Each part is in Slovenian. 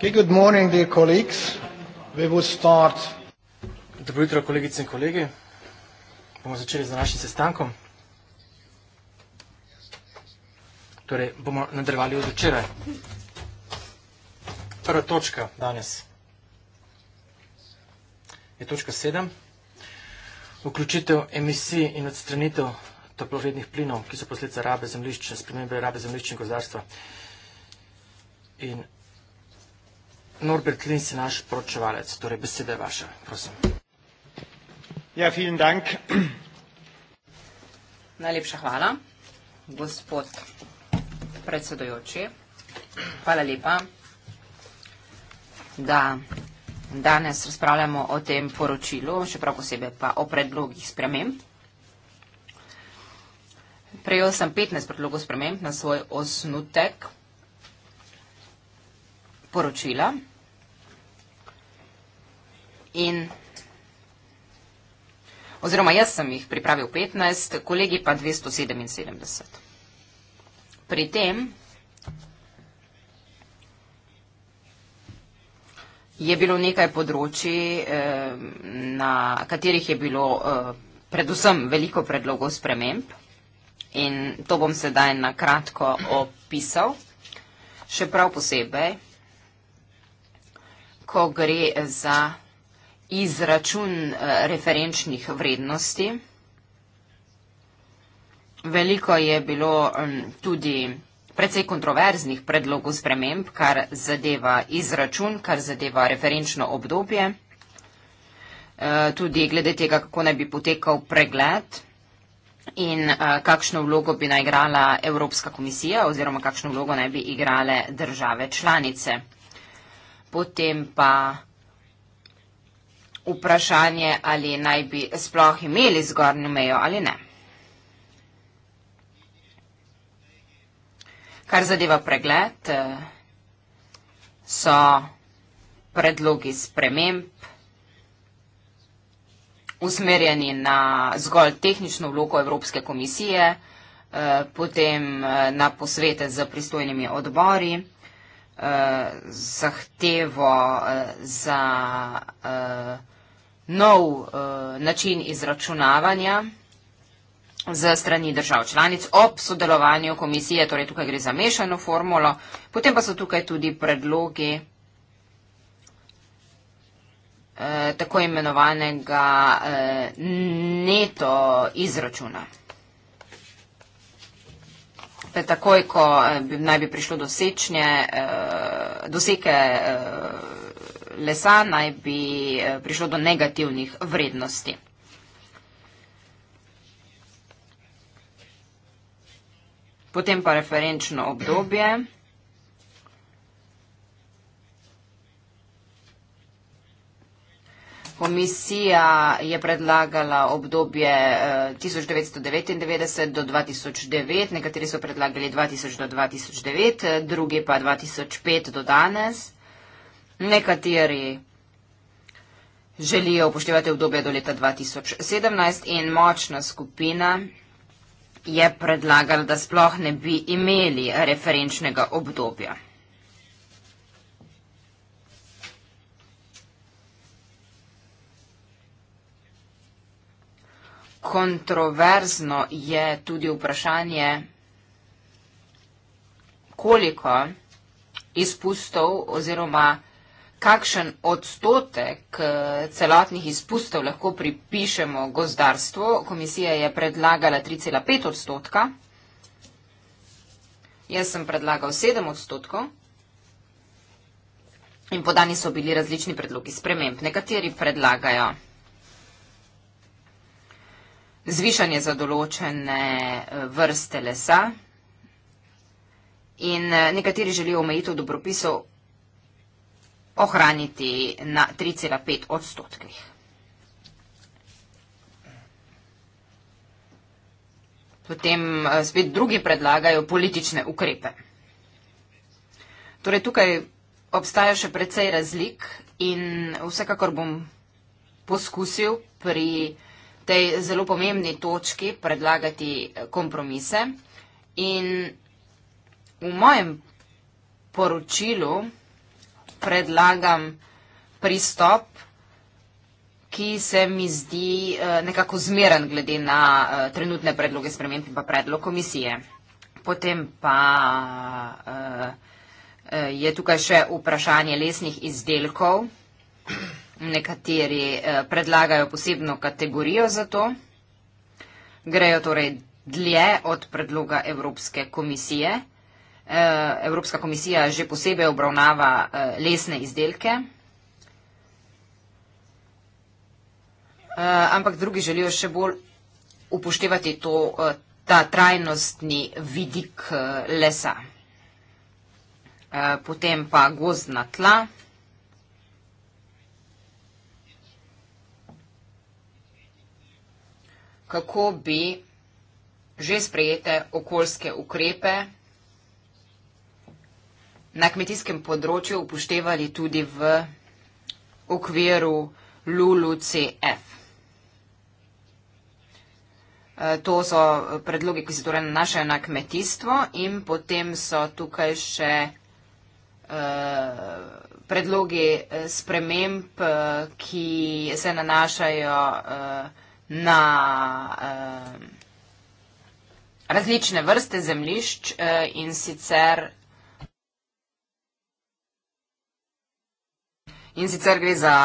Okay, good morning, dear colleagues. We will start. Dobro jutro, kolegice in kolegi. Bomo začeli z našim sestankom. Torej, bomo nadaljevali od včeraj. Prva točka danes je točka sedem. Vključitev emisij in odstranitev toplovrednih plinov, ki so posledica rabe zemljišča, spremembe rabe zemljišča in gozdarstva. In Norbert Linz, naš poročevalec, torej beseda je vaša, prosim. Ja, vielen Dank. Najlepša hvala, gospod predsedojoči. Hvala lepa, da danes razpravljamo o tem poročilu, še prav posebej pa o predlogih sprememb. Prejel sem 15 predlogov sprememb na svoj osnutek poročila, in oziroma jaz sem jih pripravil 15, kolegi pa 277. Pri tem je bilo nekaj področji, eh, na katerih je bilo eh, predvsem veliko predlogov sprememb in to bom sedaj na kratko opisal, še prav posebej, ko gre za predlogov, izračun eh, referenčnih vrednosti. Veliko je bilo tudi predvsej kontroverznih predlogov sprememb, kar zadeva izračun, kar zadeva referenčno obdobje, eh, tudi glede tega, kako naj bi potekal pregled in eh, kakšno vlogo bi najgrala Evropska komisija oziroma kakšno vlogo naj bi igrale države članice. Potem pa vprašanje, ali naj bi sploh imeli zgornjo mejo ali ne. Kar zadeva pregled, so predlogi sprememb usmerjeni na zgolj tehnično vloko Evropske komisije, potem na posvete z pristojnimi odbori, zahtevo za vsega, nov uh, način izračunavanja z strani držav članic ob sodelovanju komisije, torej tukaj gre za mešano formulo, potem pa so tukaj tudi predlogi eh, tako imenovanega eh, neto izračuna. Pe torej, takoj, ko eh, naj bi prišlo do sečnje, eh, doseke eh, lesa naj bi eh, prišlo do negativnih vrednosti. Potem pa referenčno obdobje. Komisija je predlagala obdobje 1999 eh, do 2009, nekateri so predlagali 2000 do 2009, eh, drugi pa 2005 do danes. Nekateri želijo upoštevati obdobje do leta 2017 in močna skupina je predlagala, da sploh ne bi imeli referenčnega obdobja. Kontroverzno je tudi vprašanje, koliko izpustov oziroma kakšen odstotek eh, celotnih izpustov lahko pripišemo gozdarstvu. Komisija je predlagala 3,5 odstotka. Jaz sem predlagal 7 odstotkov in podani so bili različni predlogi sprememb. Nekateri predlagajo zvišanje za določene eh, vrste lesa in eh, nekateri želijo omejitev dobropisov ohraniti na 3,5 odstotkih. Potem eh, spet drugi predlagajo politične ukrepe. Torej tukaj obstaja še precej razlik in vsekakor bom poskusil pri tej zelo pomembni točki predlagati eh, kompromise in v mojem poročilu predlagam pristop, ki se mi zdi eh, nekako zmeren glede na eh, trenutne predloge sprememb in pa predlog komisije. Potem pa eh, je tukaj še vprašanje lesnih izdelkov. Nekateri predlagajo posebno kategorijo za to. Grejo torej dlje od predloga Evropske komisije. Eh, Evropska komisija že posebej obravnava eh, lesne izdelke. Eh, ampak drugi želijo še bolj upoštevati to, ta trajnostni vidik lesa. Potem pa gozdna tla. Kako bi že sprejete okoljske ukrepe na kmetijskem področju upoštevali tudi v okviru LULUCF. E, to so predloge, ki se torej nanašajo na kmetijstvo in potem so tukaj še e, predlogi e, sprememb, ki se nanašajo na različne vrste zemlišč in sicer In sicer gre za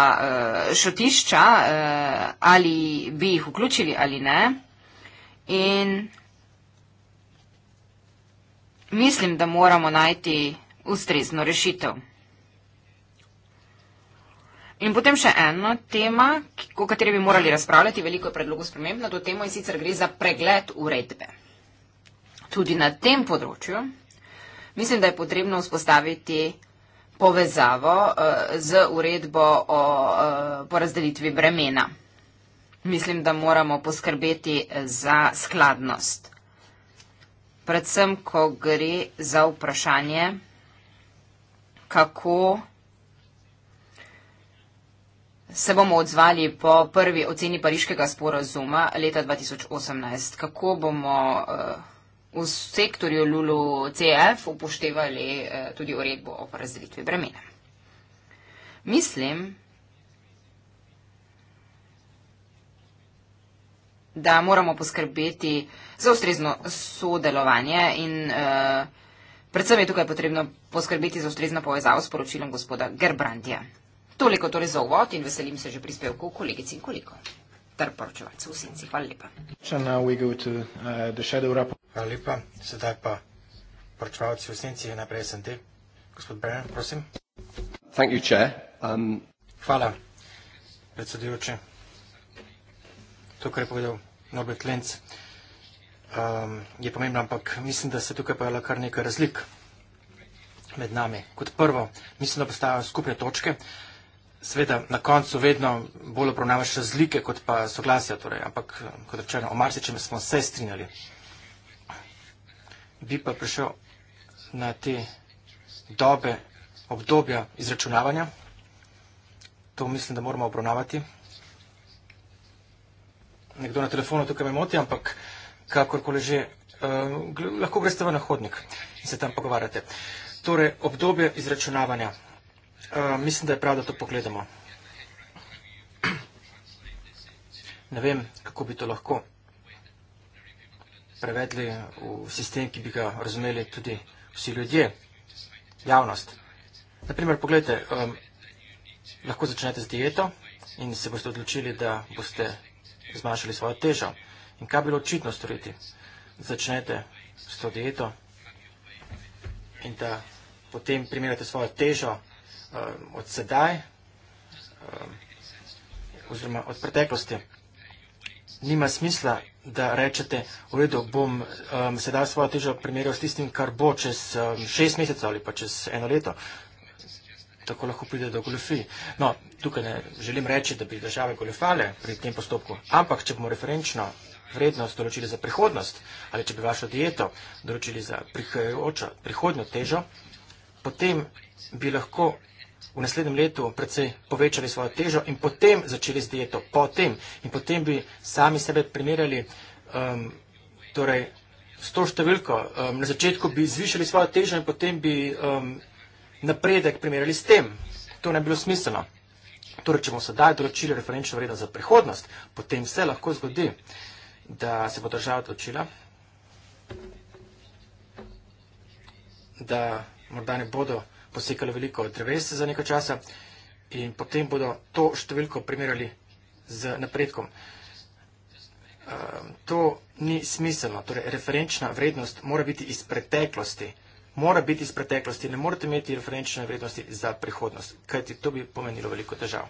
uh, šotišča, uh, ali bi jih vključili ali ne. In mislim, da moramo najti ustrezno rešitev. In potem še ena tema, o kateri bi morali razpravljati, veliko je predlogov sprememb na to temo in sicer gre za pregled uredbe. Tudi na tem področju mislim, da je potrebno vzpostaviti povezavo eh, z uredbo o eh, porazdelitvi bremena. Mislim, da moramo poskrbeti eh, za skladnost. Predvsem, ko gre za vprašanje, kako se bomo odzvali po prvi oceni pariškega sporazuma leta 2018, kako bomo v sektorju Lulu CF upoštevali eh, tudi uredbo o porazdelitvi bremena. Mislim, da moramo poskrbeti za ustrezno sodelovanje in eh, predvsem je tukaj potrebno poskrbeti za ustrezno povezavo s poročilom gospoda Gerbrandija. Toliko torej za uvod in veselim se že prispevku kolegic in kolikov ter poročevalce v senci. Hvala lepa. Uh, Hvala lepa. Sedaj pa poročevalce v senci. Najprej sem ti, gospod Brenner, prosim. Thank you, chair. Um... Hvala, predsedujoči. To, kar je povedal Norbert Lenz, um, je pomembno, ampak mislim, da se tukaj pojavlja kar nekaj razlik med nami. Kot prvo, mislim, da postajajo skupne točke. Sveda, na koncu vedno bolj obravnavaš razlike, kot pa soglasja. Torej. Ampak, kot rečeno, o marsičem smo se strinjali. Bi pa prišel na te dobe, obdobja izračunavanja. To mislim, da moramo obravnavati. Nekdo na telefonu tukaj me moti, ampak kakorkoli že, eh, lahko greste v nahodnik in se tam pogovarjate. Torej, obdobje izračunavanja mislim, da je prav, da to pogledamo. Ne vem, kako bi to lahko prevedli v sistem, ki bi ga razumeli tudi vsi ljudje, javnost. Naprimer, pogledajte, um, lahko začnete z dieto in se boste odločili, da boste zmanjšali svojo težo. In kaj bi bilo očitno storiti? Začnete s to dieto in da potem primerjate svojo težo uh, od sedaj uh, oziroma od preteklosti. Nima smisla, da rečete, v redu, bom um, sedaj svojo težo primerjal s tistim, kar bo čez um, šest mesecev ali pa čez eno leto. Tako lahko pride do goljofi. No, tukaj ne želim reči, da bi države goljofale pri tem postopku, ampak če bomo referenčno vrednost določili za prihodnost ali če bi vašo dieto določili za prihodnjo težo, potem bi lahko v naslednjem letu precej povečali svojo težo in potem začeli z dieto. Potem. In potem bi sami sebe primerjali um, torej, s to številko. Um, na začetku bi zvišali svojo težo in potem bi um, napredek primerjali s tem. To ne bi bilo smiselno. Torej, če bomo sedaj določili referenčno vredno za prihodnost, potem se lahko zgodi, da se bo država odločila, da morda ne bodo posekali veliko dreves za nekaj časa in potem bodo to številko primerjali z napredkom. Ehm, to ni smiselno, torej referenčna vrednost mora biti iz preteklosti. Mora biti iz preteklosti, ne morete imeti referenčne vrednosti za prihodnost, kajti to bi pomenilo veliko težav.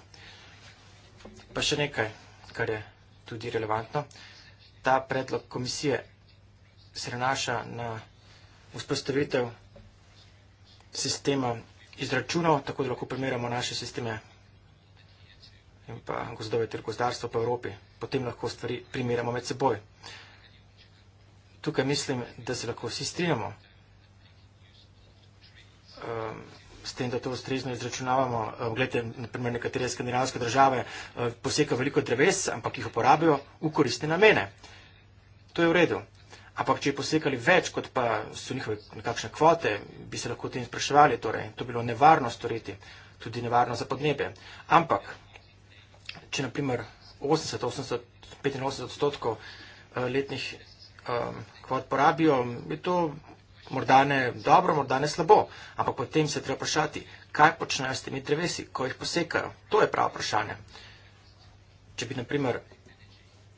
Pa še nekaj, kar je tudi relevantno. Ta predlog komisije se nanaša na vzpostavitev sistema izračunov, tako da lahko primerjamo naše sisteme in pa gozdove ter gozdarstvo po Evropi. Potem lahko stvari primerjamo med seboj. Tukaj mislim, da se lahko vsi strinjamo um, s tem, da to ustrezno izračunavamo. Um, Glede, naprimer, nekatere skandinavske države uh, posekajo veliko dreves, ampak jih uporabijo v koristne namene. To je v redu. Ampak, če bi posekali več, kot pa so njihove nekakšne kvote, bi se lahko o tem spraševali. Torej, to bi bilo nevarno storiti, tudi nevarno za podnebje. Ampak, če naprimer 80, 80, 85 odstotkov eh, letnih um, kvot porabijo, je to morda ne dobro, morda ne slabo. Ampak potem se treba vprašati, kaj počnejo s temi drevesi, ko jih posekajo. To je pravo vprašanje. Če bi naprimer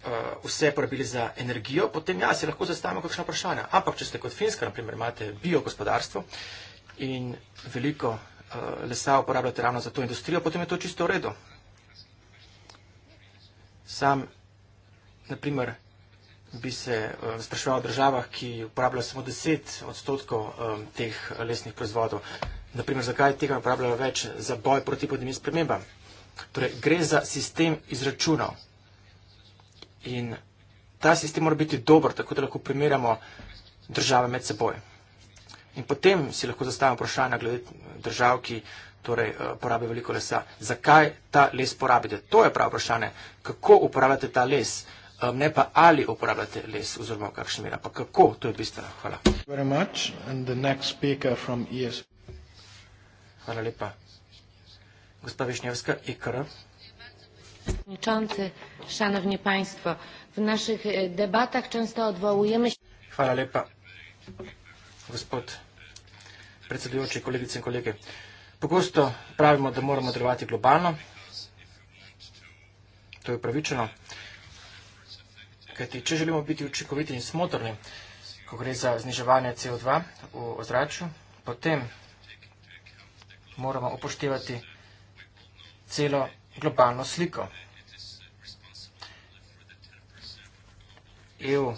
uh, vse porabili za energijo, potem ja, se lahko zastavimo kakšno vprašanje. Ampak, če ste kot Finska, naprimer, imate biogospodarstvo in veliko uh, lesa uporabljate ravno za to industrijo, potem je to čisto v redu. Sam, naprimer, bi se uh, spraševal o državah, ki uporabljajo samo 10 odstotkov um, teh lesnih proizvodov. Naprimer, zakaj tega uporabljajo več za boj proti podnebnim spremembam? Torej, gre za sistem izračunov. In ta sistem mora biti dober, tako da lahko primerjamo države med seboj. In potem si lahko zastavimo vprašanje glede držav, ki torej, eh, porabijo veliko lesa. Zakaj ta les porabite? To je pravo vprašanje. Kako uporabljate ta les? Eh, ne pa ali uporabljate les oziroma kakšen mera, pa kako, to je bistveno. Hvala. E Hvala lepa. Gospa Višnjevska, IKR przewodniczący, szanowni państwo, w naszych e, debatach często odwołujemy się... Hvala lepa, gospod predsedujoči, kolegice in kolege. Pogosto pravimo, da moramo delovati globalno. To je upravičeno. Kajti, če želimo biti učinkoviti in smotrni, ko gre za zniževanje CO2 v ozračju, potem moramo upoštevati celo globalno sliko. EU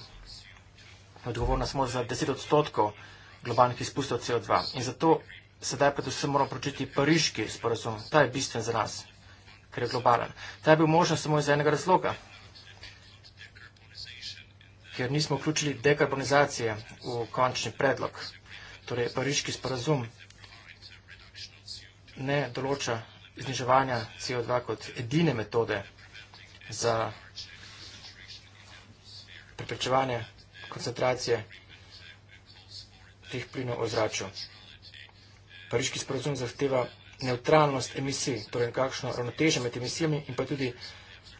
odgovorna smo za 10 odstotkov globalnih izpustov CO2 in zato sedaj predvsem moramo pročiti pariški sporazum. Ta je bistven za nas, ker je globalen. Ta je bil možen samo iz enega razloga, ker nismo vključili dekarbonizacije v končni predlog. Torej, pariški sporazum ne določa zniževanja CO2 kot edine metode za preprečevanje koncentracije teh plinov v zraču. Pariški sporozum zahteva neutralnost emisij, torej kakšno ravnoteže med emisijami in pa tudi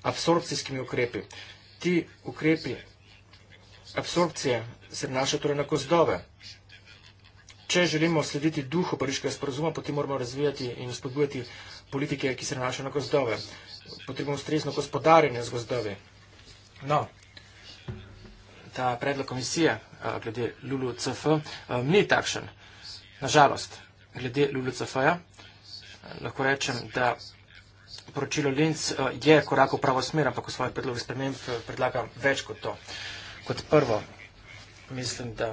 absorpcijskimi ukrepi. Ti ukrepi absorpcije se nanašajo torej na gozdove. Če želimo slediti duhu pariškega sporozuma, potem moramo razvijati in spodbujati politike, ki se nanašajo na gozdove. Potrebno ustrezno gospodarjenje z gozdovi. No, ta predlog komisije glede LULUCF ni takšen. Nažalost, glede LULUCF-ja lahko rečem, da poročilo Linz je korak v pravo smer, ampak v svojih predlogih sprememb predlagam več kot to. Kot prvo, mislim, da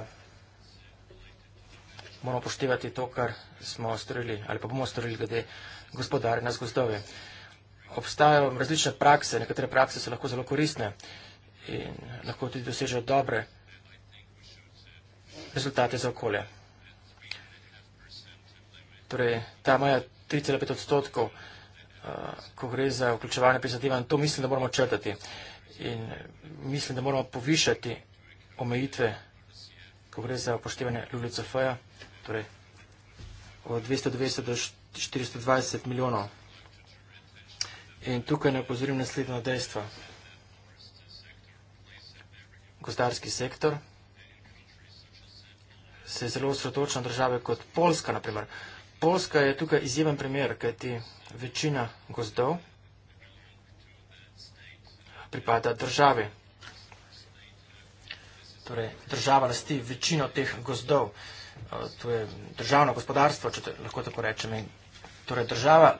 moramo poštevati to, kar smo storili ali pa bomo storili glede uh, gospodarjenja z gozdovi. Obstajajo različne prakse, nekatere prakse so lahko zelo koristne in lahko tudi dosežejo dobre rezultate za okolje. Torej, ta maja 3,5 odstotkov, eh, ko gre za vključevanje prizadevanj, to mislim, da moramo črtati in mislim, da moramo povišati omejitve, ko gre za upoštevanje LULCF-ja, torej od 290 do 400. 420 milijonov. In tukaj ne opozorim naslednjo dejstvo. Gozdarski sektor se je zelo osredočen države kot Polska, naprimer. Polska je tukaj izjemen primer, kaj ti večina gozdov pripada državi. Torej, država lasti večino teh gozdov. Eh, to je državno gospodarstvo, če lahko tako rečem, in Torej država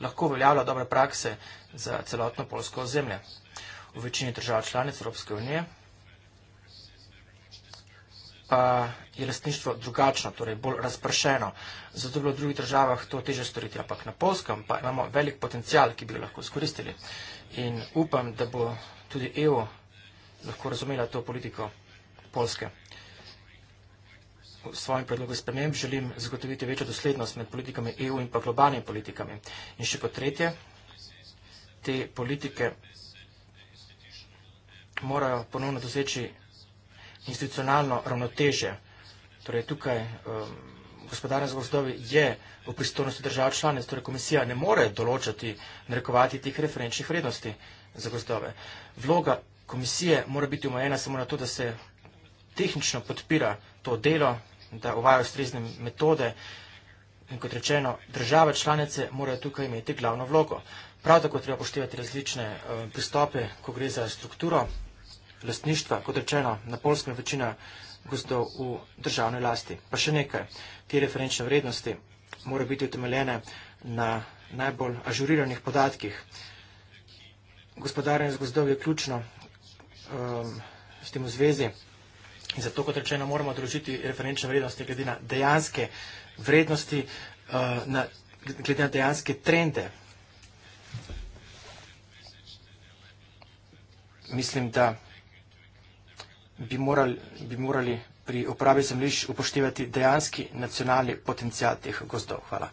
lahko uveljavlja dobre prakse za celotno polsko ozemlje. V večini držav članic Evropske unije pa je lastništvo drugačno, torej bolj razpršeno. Zato je bilo v drugih državah to teže storiti, ampak na polskem pa imamo velik potencial, ki bi lahko skoristili. In upam, da bo tudi EU lahko razumela to politiko Polske v svojem predlogu sprememb želim zagotoviti večjo doslednost med politikami EU in pa globalnimi politikami. In še kot tretje, te politike morajo ponovno doseči institucionalno ravnoteže. Torej tukaj um, gospodarne zgozdovi je v pristojnosti držav članic, torej komisija ne more določati, narekovati tih referenčnih vrednosti za gozdove. Vloga komisije mora biti omejena samo na to, da se tehnično podpira to delo, da uvajajo strezne metode. In kot rečeno, države članice morajo tukaj imeti glavno vlogo. Prav tako treba poštevati različne eh, pristope, ko gre za strukturo lastništva. Kot rečeno, na polskem je večina gozdov v državni lasti. Pa še nekaj, te referenčne vrednosti morajo biti utemeljene na najbolj ažuriranih podatkih. Gospodarjenje z gozdov je ključno um, s tem v zvezi. In zato, kot rečeno, moramo odrožiti referenčne vrednosti glede na dejanske vrednosti, uh, na, glede na dejanske trende. Mislim, da bi morali, bi morali pri upravi zemljišč upoštevati dejanski nacionalni potencial teh gozdov. Hvala.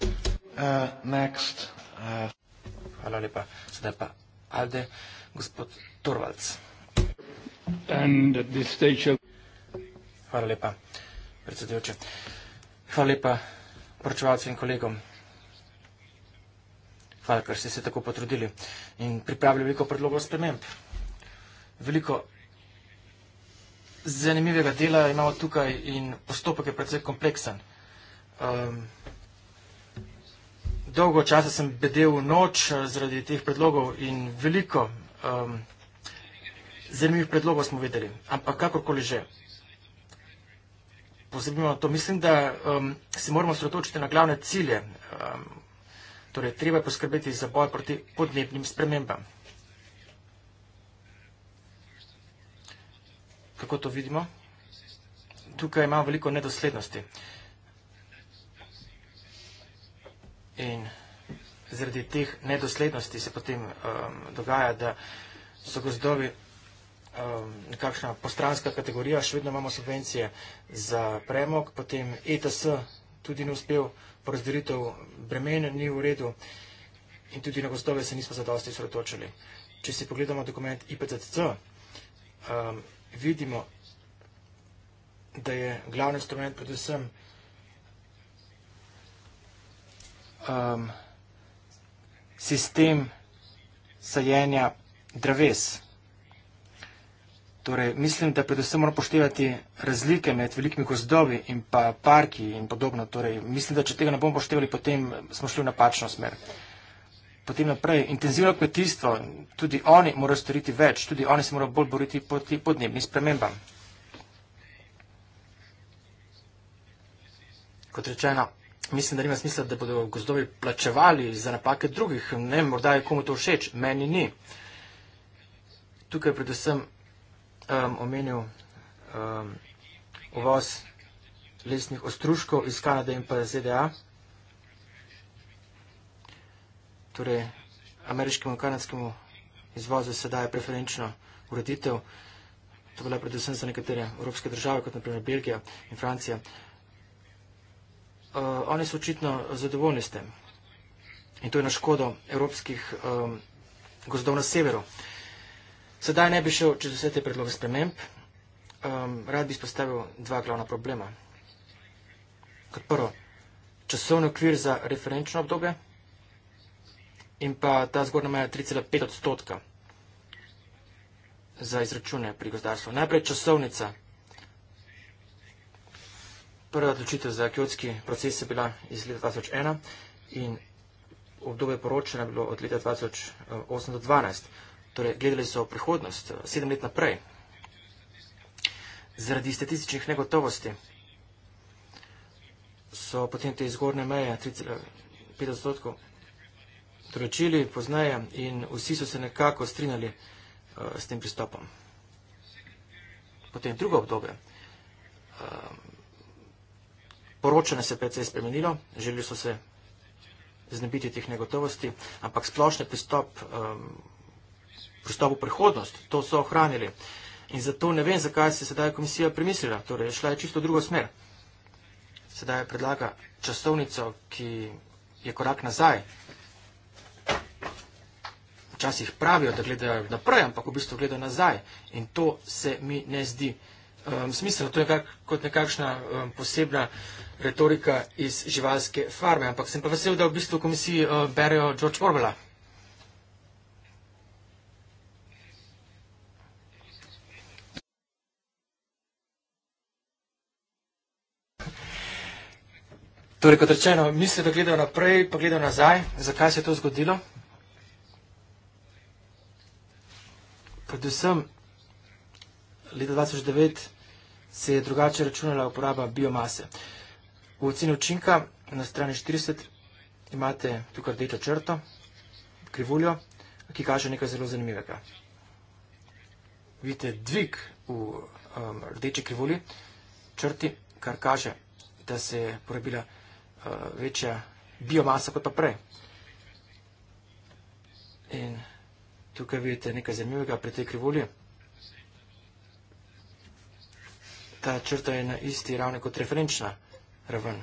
Uh, next. Uh. Hvala lepa. Sedaj pa Alde, gospod Torvalc. And at this stage of... Hvala lepa, predsedujoče. Hvala lepa poročevalcem in kolegom. Hvala, ker ste se tako potrudili in pripravili veliko predlogov sprememb. Veliko zanimivega dela imamo tukaj in postopek je predvsej kompleksen. Um, dolgo časa sem bedel v noč eh, zaradi teh predlogov in veliko um, zanimivih predlogov smo videli, ampak kakorkoli že pozabimo to. Mislim, da um, se moramo sretočiti na glavne cilje. Um, torej, treba je poskrbeti za boj proti podnebnim spremembam. Kako to vidimo? Tukaj imamo veliko nedoslednosti. In zaradi teh nedoslednosti se potem um, dogaja, da so gozdovi Um, nekakšna postranska kategorija, še vedno imamo subvencije za premog, potem ETS tudi ne uspel, porazdelitev bremen ni v redu in tudi na gostove se nismo zadosti sredotočili. Če si pogledamo dokument IPCC, um, vidimo, da je glavni instrument predvsem um, sistem sajenja dreves, Torej, mislim, da predvsem moramo poštevati razlike med velikimi gozdovi in pa parki in podobno. Torej, mislim, da če tega ne bomo poštevali, potem smo šli v napačno smer. Potem naprej, intenzivno kmetijstvo, tudi oni morajo storiti več, tudi oni se morajo bolj boriti proti podnebnim spremembam. Kot rečeno, mislim, da nima smisla, da bodo gozdovi plačevali za napake drugih. Ne, morda je komu to všeč, meni ni. Tukaj predvsem um, omenil um, uvoz lesnih ostruškov iz Kanade in pa ZDA, torej ameriškemu in kanadskemu izvozu se daje preferenčno ureditev, to velja predvsem za nekatere evropske države, kot naprimer Belgija in Francija. Uh, oni so očitno zadovoljni s tem in to je na škodo evropskih um, gozdov na severu. Uh, Sedaj ne bi šel čez vse te predloge sprememb. Um, rad bi spostavil dva glavna problema. Kot prvo, časovni okvir za referenčno obdobje in pa ta zgornja meja 3,5 odstotka za izračune pri gozdarstvu. Najprej časovnica. Prva odločitev za kjotski proces je bila iz leta 2001 in obdobje poročanja je bilo od leta 2008 do 2012. Torej, gledali so prihodnost, eh, sedem let naprej, zaradi statističnih negotovosti so potem te izgorne meje, 3,5 odstotkov, določili poznaje in vsi so se nekako strinjali eh, s tem pristopom. Potem drugo obdobje. Eh, poročanje se je precej spremenilo, želeli so se znebiti teh negotovosti, ampak splošni pristop um, prostovo prihodnost, to so ohranili. In zato ne vem, zakaj se sedaj komisija premislila, torej je šla je čisto v drugo smer. Sedaj predlaga časovnico, ki je korak nazaj. Včasih pravijo, da gledajo naprej, ampak v bistvu gledajo nazaj. In to se mi ne zdi um, smiselno. To je nekak, kot nekakšna um, posebna retorika iz živalske farme. Ampak sem pa vesel, da v bistvu komisiji uh, berejo George Orwella. Torej, kot rečeno, misli, da gledajo naprej, pa gledajo nazaj, zakaj se je to zgodilo. Predvsem leta 2009 se je drugače računala uporaba biomase. V oceni učinka na strani 40 imate tukaj rdečo črto, krivuljo, ki kaže nekaj zelo zanimivega. Vidite dvig v um, rdeči krivulji, črti, kar kaže, da se je porabila krivulja uh, večja biomasa kot pa prej. In tukaj vidite nekaj zanimivega pri tej krivulji. Ta črta je na isti ravni kot referenčna raven.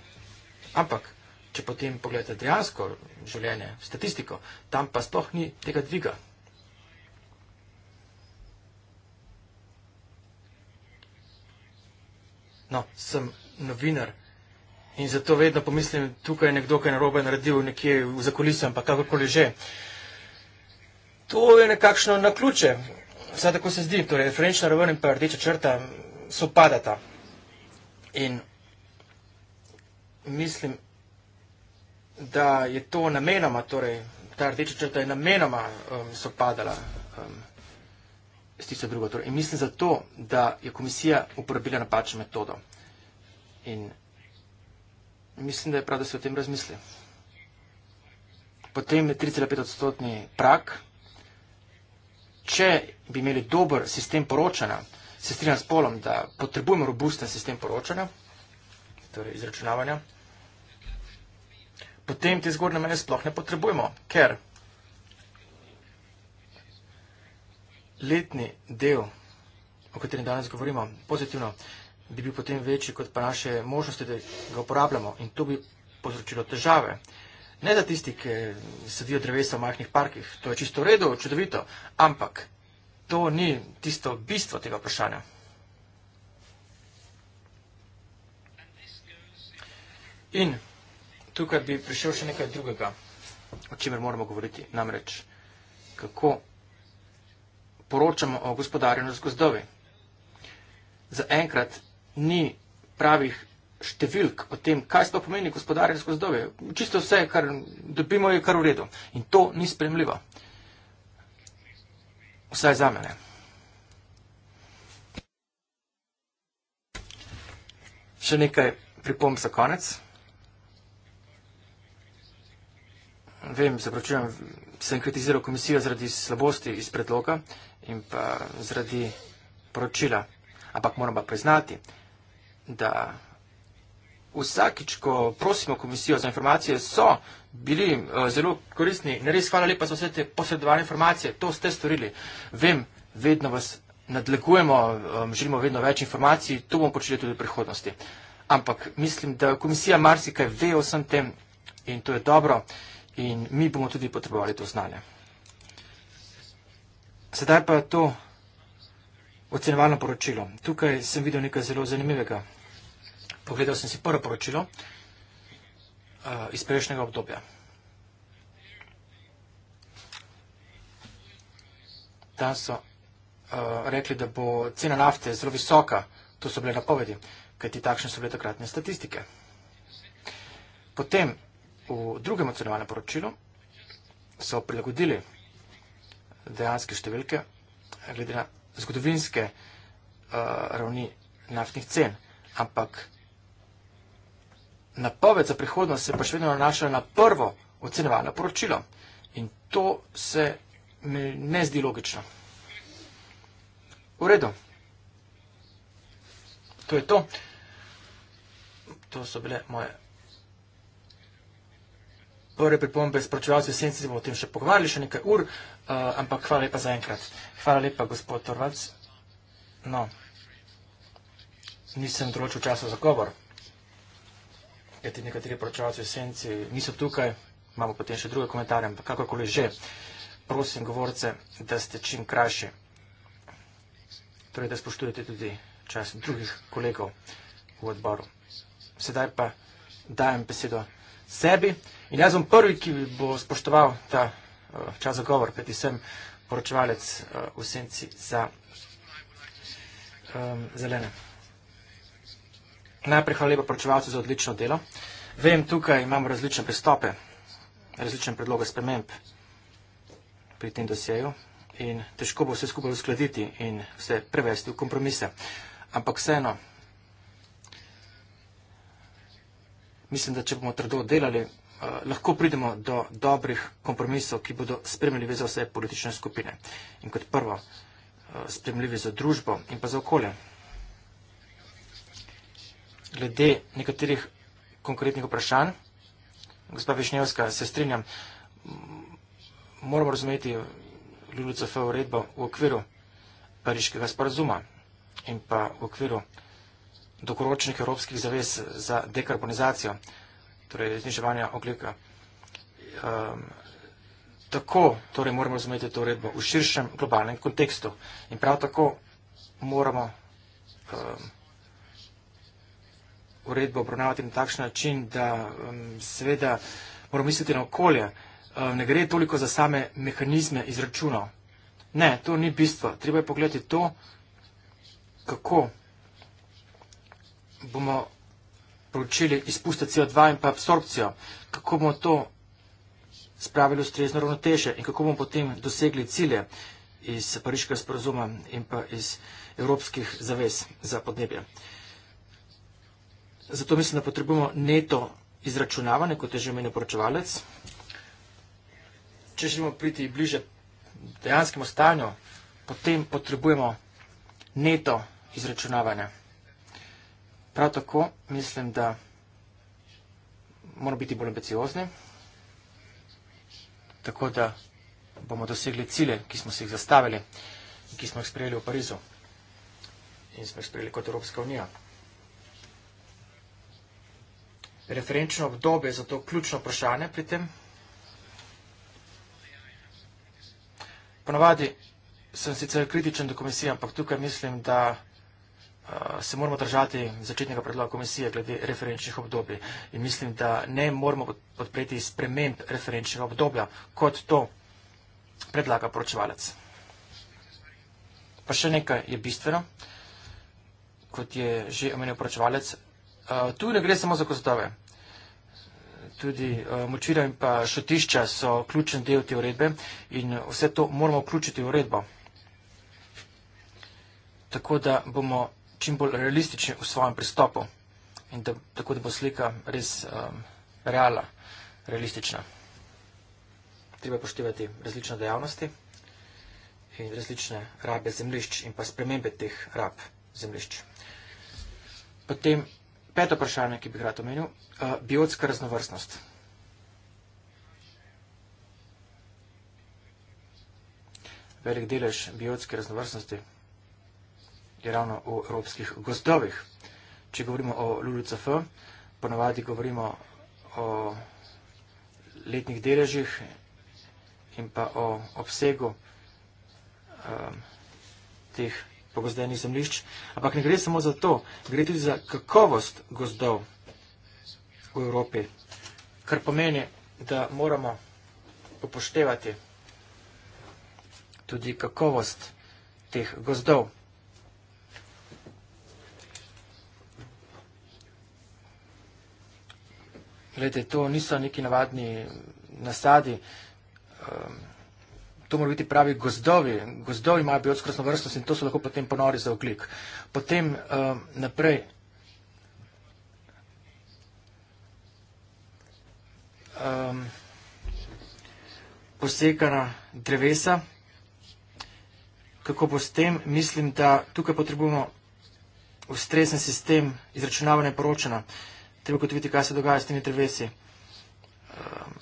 Ampak, če potem pogledate dejansko življenje, statistiko, tam pa sploh ni tega dviga. No, sem novinar. In zato vedno pomislim, tukaj je nekdo, ki je narobe naredil nekje v zakolisu, ampak kakorkoli že. To je nekakšno na ključe. Vsaj tako se zdi, torej referenčna raven in pa rdeča črta so padata. In mislim, da je to namenoma, torej ta rdeča črta je namenoma um, so padala um, s tisto drugo. Torej. In mislim zato, da je komisija uporabila napačno metodo. In Mislim, da je prav, da se o tem razmisli. Potem je 3,5 odstotni prak. Če bi imeli dober sistem poročanja, se strinjam s polom, da potrebujemo robusten sistem poročanja, torej izračunavanja, potem te zgornje mene sploh ne potrebujemo, ker letni del, o katerem danes govorimo, pozitivno, bi bil potem večji kot pa naše možnosti, da ga uporabljamo in to bi povzročilo težave. Ne za tisti, ki sedijo drevesa v majhnih parkih, to je čisto v redu, čudovito, ampak to ni tisto bistvo tega vprašanja. In tukaj bi prišel še nekaj drugega, o čemer moramo govoriti, namreč kako poročamo o gospodarjenju z gozdovi. Za enkrat ni pravih številk o tem, kaj sploh pomeni gospodarsko zdobje. Čisto vse, kar dobimo, je kar v redu. In to ni spremljivo. Vsaj za mene. Še nekaj pripomb za konec. Vem, zapročujem, sem kritiziral komisijo zaradi slabosti iz predloga in pa zaradi poročila, ampak moram pa priznati, da vsakič, ko prosimo komisijo za informacije, so bili uh, zelo koristni. Res hvala lepa za vse te posredovane informacije, to ste storili. Vem, vedno vas nadlegujemo, um, želimo vedno več informacij, to bomo počeli tudi v prihodnosti. Ampak mislim, da komisija marsikaj ve o vsem tem in to je dobro in mi bomo tudi potrebovali to znanje. Sedaj pa to ocenjevalno poročilo. Tukaj sem videl nekaj zelo zanimivega pogledal sem si prvo poročilo eh, iz prejšnjega obdobja. Tam so eh, rekli, da bo cena nafte zelo visoka. To so bile napovedi, kajti takšne so bile takratne statistike. Potem v drugem ocenovanem poročilu so prilagodili dejanske številke glede na zgodovinske eh, ravni naftnih cen, ampak napoved za prihodnost se pa še vedno nanaša na prvo ocenjevalno poročilo. In to se mi ne zdi logično. V redu. To je to. To so bile moje prve pripombe s pročevalci v senci, bomo o tem še pogovarjali še nekaj ur, eh, ampak hvala lepa za enkrat. Hvala lepa, gospod Torvac. No, nisem določil časa za govor kajti nekateri poročavci v senci niso tukaj, imamo potem še druge komentarje, ampak kakorkoli že, prosim govorce, da ste čim krajši, torej da spoštujete tudi čas drugih kolegov v odboru. Sedaj pa dajem besedo sebi in jaz bom prvi, ki bo spoštoval ta eh, čas za govor, kajti sem poročevalec eh, v senci za um, zelene. Najprej hvala lepa poročevalcu za odlično delo. Vem, tukaj imamo različne pristope, različne predloge sprememb pri tem doseju in težko bo vse skupaj uskladiti in vse prevesti v kompromise. Ampak vseeno, mislim, da če bomo trdo delali, eh, lahko pridemo do dobrih kompromisov, ki bodo spremljivi za vse politične skupine. In kot prvo, eh, spremljivi za družbo in pa za okolje glede nekaterih konkretnih vprašanj. Gospa Višnjevska, se strinjam, moramo razumeti Ljubljico FEO uredbo v okviru pariškega sporazuma in pa v okviru dokoročnih evropskih zavez za dekarbonizacijo, torej zniževanja ogljika. Um, ehm, tako torej moramo razumeti to uredbo v širšem globalnem kontekstu in prav tako moramo um, uredbo obravnavati na takšen način, da um, seveda moramo misliti na okolje. Um, ne gre toliko za same mehanizme izračunov. Ne, to ni bistvo. Treba je pogledati to, kako bomo poročili izpuste CO2 in pa absorpcijo, kako bomo to spravili ustrezno ravnoteže in kako bomo potem dosegli cilje iz pariškega sporozuma in pa iz evropskih zavez za podnebje. Zato mislim, da potrebujemo neto izračunavanje, kot je že omenil poročevalec. Če želimo priti bliže dejanskemu stanju, potem potrebujemo neto izračunavanje. Prav tako mislim, da moramo biti bolj ambiciozni, tako da bomo dosegli cilje, ki smo si jih zastavili in ki smo jih sprejeli v Parizu in smo jih sprejeli kot Evropska unija referenčno obdobje za to ključno vprašanje pri tem. Ponavadi sem sicer kritičen do komisije, ampak tukaj mislim, da uh, se moramo držati začetnega predloga komisije glede referenčnih obdobij. In mislim, da ne moramo podpreti sprememb referenčnega obdobja, kot to predlaga poročevalec. Pa še nekaj je bistveno, kot je že omenil poročevalec, Eh, tu ne gre samo za gozdove. Tudi uh, močvira in pa šotišča so ključen del te uredbe in vse to moramo vključiti v uredbo. Tako da bomo čim bolj realistični v svojem pristopu in da, tako da bo slika res um, reala, realistična. Treba poštevati različne dejavnosti in različne rabe zemlišč in pa spremembe teh rab zemlišč. Potem peto vprašanje, ki bi rad omenil, uh, biotska raznovrstnost. Velik delež biotske raznovrstnosti je ravno v evropskih gozdovih. Če govorimo o LULUCF, ponovadi govorimo o letnih deležih in pa o obsegu um, teh po gozdenih zemljišč, ampak ne gre samo za to, gre tudi za kakovost gozdov v Evropi, kar pomeni, da moramo upoštevati tudi kakovost teh gozdov. Glede, to niso neki navadni nasadi. Um, to morajo biti pravi gozdovi. Gozdovi imajo biotsko raznovrstnost in to so lahko potem ponori za oklik. Potem uh, naprej. Um, posekana drevesa. Kako bo s tem? Mislim, da tukaj potrebujemo ustrezen sistem izračunavanja poročena. Treba kot videti, kaj se dogaja s temi drevesi. Um,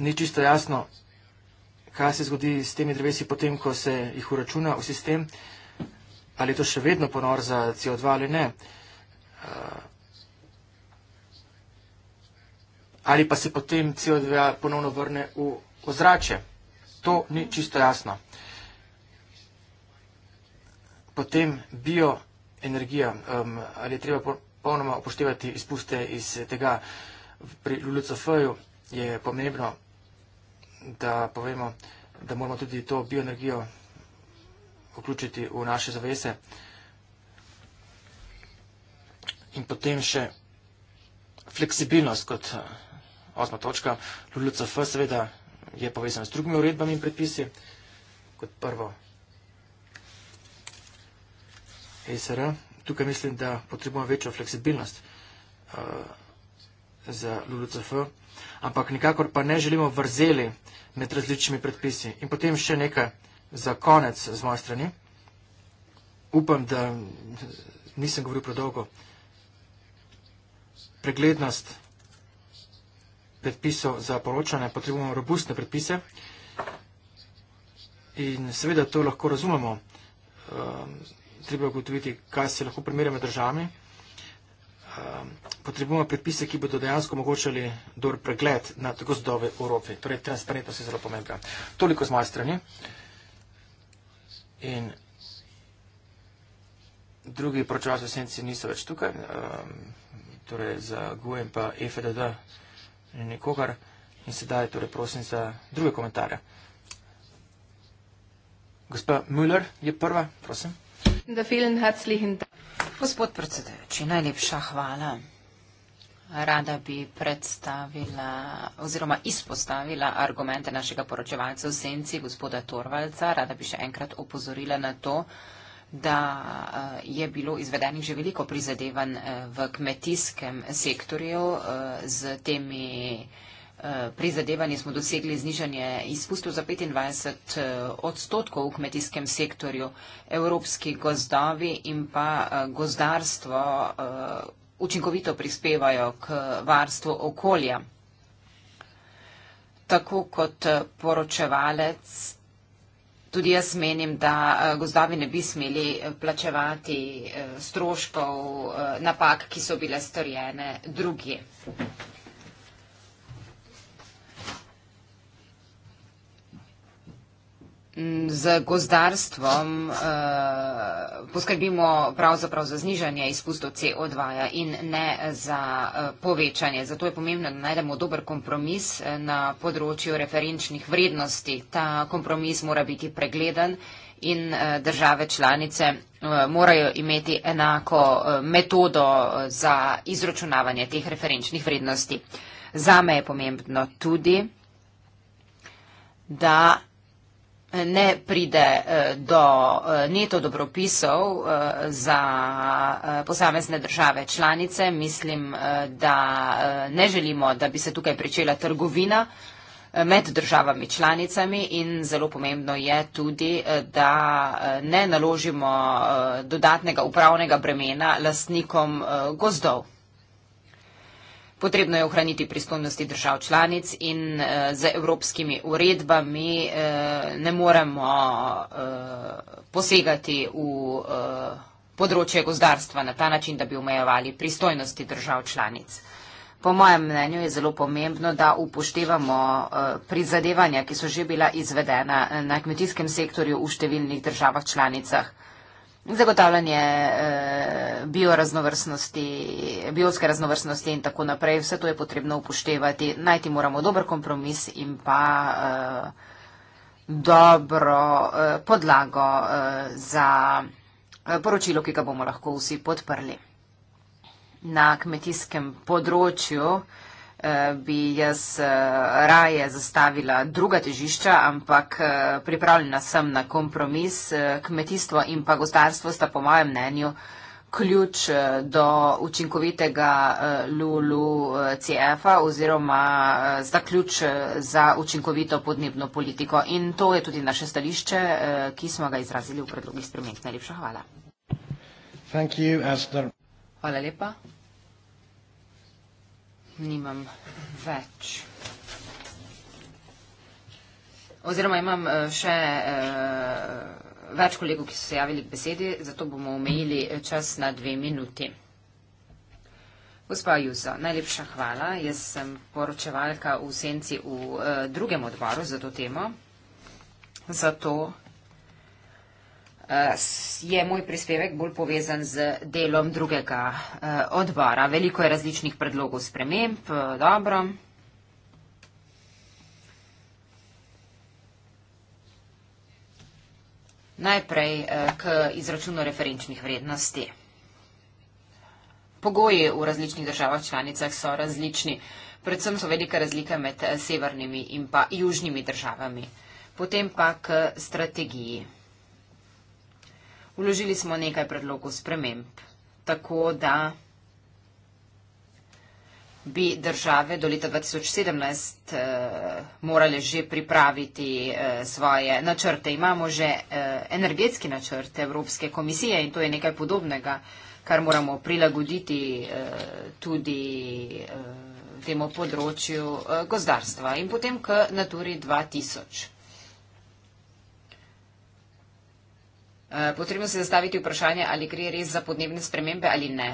ni čisto jasno, kaj se zgodi s temi drevesi potem, ko se jih uračuna v sistem, ali je to še vedno ponor za CO2 ali ne. Eh, ali pa se potem CO2 ponovno vrne v ozrače. To ni čisto jasno. Potem bioenergija, um, ali je treba ponoma upoštevati izpuste iz tega pri LCF-ju, je pomembno da povemo, da moramo tudi to bioenergijo vključiti v naše zavese. In potem še fleksibilnost kot eh, osma točka. LULUCF seveda je povezan s drugimi uredbami in predpisi. Kot prvo ESR. Tukaj mislim, da potrebujemo večjo fleksibilnost. Eh, z LULUCF, ampak nikakor pa ne želimo vrzeli med različnimi predpisi. In potem še nekaj za konec z moje strani. Upam, da nisem govoril predolgo. Preglednost predpisov za poročanje potrebujemo robustne predpise. In seveda to lahko razumemo. Ehm, treba ugotoviti, kaj se lahko primerja med državami um, potrebujemo predpise, ki bodo dejansko omogočali dober pregled nad gozdove v Evropi. Torej, transparentnost je zelo pomembna. Toliko z moje strani. In drugi pročevalci v senci niso več tukaj, um, torej za GUE in pa EFDD in nikogar. In sedaj torej prosim za druge komentarje. Gospa Müller je prva, prosim. Da, vielen herzlichen Dank. Gospod predsedujoči, najlepša hvala. Rada bi predstavila oziroma izpostavila argumente našega poročevalca v senci, gospoda Torvalca. Rada bi še enkrat opozorila na to, da eh, je bilo izvedenih že veliko prizadevanj eh, v kmetijskem sektorju z eh, temi prizadevanje smo dosegli znižanje izpustov za 25 eh, odstotkov v kmetijskem sektorju. Evropski gozdovi in pa eh, gozdarstvo eh, učinkovito prispevajo k varstvu okolja. Tako kot poročevalec, tudi jaz menim, da gozdovi ne bi smeli plačevati stroškov napak, ki so bile storjene drugi. z gozdarstvom eh, poskrbimo pravzaprav za znižanje izpustov CO2 -ja in ne za eh, povečanje. Zato je pomembno, da najdemo dober kompromis eh, na področju referenčnih vrednosti. Ta kompromis mora biti pregleden in države članice morajo imeti enako metodo za izračunavanje teh referenčnih vrednosti. Zame je pomembno tudi, da ne pride eh, do eh, neto dobropisov eh, za posamezne države članice. Mislim, da ne želimo, da bi se tukaj pričela trgovina med državami članicami in zelo pomembno je tudi, da ne naložimo dodatnega upravnega bremena lastnikom gozdov. Potrebno je ohraniti pristojnosti držav članic in eh, z evropskimi uredbami eh, ne moremo eh, posegati v področje gozdarstva na ta način, da bi omejevali pristojnosti držav članic. Po mojem mnenju je zelo pomembno, da upoštevamo prizadevanja, ki so že bila izvedena na kmetijskem sektorju v številnih državah članicah zagotavljanje eh, bioraznovrstnosti, biotske raznovrstnosti in tako naprej. Vse to je potrebno upoštevati. Najti moramo dober kompromis in pa eh, dobro eh, podlago za poročilo, ki ga bomo lahko vsi podprli. Na kmetijskem področju Eh, bi jaz eh, raje zastavila druga težišča, ampak eh, pripravljena sem na kompromis. Kmetijstvo in pa gostarstvo sta po mojem mnenju ključ do učinkovitega LULU-CF-a oziroma za ključ za učinkovito podnebno politiko. In to je tudi naše stališče, ki smo ga izrazili v predlogih spremenb. Najlepša hvala. Thank you, Hvala lepa nimam več. Oziroma imam eh, še eh, več kolegov, ki so se javili k besedi, zato bomo omejili eh, čas na dve minuti. Gospa Juso, najlepša hvala. Jaz sem poročevalka v Senci v drugem odboru za to temo. Zato Eh, je moj prispevek bolj povezan z delom drugega eh, odbora. Veliko je različnih predlogov sprememb. Eh, dobro. Najprej k izračunu referenčnih vrednosti. Pogoji v različnih državah članicah so različni. Predvsem so velike razlike med severnimi in pa južnimi državami. Potem pa k strategiji vložili smo nekaj predlogov sprememb, tako da bi države do leta 2017 eh, morale že pripraviti eh, svoje načrte. Imamo že eh, energetski načrt Evropske komisije in to je nekaj podobnega, kar moramo prilagoditi eh, tudi eh, temu področju eh, gozdarstva in potem k Naturi 2000. Eh, potrebno se zastaviti vprašanje, ali gre res za podnebne spremembe ali ne.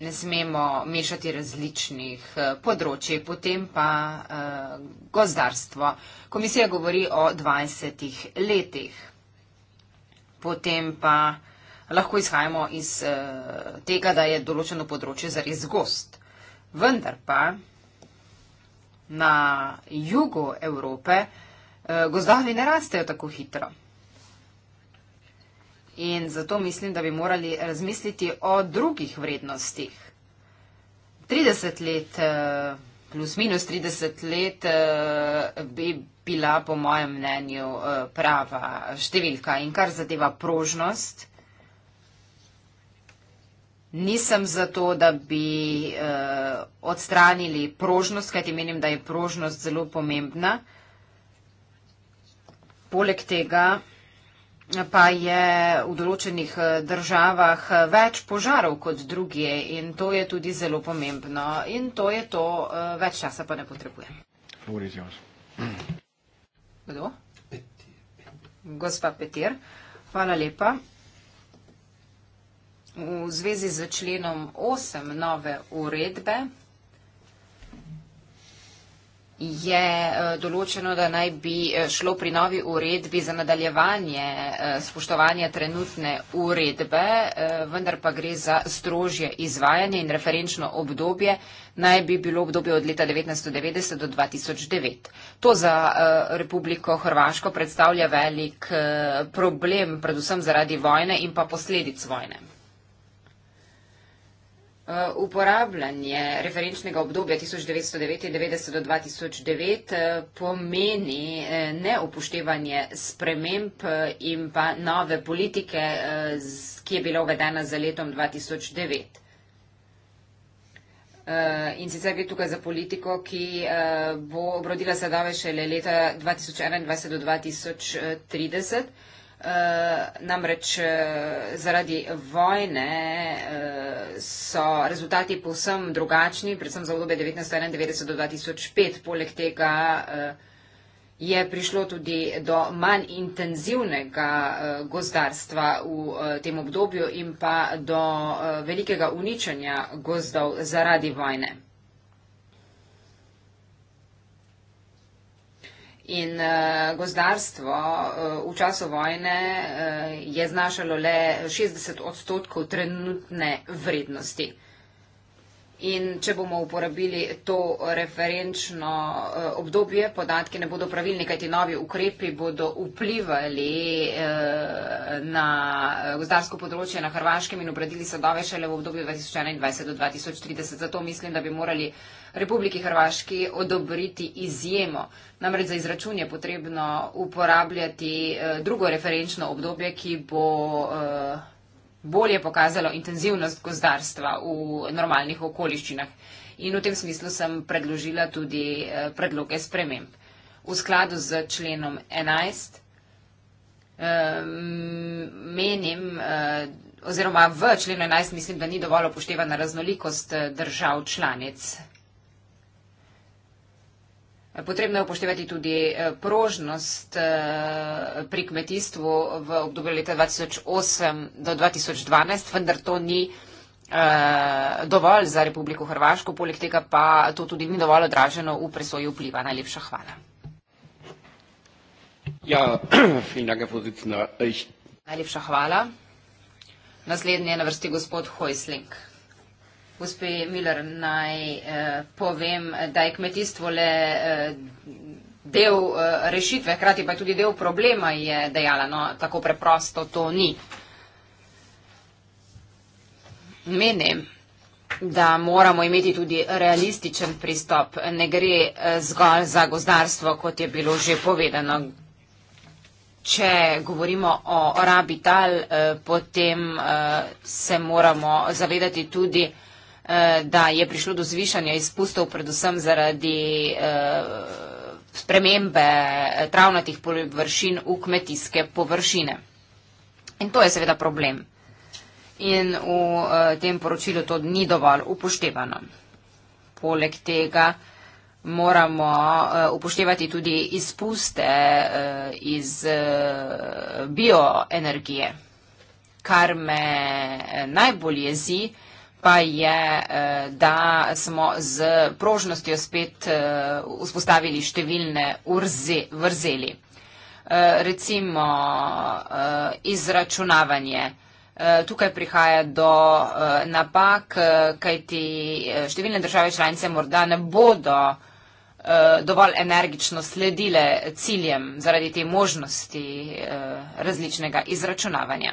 Ne smemo mešati različnih eh, področji, potem pa uh, gozdarstvo. Komisija govori o 20 letih, potem pa lahko izhajamo iz uh, tega, da je določeno področje zares gost. Vendar pa na jugu Evrope uh, gozdavi ne rastejo tako hitro in zato mislim, da bi morali razmisliti o drugih vrednostih. 30 let, eh, plus minus 30 let, eh, bi bila po mojem mnenju eh, prava številka in kar zadeva prožnost. Nisem zato, da bi odstranili prožnost, kajti menim, da je prožnost zelo pomembna. Poleg tega, pa je v določenih eh, državah eh, več požarov kot druge in to je tudi zelo pomembno. In to je to, eh, več časa pa ne potrebujem. Kdo? Gospa Petir, hvala lepa. V zvezi z členom 8 nove uredbe je eh, določeno, da naj bi eh, šlo pri novi uredbi za nadaljevanje eh, spoštovanja trenutne uredbe, vendar pa gre za strožje izvajanje in referenčno obdobje naj bi bilo obdobje od leta 1990 do 2009. To za Republiko Hrvaško predstavlja velik problem, predvsem zaradi vojne in pa posledic vojne. Uh, uporabljanje referenčnega obdobja 1999 do 2009 uh, eh, pomeni uh, neupoštevanje sprememb uh, in pa nove politike, uh, z, ki je bila uvedena za letom 2009. Uh, in sicer gre tukaj za politiko, ki uh, bo obrodila sadove šele leta 2021 do 2030. Eh, namreč eh, zaradi vojne eh, so rezultati povsem drugačni, predvsem za obdobje 1991 do 2005. Poleg tega je prišlo tudi do manj intenzivnega gozdarstva v tem obdobju in pa do velikega uničenja gozdov zaradi vojne. In uh, gozdarstvo uh, v času vojne uh, je znašalo le 60 odstotkov trenutne vrednosti. In če bomo uporabili to referenčno eh, obdobje, podatki ne bodo pravilni, kajti novi ukrepi bodo vplivali eh, na eh, gozdarsko področje na Hrvaškem in obradili sadove šele v obdobju 2021 do 2030. Zato mislim, da bi morali Republiki Hrvaški odobriti izjemo. Namreč za izračun je potrebno uporabljati drugo referenčno obdobje, ki bo bolje pokazalo intenzivnost gozdarstva v normalnih okoliščinah. In v tem smislu sem predložila tudi eh, predloge sprememb. V skladu z členom 11 eh, menim, eh, oziroma v členu 11 mislim, da ni dovolj upoštevana raznolikost držav članic. Potrebno je upoštevati tudi eh, prožnost eh, pri kmetijstvu v obdobju leta 2008 do 2012, vendar to ni eh, dovolj za Republiko Hrvaško, poleg tega pa to tudi ni dovolj odraženo v presoji vpliva. Najlepša hvala. Ja, Dank, ich... Najlepša hvala. Naslednji je na vrsti gospod Hojsling. Gospe Miller, naj eh, povem, da je kmetijstvo le eh, del eh, rešitve, hkrati pa tudi del problema, je dejala. No, tako preprosto to ni. Menim, da moramo imeti tudi realističen pristop. Ne gre eh, zgolj za gozdarstvo, kot je bilo že povedano. Če govorimo o rabi tal, eh, potem eh, se moramo zavedati tudi, Eh, da je prišlo do zvišanja izpustov predvsem zaradi eh, spremembe eh, travnatih površin v kmetijske površine. In to je seveda problem. In v tem poročilu to ni dovolj upoštevano. Poleg tega moramo upoštevati tudi izpuste iz bioenergije, kar me najbolj jezi, pa je, eh, da smo z prožnostjo spet eh, vzpostavili številne urzi vrzeli. Eh, recimo izračunavanje. Tukaj prihaja do napak, kajti številne države članice morda ne bodo dovolj energično sledile ciljem zaradi te možnosti različnega izračunavanja.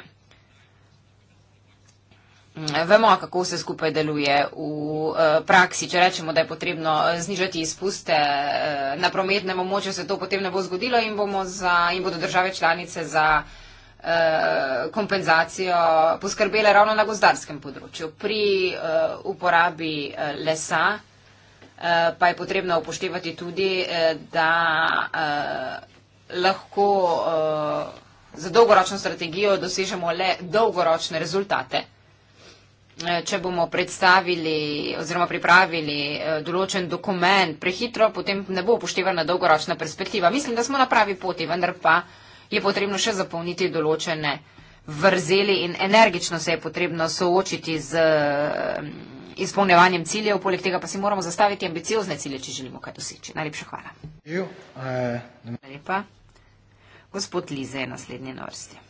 Mm, vemo, kako vse skupaj deluje v eh, praksi. Če rečemo, da je potrebno eh, znižati izpuste eh, na prometnem območju, se to potem ne bo zgodilo in, za, in bodo države članice za kompenzacijo poskrbele ravno na gozdarskem področju. Pri uporabi lesa pa je potrebno upoštevati tudi, da lahko za dolgoročno strategijo dosežemo le dolgoročne rezultate. Eh, če bomo predstavili oziroma pripravili eh, določen dokument prehitro, potem ne bo upoštevana dolgoročna perspektiva. Mislim, da smo na pravi poti, vendar pa je potrebno še zapolniti določene vrzeli in energično se je potrebno soočiti z eh, izpolnevanjem ciljev, poleg tega pa si moramo zastaviti ambiciozne cilje, če želimo kaj doseči. Najlepša hvala. Gospod Lize je naslednji na vrsti.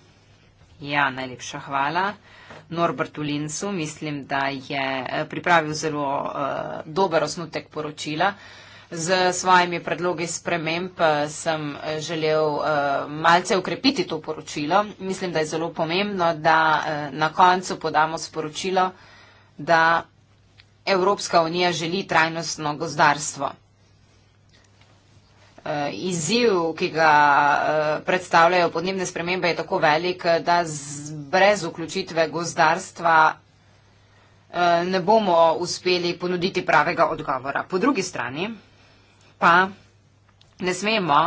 Ja, najlepša hvala. Norbertu Lincu mislim, da je eh, pripravil zelo uh, dober osnutek poročila. Z svojimi predlogi sprememb eh, sem želel malce ukrepiti to poročilo. Mislim, da je zelo pomembno, da na koncu podamo sporočilo, da Evropska unija želi trajnostno gozdarstvo. Eh, izziv, ki ga eh, predstavljajo podnebne spremembe, je tako velik, da brez vključitve gozdarstva eh, ne bomo uspeli ponuditi pravega odgovora. Po drugi strani pa ne smemo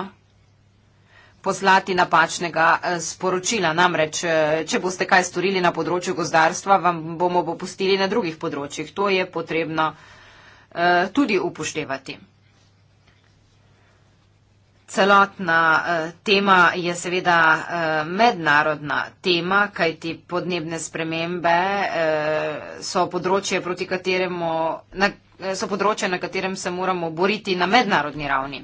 poslati napačnega sporočila. Namreč, če boste kaj storili na področju gozdarstva, vam bomo popustili na drugih področjih. To je potrebno tudi upoštevati. Celotna uh, tema je seveda uh, mednarodna tema, kajti podnebne spremembe uh, so področje, kateremu, na, so področje, na katerem se moramo boriti na mednarodni ravni.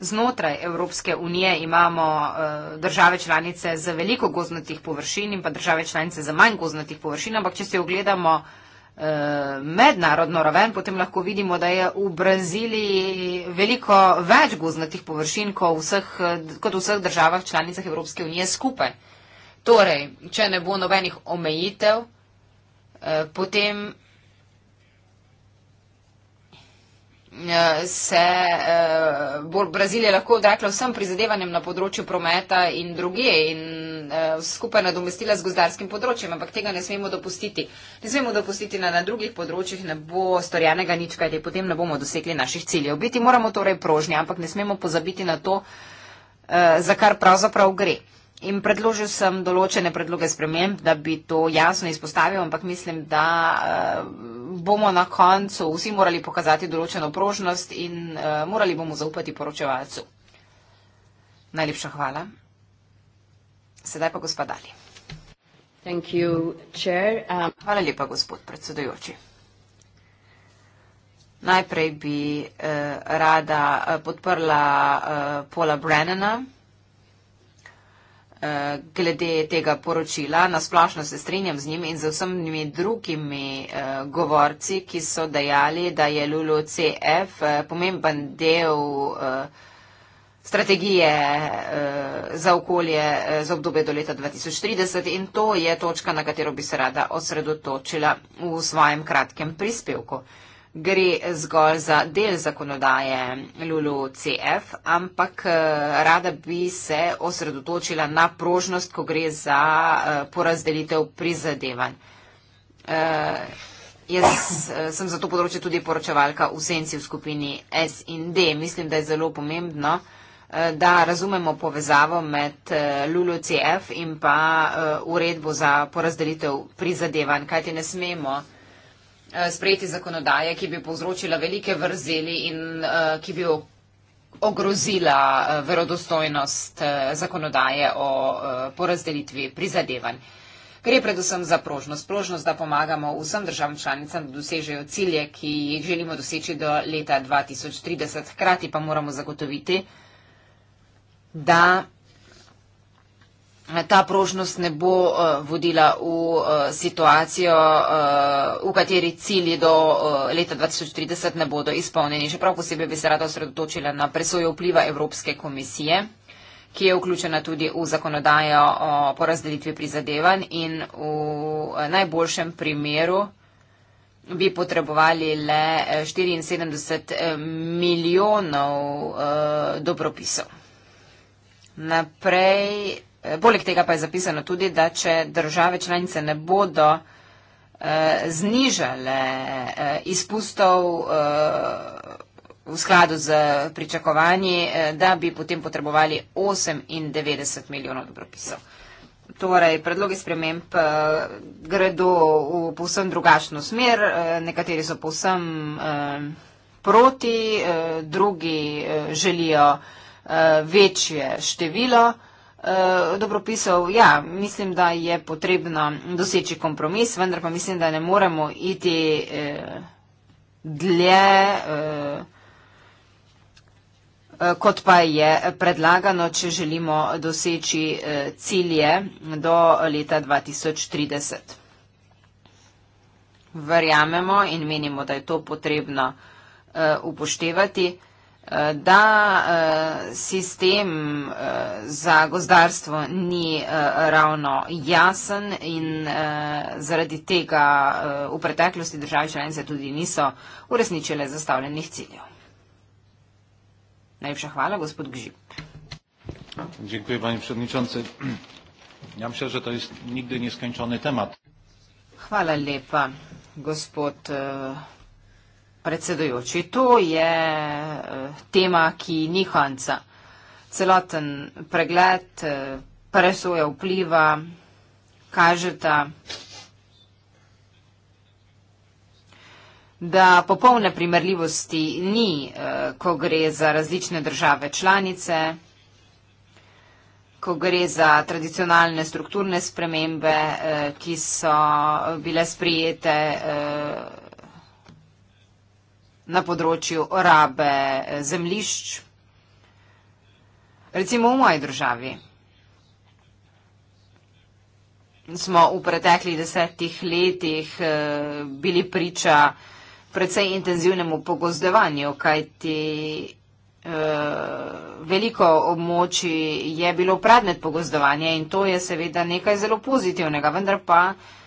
Znotraj Evropske unije imamo uh, države članice z veliko goznatih površin in pa države članice z manj goznatih površin, ampak če si ogledamo uh, mednarodno raven, potem lahko vidimo, da je v Braziliji veliko več guznatih površin kot v vseh, kot v vseh državah članicah Evropske unije skupaj. Torej, če ne bo nobenih omejitev, eh, potem eh, se eh, bo Brazilija lahko odrekla vsem prizadevanjem na področju prometa in druge. In Eh, skupaj nadomestila z gozdarskim področjem, ampak tega ne smemo dopustiti. Ne smemo dopustiti, da na drugih področjih ne bo storjenega nič, kajti potem ne bomo dosegli naših ciljev. Biti moramo torej prožni, ampak ne smemo pozabiti na to, eh, za kar pravzaprav gre. In predložil sem določene predloge sprememb, da bi to jasno izpostavil, ampak mislim, da eh, bomo na koncu vsi morali pokazati določeno prožnost in morali bomo zaupati poročevalcu. Najlepša hvala. Sedaj pa gospodali. Um, Hvala lepa, gospod predsedujoči. Najprej bi eh, rada eh, podprla eh, Paula Brennana eh, glede tega poročila. Nasplošno se strinjam z njim in z vsemi drugimi eh, govorci, ki so dejali, da je LULUCF eh, pomemben del. Eh, strategije eh, za okolje eh, za obdobje do leta 2030 in to je točka, na katero bi se rada osredotočila v svojem kratkem prispevku. Gre zgolj za del zakonodaje Lulu CF, ampak eh, rada bi se osredotočila na prožnost, ko gre za porazdelitev prizadevanj. Jaz sem za to področje tudi poročevalka v senci v skupini S in D. Mislim, da je zelo pomembno, da razumemo povezavo med eh, LULUCF in pa eh, uredbo za porazdelitev prizadevanj, kajti ne smemo eh, sprejeti zakonodaje, ki bi povzročila velike vrzeli in ki bi ogrozila verodostojnost zakonodaje o porazdelitvi prizadevanj. Gre predvsem za prožnost. Prožnost, da pomagamo vsem državam članicam, da dosežejo cilje, ki jih želimo doseči do leta 2030. Hkrati pa moramo zagotoviti, da eh, ta prožnost ne bo eh, vodila v eh, situacijo, v kateri cilji do leta 2030 ne bodo izpolneni. Še prav posebej bi se rada osredotočila na presojo vpliva Evropske komisije ki je vključena tudi v zakonodajo o porazdelitvi prizadevanj in v najboljšem primeru bi potrebovali le 74 milijonov dobropisov. Naprej, eh, poleg tega pa je zapisano tudi, da če države članice ne bodo eh, znižale eh, izpustov eh, v skladu z pričakovanji, eh, da bi potem potrebovali 98 milijonov dobropisov. Torej, predlogi sprememb eh, gredo v povsem drugačno smer, eh, nekateri so povsem eh, proti, eh, drugi eh, želijo. Eh, večje število eh, dobropisov. Ja, mislim, da je potrebno doseči kompromis, vendar pa mislim, da ne moremo iti eh, dlje kot pa je predlagano, če želimo doseči cilje do leta 2030. Verjamemo in menimo, da je to potrebno upoštevati da eh, sistem eh, za gozdarstvo ni eh, ravno jasen in zaradi tega v preteklosti države članice tudi niso uresničile zastavljenih ciljev. Najlepša hvala, gospod Gžip. Dziękuję Panie Przewodniczący. Ja myślę, że to jest nigdy nieskończony temat. Chwala lepa, gospod Predsedujoči, to je eh, tema, ki ni konca. Celoten pregled, eh, presoja vpliva, kažeta, da popolne primerljivosti ni, eh, ko gre za različne države članice, ko gre za tradicionalne strukturne spremembe, ki so bile sprijete na področju rabe zemlišč, recimo v moji državi. Smo v preteklih desetih letih eh, bili priča predvsej intenzivnemu pogozdevanju, kajti eh, veliko območji je bilo predmet pogozdevanja in to je seveda nekaj zelo pozitivnega, vendar pa nekaj,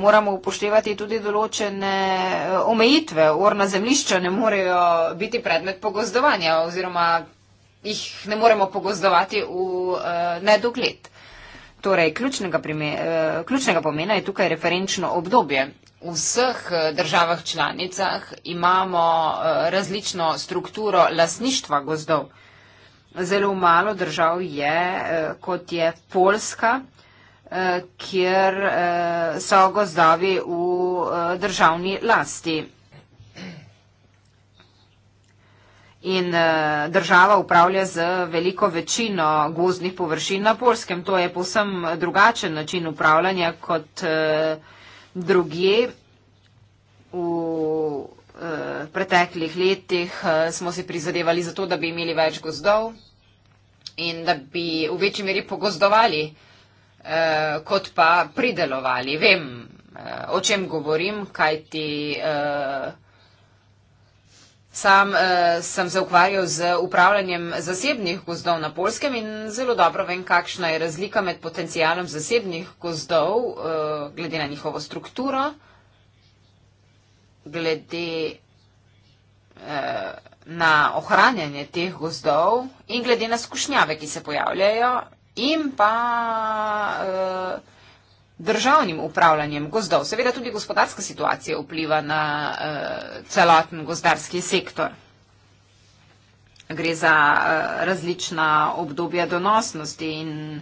moramo upoštevati tudi določene eh, omejitve. Orna zemlišča ne morejo biti predmet pogozdovanja oziroma jih ne moremo pogozdovati v eh, nedogled. Torej, ključnega, primer, eh, ključnega pomena je tukaj referenčno obdobje. V vseh državah članicah imamo različno strukturo lasništva gozdov. Zelo malo držav je, kot je Poljska, kjer eh, so gozdovi v eh, državni lasti. In eh, država upravlja z veliko večino gozdnih površin na Polskem. To je povsem drugačen način upravljanja kot drugje. V preteklih letih smo si prizadevali za to, da bi imeli več gozdov in da bi v večji meri pogozdovali eh, kot pa pridelovali. Vem, eh, o čem govorim, kaj ti eh, sam eh, sem se ukvarjal z upravljanjem zasebnih gozdov na polskem in zelo dobro vem, kakšna je razlika med potencijalom zasebnih gozdov, eh, glede na njihovo strukturo, glede eh, na ohranjanje teh gozdov in glede na skušnjave, ki se pojavljajo in pa uh, državnim upravljanjem gozdov. Seveda tudi gospodarska situacija vpliva na uh, celoten gozdarski sektor. Gre za uh, različna obdobja donosnosti in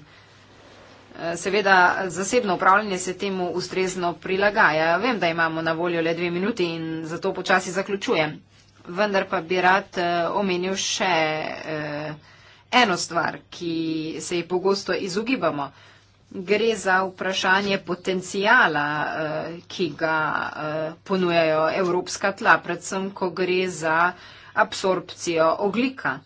Seveda, zasebno upravljanje se temu ustrezno prilagaja. Vem, da imamo na voljo le dve minuti in zato počasi zaključujem. Vendar pa bi rad omenil še eh, eno stvar, ki se ji pogosto izogibamo. Gre za vprašanje potencijala, eh, ki ga eh, ponujajo evropska tla, predvsem, ko gre za absorpcijo oglika.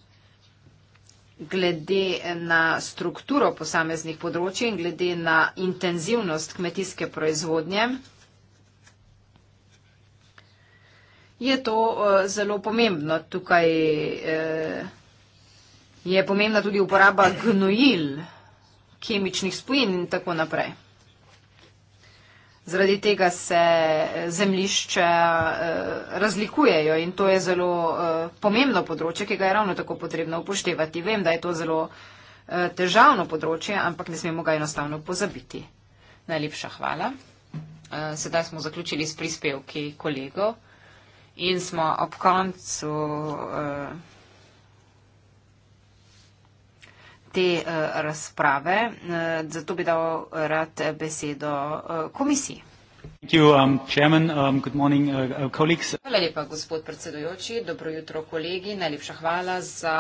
Glede na strukturo posameznih področji in glede na intenzivnost kmetijske proizvodnje, je to eh, zelo pomembno tukaj. Eh, Je pomembna tudi uporaba gnojil, kemičnih spojin in tako naprej. Zaradi tega se eh, zemlišče eh, razlikujejo in to je zelo eh, pomembno področje, ki ga je ravno tako potrebno upoštevati. Vem, da je to zelo težavno področje, ampak ne smemo ga enostavno pozabiti. Najlepša hvala. Sedaj smo zaključili s prispevki kolegov in smo ob koncu. te eh, razprave. Eh, zato bi dal rad eh, besedo komisiji. Um, um, uh, uh, hvala lepa, gospod predsedujoči. Dobro jutro, kolegi. Najlepša hvala za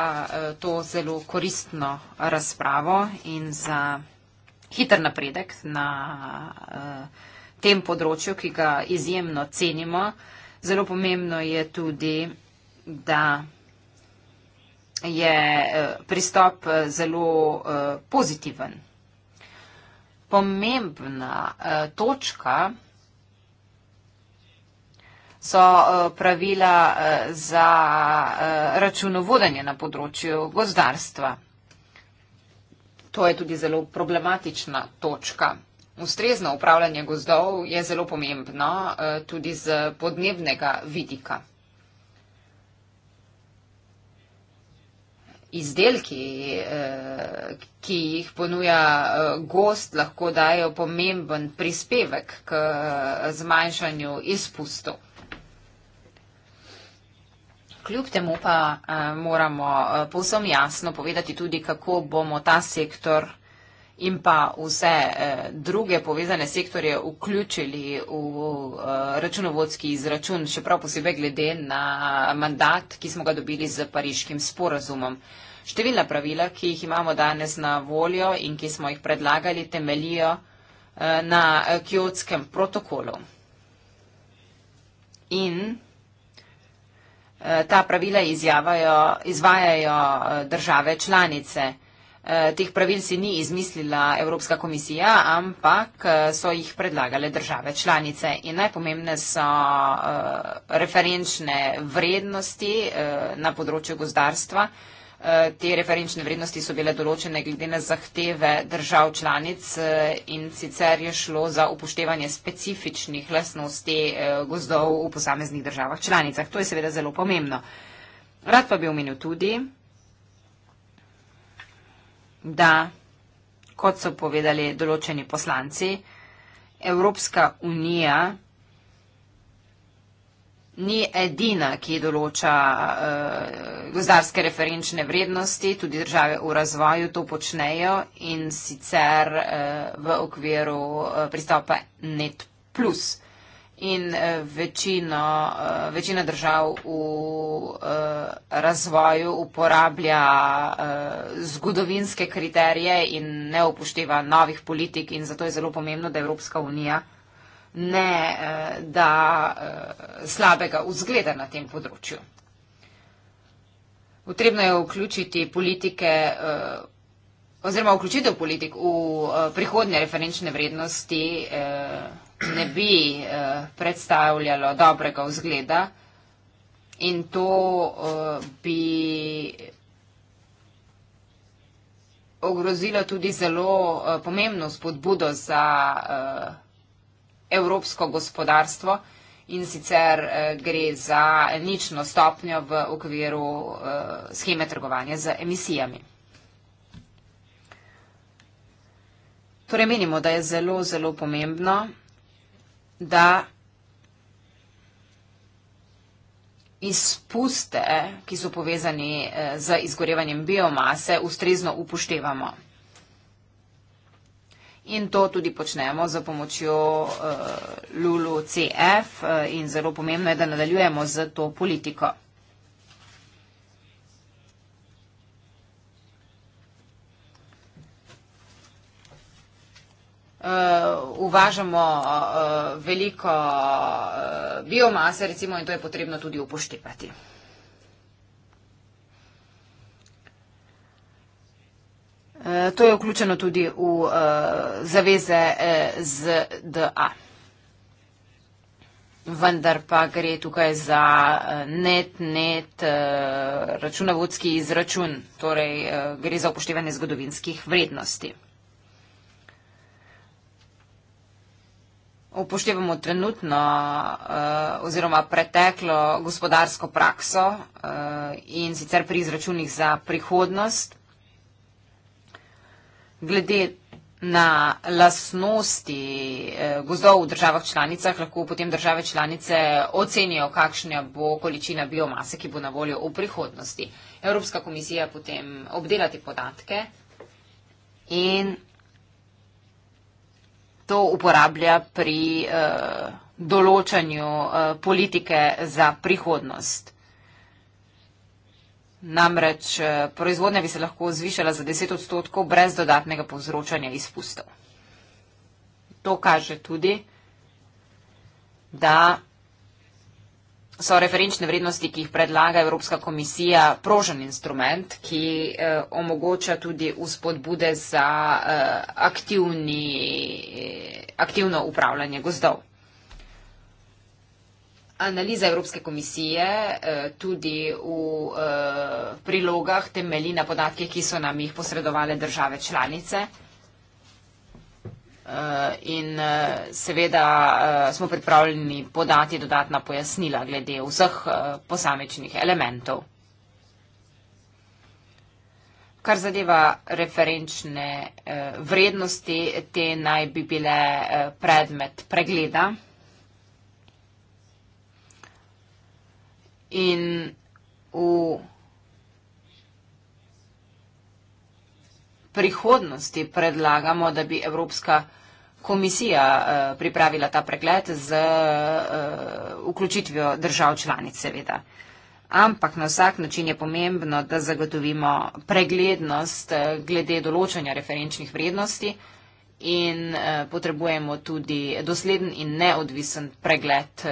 to zelo koristno razpravo in za hiter napredek na tem področju, ki ga izjemno cenimo. Zelo pomembno je tudi, da je eh, pristop eh, zelo eh, pozitiven. Pomembna točka so pravila za računovodanje na področju gozdarstva. To je tudi zelo problematična točka. Ustrezno upravljanje gozdov je zelo pomembno tudi z podnebnega vidika. izdelki, eh, ki jih ponuja eh, gost, lahko dajo pomemben prispevek k eh, zmanjšanju izpustov. Kljub temu pa moramo povsem jasno povedati tudi, kako bomo ta sektor in pa vse eh, druge povezane sektorje vključili v eh, računovodski izračun, še prav posebej glede na mandat, ki smo ga dobili z pariškim sporazumom. Številna pravila, ki jih imamo danes na voljo in ki smo jih predlagali, temelijo eh, na kjotskem protokolu. In ta pravila izvajajo države članice. Eh, teh pravil si ni izmislila Evropska komisija, ampak eh, so jih predlagale države članice. In najpomembne so eh, referenčne vrednosti na področju gozdarstva. Te referenčne vrednosti so bile določene glede na zahteve držav članic in sicer je šlo za upoštevanje specifičnih lasnosti gozdov v posameznih državah članicah. To je seveda zelo pomembno. Rad pa bi omenil tudi, da, kot so povedali določeni poslanci, Evropska unija ni edina, ki določa uh, gozdarske referenčne vrednosti, tudi države v razvoju to počnejo in sicer uh, v okviru uh, pristopa NET. Plus. Uh, in eh, večino, eh, večina držav v eh, razvoju uporablja zgodovinske kriterije in ne upošteva novih politik in zato je zelo pomembno, da Evropska unija ne da slabega vzgleda na tem področju. Potrebno je vključiti politike oziroma vključitev politik v prihodnje referenčne vrednosti eh, ne bi eh, predstavljalo dobrega vzgleda in to eh, bi ogrozilo tudi zelo eh, pomembno spodbudo za evropsko gospodarstvo in sicer gre za nično stopnjo v okviru scheme trgovanja z emisijami. Torej menimo, da je zelo, zelo pomembno, da izpuste, ki so povezani eh, z izgorevanjem biomase, ustrezno upoštevamo. In to tudi počnemo za pomočjo uh, LULU CF uh, eh, in zelo pomembno je, da nadaljujemo z to politiko. Eh, uvažamo eh, veliko eh, biomase, recimo, in to je potrebno tudi upoštevati. To je vključeno tudi v zaveze ZDA. Vendar pa gre tukaj za net-net računovodski izračun, torej gre za upoštevanje zgodovinskih vrednosti. upoštevamo trenutno uh, oziroma preteklo gospodarsko prakso uh, in sicer pri izračunih za prihodnost, glede na lasnosti uh, eh, gozdov v državah članicah, lahko potem države članice ocenijo, kakšna bo količina biomase, ki bo na voljo v prihodnosti. Evropska komisija potem obdela te podatke in to uporablja pri uh, določanju uh, politike za prihodnost. Namreč uh, proizvodnja bi se lahko zvišala za 10 odstotkov brez dodatnega povzročanja izpustov. To kaže tudi, da so referenčne vrednosti, ki jih predlaga Evropska komisija, prožen instrument, ki eh, omogoča tudi vzpodbude za eh, aktivni, aktivno upravljanje gozdov. Analiza Evropske komisije eh, tudi v eh, prilogah temelji na podatkih, ki so nam jih posredovale države članice. Eh, in eh, seveda eh, smo pripravljeni podati dodatna pojasnila glede vseh posamičnih elementov. Kar zadeva referenčne vrednosti, te naj bi bile predmet pregleda in v vsega, prihodnosti predlagamo, da bi Evropska komisija eh, pripravila ta pregled z eh, vključitvijo držav članic, seveda. Ampak na vsak način je pomembno, da zagotovimo preglednost eh, glede določanja referenčnih vrednosti in potrebujemo tudi dosleden in neodvisen pregled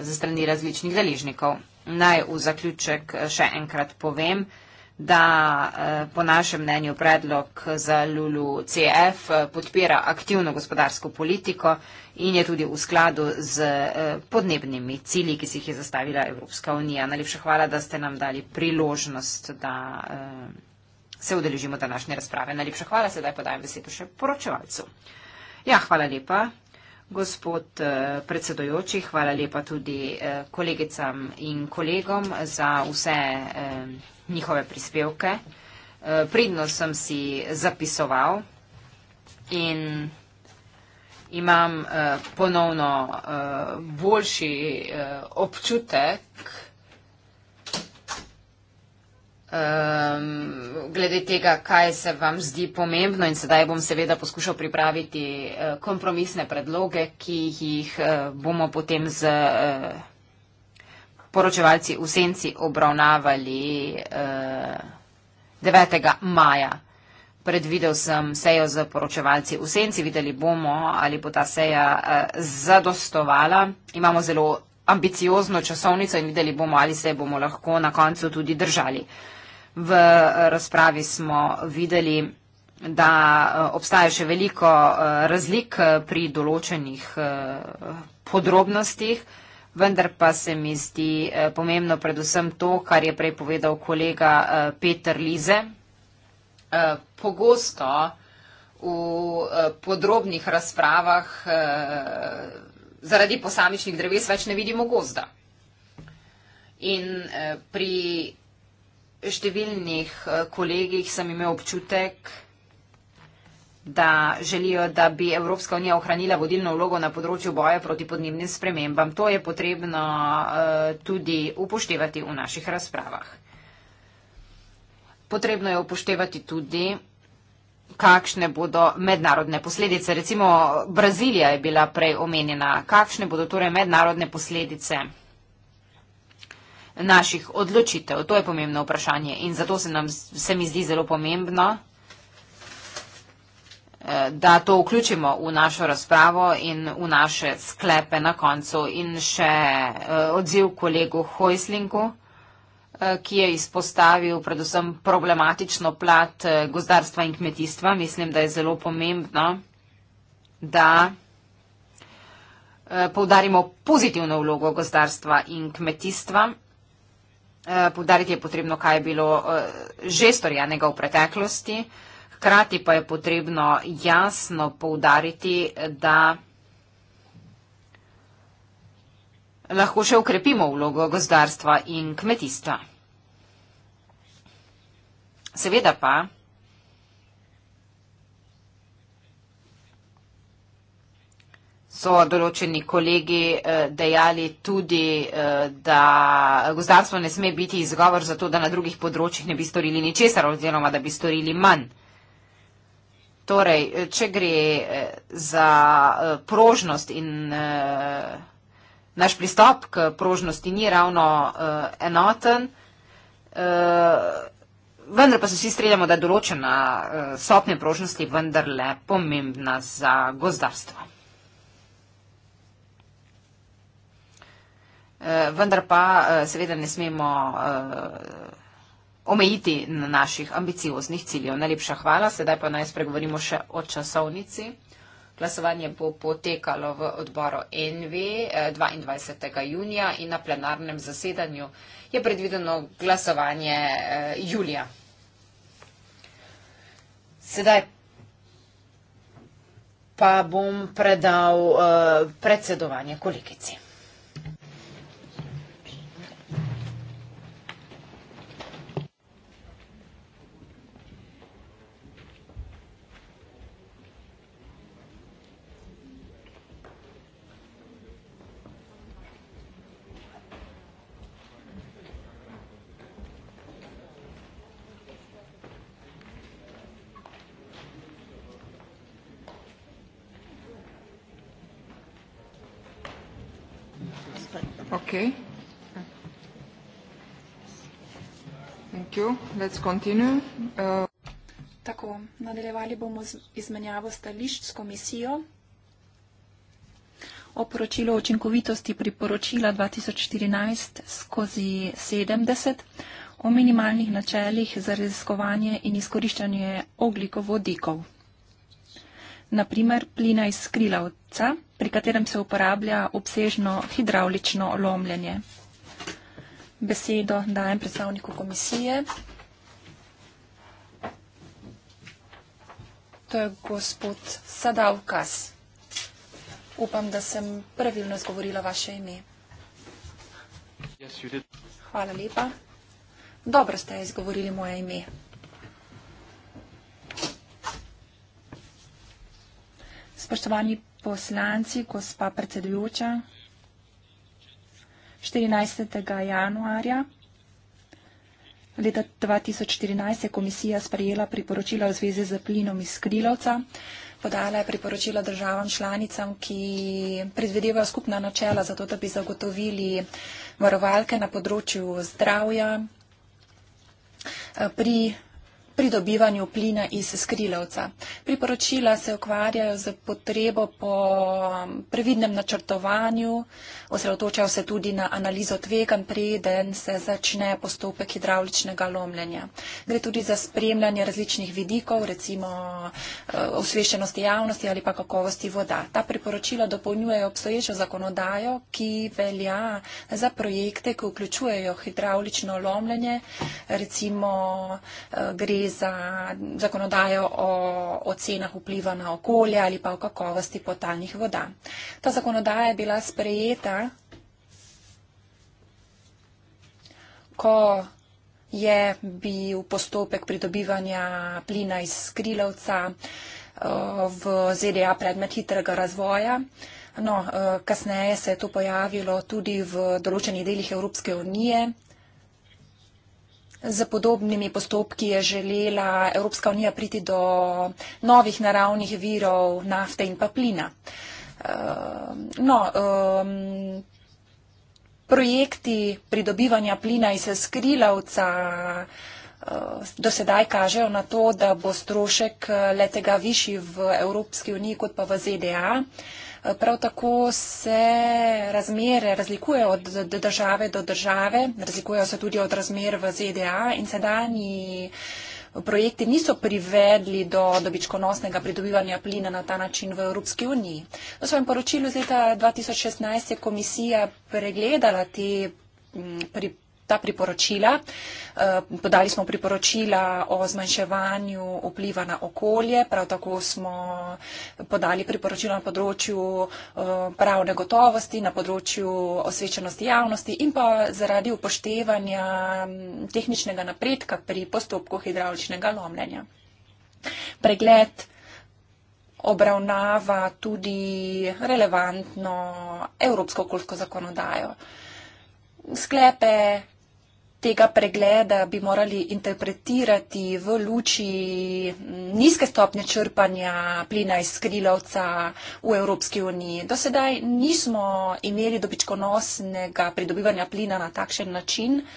ze strani različnih deležnikov. Naj v zaključek še enkrat povem, da eh, po našem mnenju predlog za Lulu CF eh, podpira aktivno gospodarsko politiko in je tudi v skladu z eh, podnebnimi cilji, ki si jih je zastavila Evropska unija. Najlepša hvala, da ste nam dali priložnost, da se udeležimo današnje razprave. Najlepša hvala, sedaj pa dajem besedo še poročevalcu. Ja, hvala lepa. Gospod eh, predsedojoči, hvala lepa tudi eh, kolegicam in kolegom za vse eh, njihove prispevke. Pridno sem si zapisoval in imam ponovno boljši občutek um, glede tega, kaj se vam zdi pomembno in sedaj bom seveda poskušal pripraviti uh, kompromisne predloge, ki jih uh, bomo potem z. Uh, poročevalci v senci obravnavali eh, 9. maja. Predvidel sem sejo z poročevalci v senci, videli bomo, ali bo ta seja eh, zadostovala. Imamo zelo ambiciozno časovnico in videli bomo, ali se bomo lahko na koncu tudi držali. Eh, V eh, razpravi smo videli, da eh, obstaja še veliko eh, razlik pri določenih podrobnostih, vendar pa se mi zdi pomembno predvsem to, kar je prej povedal kolega Peter Lize. Pogosto v podrobnih razpravah zaradi posamičnih dreves več ne vidimo gozda. In pri številnih eh, kolegih sem imel občutek, da želijo, da bi Evropska unija ohranila vodilno vlogo na področju boja proti podnebnim spremembam. To je potrebno eh, tudi upoštevati v naših razpravah. Potrebno je upoštevati tudi, kakšne bodo mednarodne posledice. Recimo Brazilija je bila prej omenjena. Kakšne bodo torej mednarodne posledice? naših odločitev. To je pomembno vprašanje in zato se, nam, se mi zdi zelo pomembno, eh, da to vključimo v našo razpravo in v naše sklepe na koncu. In še eh, odziv kolegu Hojslinku, eh, ki je izpostavil predvsem problematično plat gozdarstva in kmetijstva. Mislim, da je zelo pomembno, da poudarimo pozitivno vlogo gozdarstva in kmetijstva. Eh, poudariti je potrebno, kaj je bilo eh, že storjenega v preteklosti. Hkrati pa je potrebno jasno poudariti, da lahko še ukrepimo vlogo gozdarstva in kmetijstva. Seveda pa, so določeni kolegi eh, dejali tudi, eh, da gozdarstvo ne sme biti izgovor za to, da na drugih področjih ne bi storili ničesar oziroma da bi storili manj. Torej, eh, če gre za prožnost in naš pristop k prožnosti ni ravno enoten, Vendar pa se vsi strinjamo, da je določena stopnja prožnosti vendarle pomembna za gozdarstvo. Eh, vendar pa eh, seveda ne smemo eh, omejiti na naših ambicioznih ciljev. Najlepša hvala, sedaj pa naj spregovorimo še o časovnici. Glasovanje bo potekalo v odboru NV 22. junija in na plenarnem zasedanju je predvideno glasovanje julija. Sedaj pa bom predal predsedovanje kolegici. you. Let's continue. Uh... Tako, nadaljevali bomo z izmenjavo stališč s komisijo o poročilu očinkovitosti priporočila 2014 skozi 70 o minimalnih načeljih za raziskovanje in izkoriščanje oglikovodikov. Naprimer, plina iz skrilavca, pri katerem se uporablja obsežno hidravlično lomljenje. Besedo dajem predstavniku komisije. To je gospod Sadavkas. Upam, da sem pravilno izgovorila vaše ime. Hvala lepa. Dobro ste izgovorili moje ime. Spoštovani poslanci, gospa predsedujoča, 14. januarja leta 2014 je komisija sprejela priporočila v zvezi z plinom iz Krilovca. Podala je priporočila državam članicam, ki predvidevajo skupna načela za to, da bi zagotovili varovalke na področju zdravja pri pridobivanju plina iz skrilavca. Priporočila se ukvarjajo z potrebo po um, previdnem načrtovanju, osredotočajo se tudi na analizo tvegan, preden se začne postopek hidravličnega lomljenja. Gre tudi za spremljanje različnih vidikov, recimo uh, osveščenosti javnosti ali pa kakovosti voda. Ta priporočila dopolnjujejo obstoječo zakonodajo, ki velja za projekte, ki vključujejo hidravlično lomljenje, recimo uh, gre za zakonodajo o ocenah vpliva na okolje ali pa o kakovosti potalnih voda. Ta zakonodaja je bila sprejeta, ko je bil postopek pridobivanja plina iz skrilovca eh, v ZDA predmet hitrega razvoja. No, eh, kasneje se je to pojavilo tudi v določenih delih Evropske unije, Z podobnimi postopki je želela Evropska unija priti do novih naravnih virov nafte in pa plina. Eh, no, projekti pridobivanja plina iz skrilavca eh, do sedaj kažejo na to, da bo strošek eh, letega višji v Evropski uniji kot pa v ZDA. Prav tako se razmere razlikujejo od države do države, razlikujejo se tudi od razmer v ZDA in sedajni projekti niso privedli do dobičkonosnega pridobivanja plina na ta način v Evropski uniji. V svojem poročilu z leta 2016 je komisija pregledala te pripravljanja ta priporočila. Eh, podali smo priporočila o zmanjševanju vpliva na okolje, prav tako smo podali priporočila na področju eh, pravne gotovosti, na področju osvečenosti javnosti in pa zaradi upoštevanja tehničnega napredka pri postopku hidrauličnega lomljenja. Pregled obravnava tudi relevantno evropsko okoljsko zakonodajo. Sklepe tega pregleda bi morali interpretirati v luči nizke stopnje črpanja plina iz skrilovca v Evropski uniji. Do sedaj nismo imeli dobičkonosnega pridobivanja plina na takšen način. Um,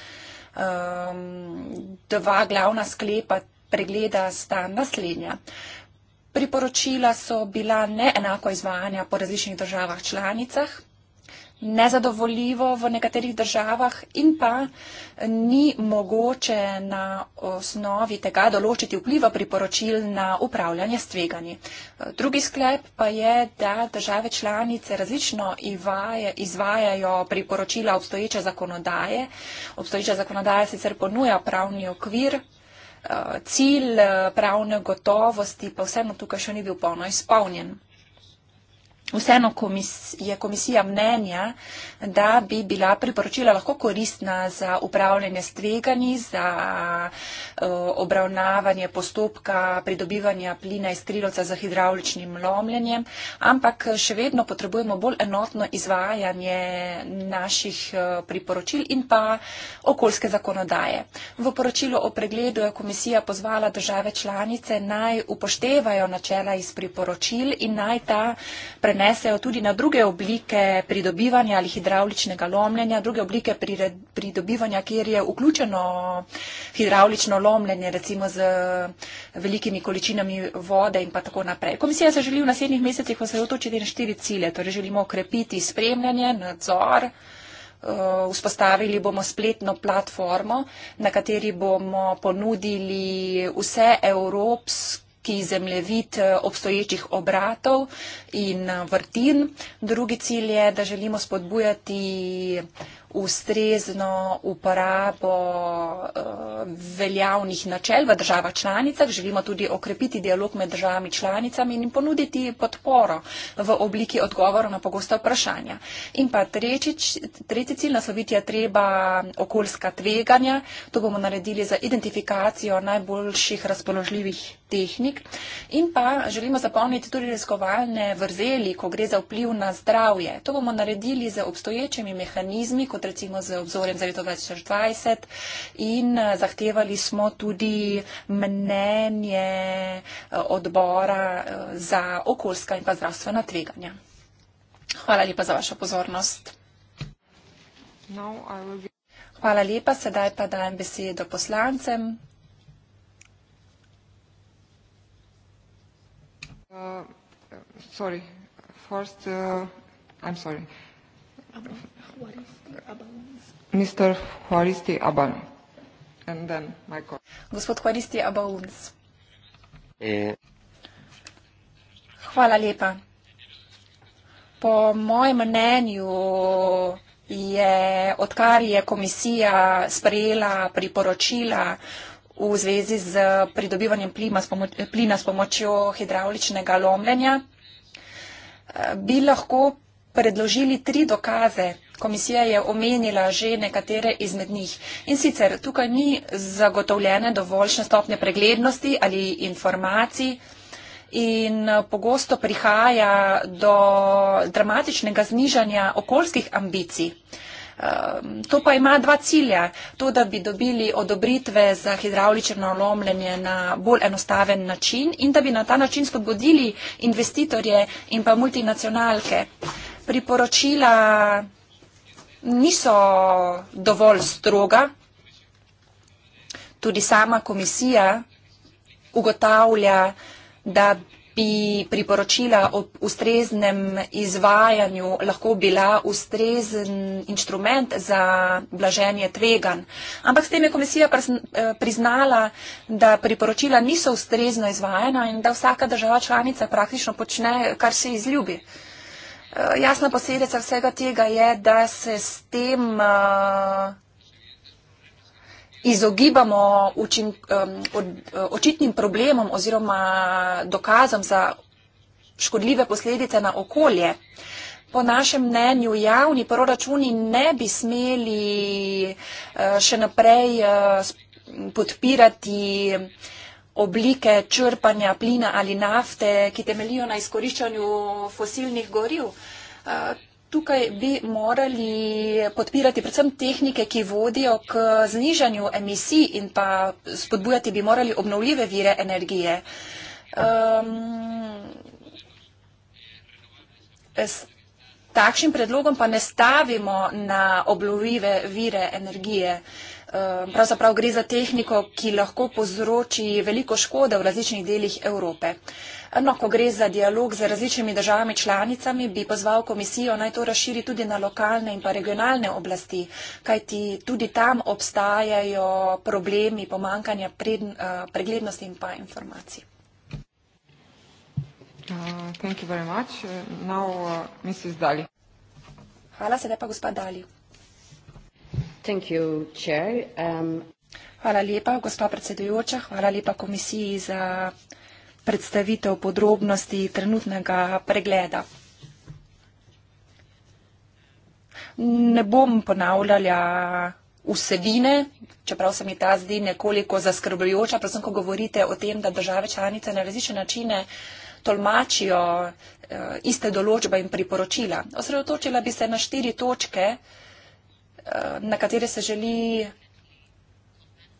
dva glavna sklepa pregleda sta naslednja. Priporočila so bila neenako izvajanja po različnih državah članicah nezadovoljivo v nekaterih državah in pa ni mogoče na osnovi tega določiti vpliva priporočil na upravljanje s tveganji. Drugi sklep pa je, da države članice različno izvajajo priporočila obstoječe zakonodaje. Obstoječa zakonodaja sicer ponuja pravni okvir. Eh, cilj eh, pravne gotovosti pa vseeno tukaj še ni bil polno izpolnjen. Vseeno komis, je komisija mnenja, da bi bila priporočila lahko koristna za upravljanje stvegani, za uh, obravnavanje postopka pridobivanja plina iz triloca za hidravličnim lomljenjem, ampak še vedno potrebujemo bolj enotno izvajanje naših eh, priporočil in pa okoljske zakonodaje. V poročilu o pregledu je komisija pozvala države članice naj upoštevajo načela iz priporočil in naj ta pregled prenesejo tudi na druge oblike pridobivanja ali hidravličnega lomljenja, druge oblike pridobivanja, kjer je vključeno hidravlično lomljenje, recimo z velikimi količinami vode in pa tako naprej. Komisija se želi v naslednjih mesecih osredotočiti na štiri cilje, torej želimo okrepiti spremljanje, nadzor. Eh, vzpostavili bomo spletno platformo, na kateri bomo ponudili vse evropske ki zemljevid eh, obstoječih obratov in eh, vrtin. Drugi cilj je, da želimo spodbujati ustrezno uporabo eh, veljavnih načel v država članicah. Želimo tudi okrepiti dialog med državami članicami in ponuditi podporo v obliki odgovorov na pogosta vprašanja. In pa tretji cilj nasloviti je treba okoljska tveganja. To bomo naredili za identifikacijo najboljših razpoložljivih tehnik. In pa želimo zapolniti tudi reskovalne vrzeli, ko gre za vpliv na zdravje. To bomo naredili z obstoječimi mehanizmi, kot recimo z obzorjem za leto 2020 in eh, zahtevali smo tudi mnenje eh, odbora eh, za okoljska in pa zdravstvena tveganja. Hvala lepa za vašo pozornost. Hvala lepa, sedaj pa dajem besedo poslancem. Uh, uh sorry, first, uh, I'm sorry. Um, what is Mr. Huaristi Abano. And then my call. Gospod Huaristi Abouns. Eh. Hvala lepa. Po mojem mnenju je, odkar je komisija sprejela priporočila v zvezi z pridobivanjem plina s pomočjo hidrauličnega lomljenja, bi lahko predložili tri dokaze Komisija je omenila že nekatere izmed njih. In sicer tukaj ni zagotovljene dovoljšne stopne preglednosti ali informacij in eh, pogosto prihaja do dramatičnega znižanja okoljskih ambicij. Ehm, to pa ima dva cilja. To, da bi dobili odobritve za hidraulično lomljenje na bolj enostaven način in da bi na ta način spodbudili investitorje in pa multinacionalke. Priporočila niso dovolj stroga. Tudi sama komisija ugotavlja, da bi priporočila o ustreznem izvajanju lahko bila ustrezen inštrument za blaženje tvegan. Ampak s tem je komisija eh, priznala, da priporočila niso ustrezno izvajana in da vsaka država članica praktično počne, kar se izljubi. Uh, Eh, jasna posledica vsega tega je, da se s tem eh, izogibamo učin, eh, očitnim problemom oziroma dokazom za škodljive posledice na okolje. Po našem mnenju javni proračuni ne bi smeli še naprej podpirati uh, oblike črpanja plina ali nafte, ki temelijo na izkoriščanju fosilnih goriv. Eh, tukaj bi morali podpirati predvsem tehnike, ki vodijo k znižanju emisij in pa spodbujati bi morali obnovljive vire energije. Um, s takšnim predlogom pa ne stavimo na obnovljive vire energije. Uh, Eh, pravzaprav gre za tehniko, ki lahko povzroči veliko škode v različnih delih Evrope. No, ko gre za dialog z različnimi državami članicami, bi pozval komisijo naj to razširi tudi na lokalne in pa regionalne oblasti, kajti tudi tam obstajajo problemi pomankanja pred, uh, eh, preglednosti in pa informacij. Uh, uh Now, uh, Hvala, sedaj pa gospod Dali. Um, Hvala lepa, gospa predsedujoča. Hvala lepa komisiji za predstavitev podrobnosti trenutnega pregleda. Ne bom ponavljala vsebine, čeprav se mi ta zdi nekoliko zaskrbljujoča, predvsem ko govorite o tem, da države članice na različne načine tolmačijo eh, iste določbe in priporočila. Osredotočila bi se na štiri točke, Eh, na katere se želi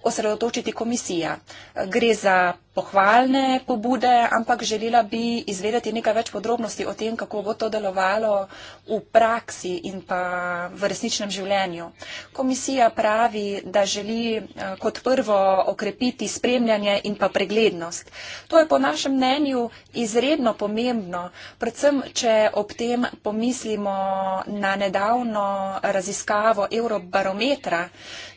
osredotočiti komisija. Gre za pohvalne pobude, ampak želela bi izvedeti nekaj več podrobnosti o tem, kako bo to delovalo v praksi in pa v resničnem življenju. Komisija pravi, da želi eh, kot prvo okrepiti spremljanje in pa preglednost. To je po našem mnenju izredno pomembno, predvsem, če ob tem pomislimo na nedavno raziskavo Eurobarometra,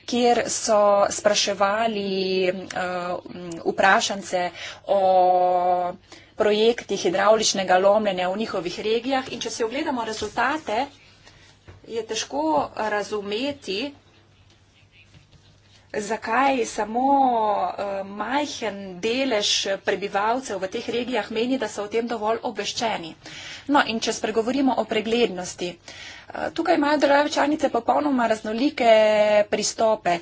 kjer so spraševali uh, vprašance o projektih hidrauličnega lomljenja v njihovih regijah. In če se ogledamo rezultate, je težko razumeti, zakaj samo uh, majhen delež prebivalcev v teh regijah meni, da so o tem dovolj obveščeni. No in če spregovorimo o preglednosti. Uh, Tukaj imajo države članice popolnoma raznolike pristope. Eh,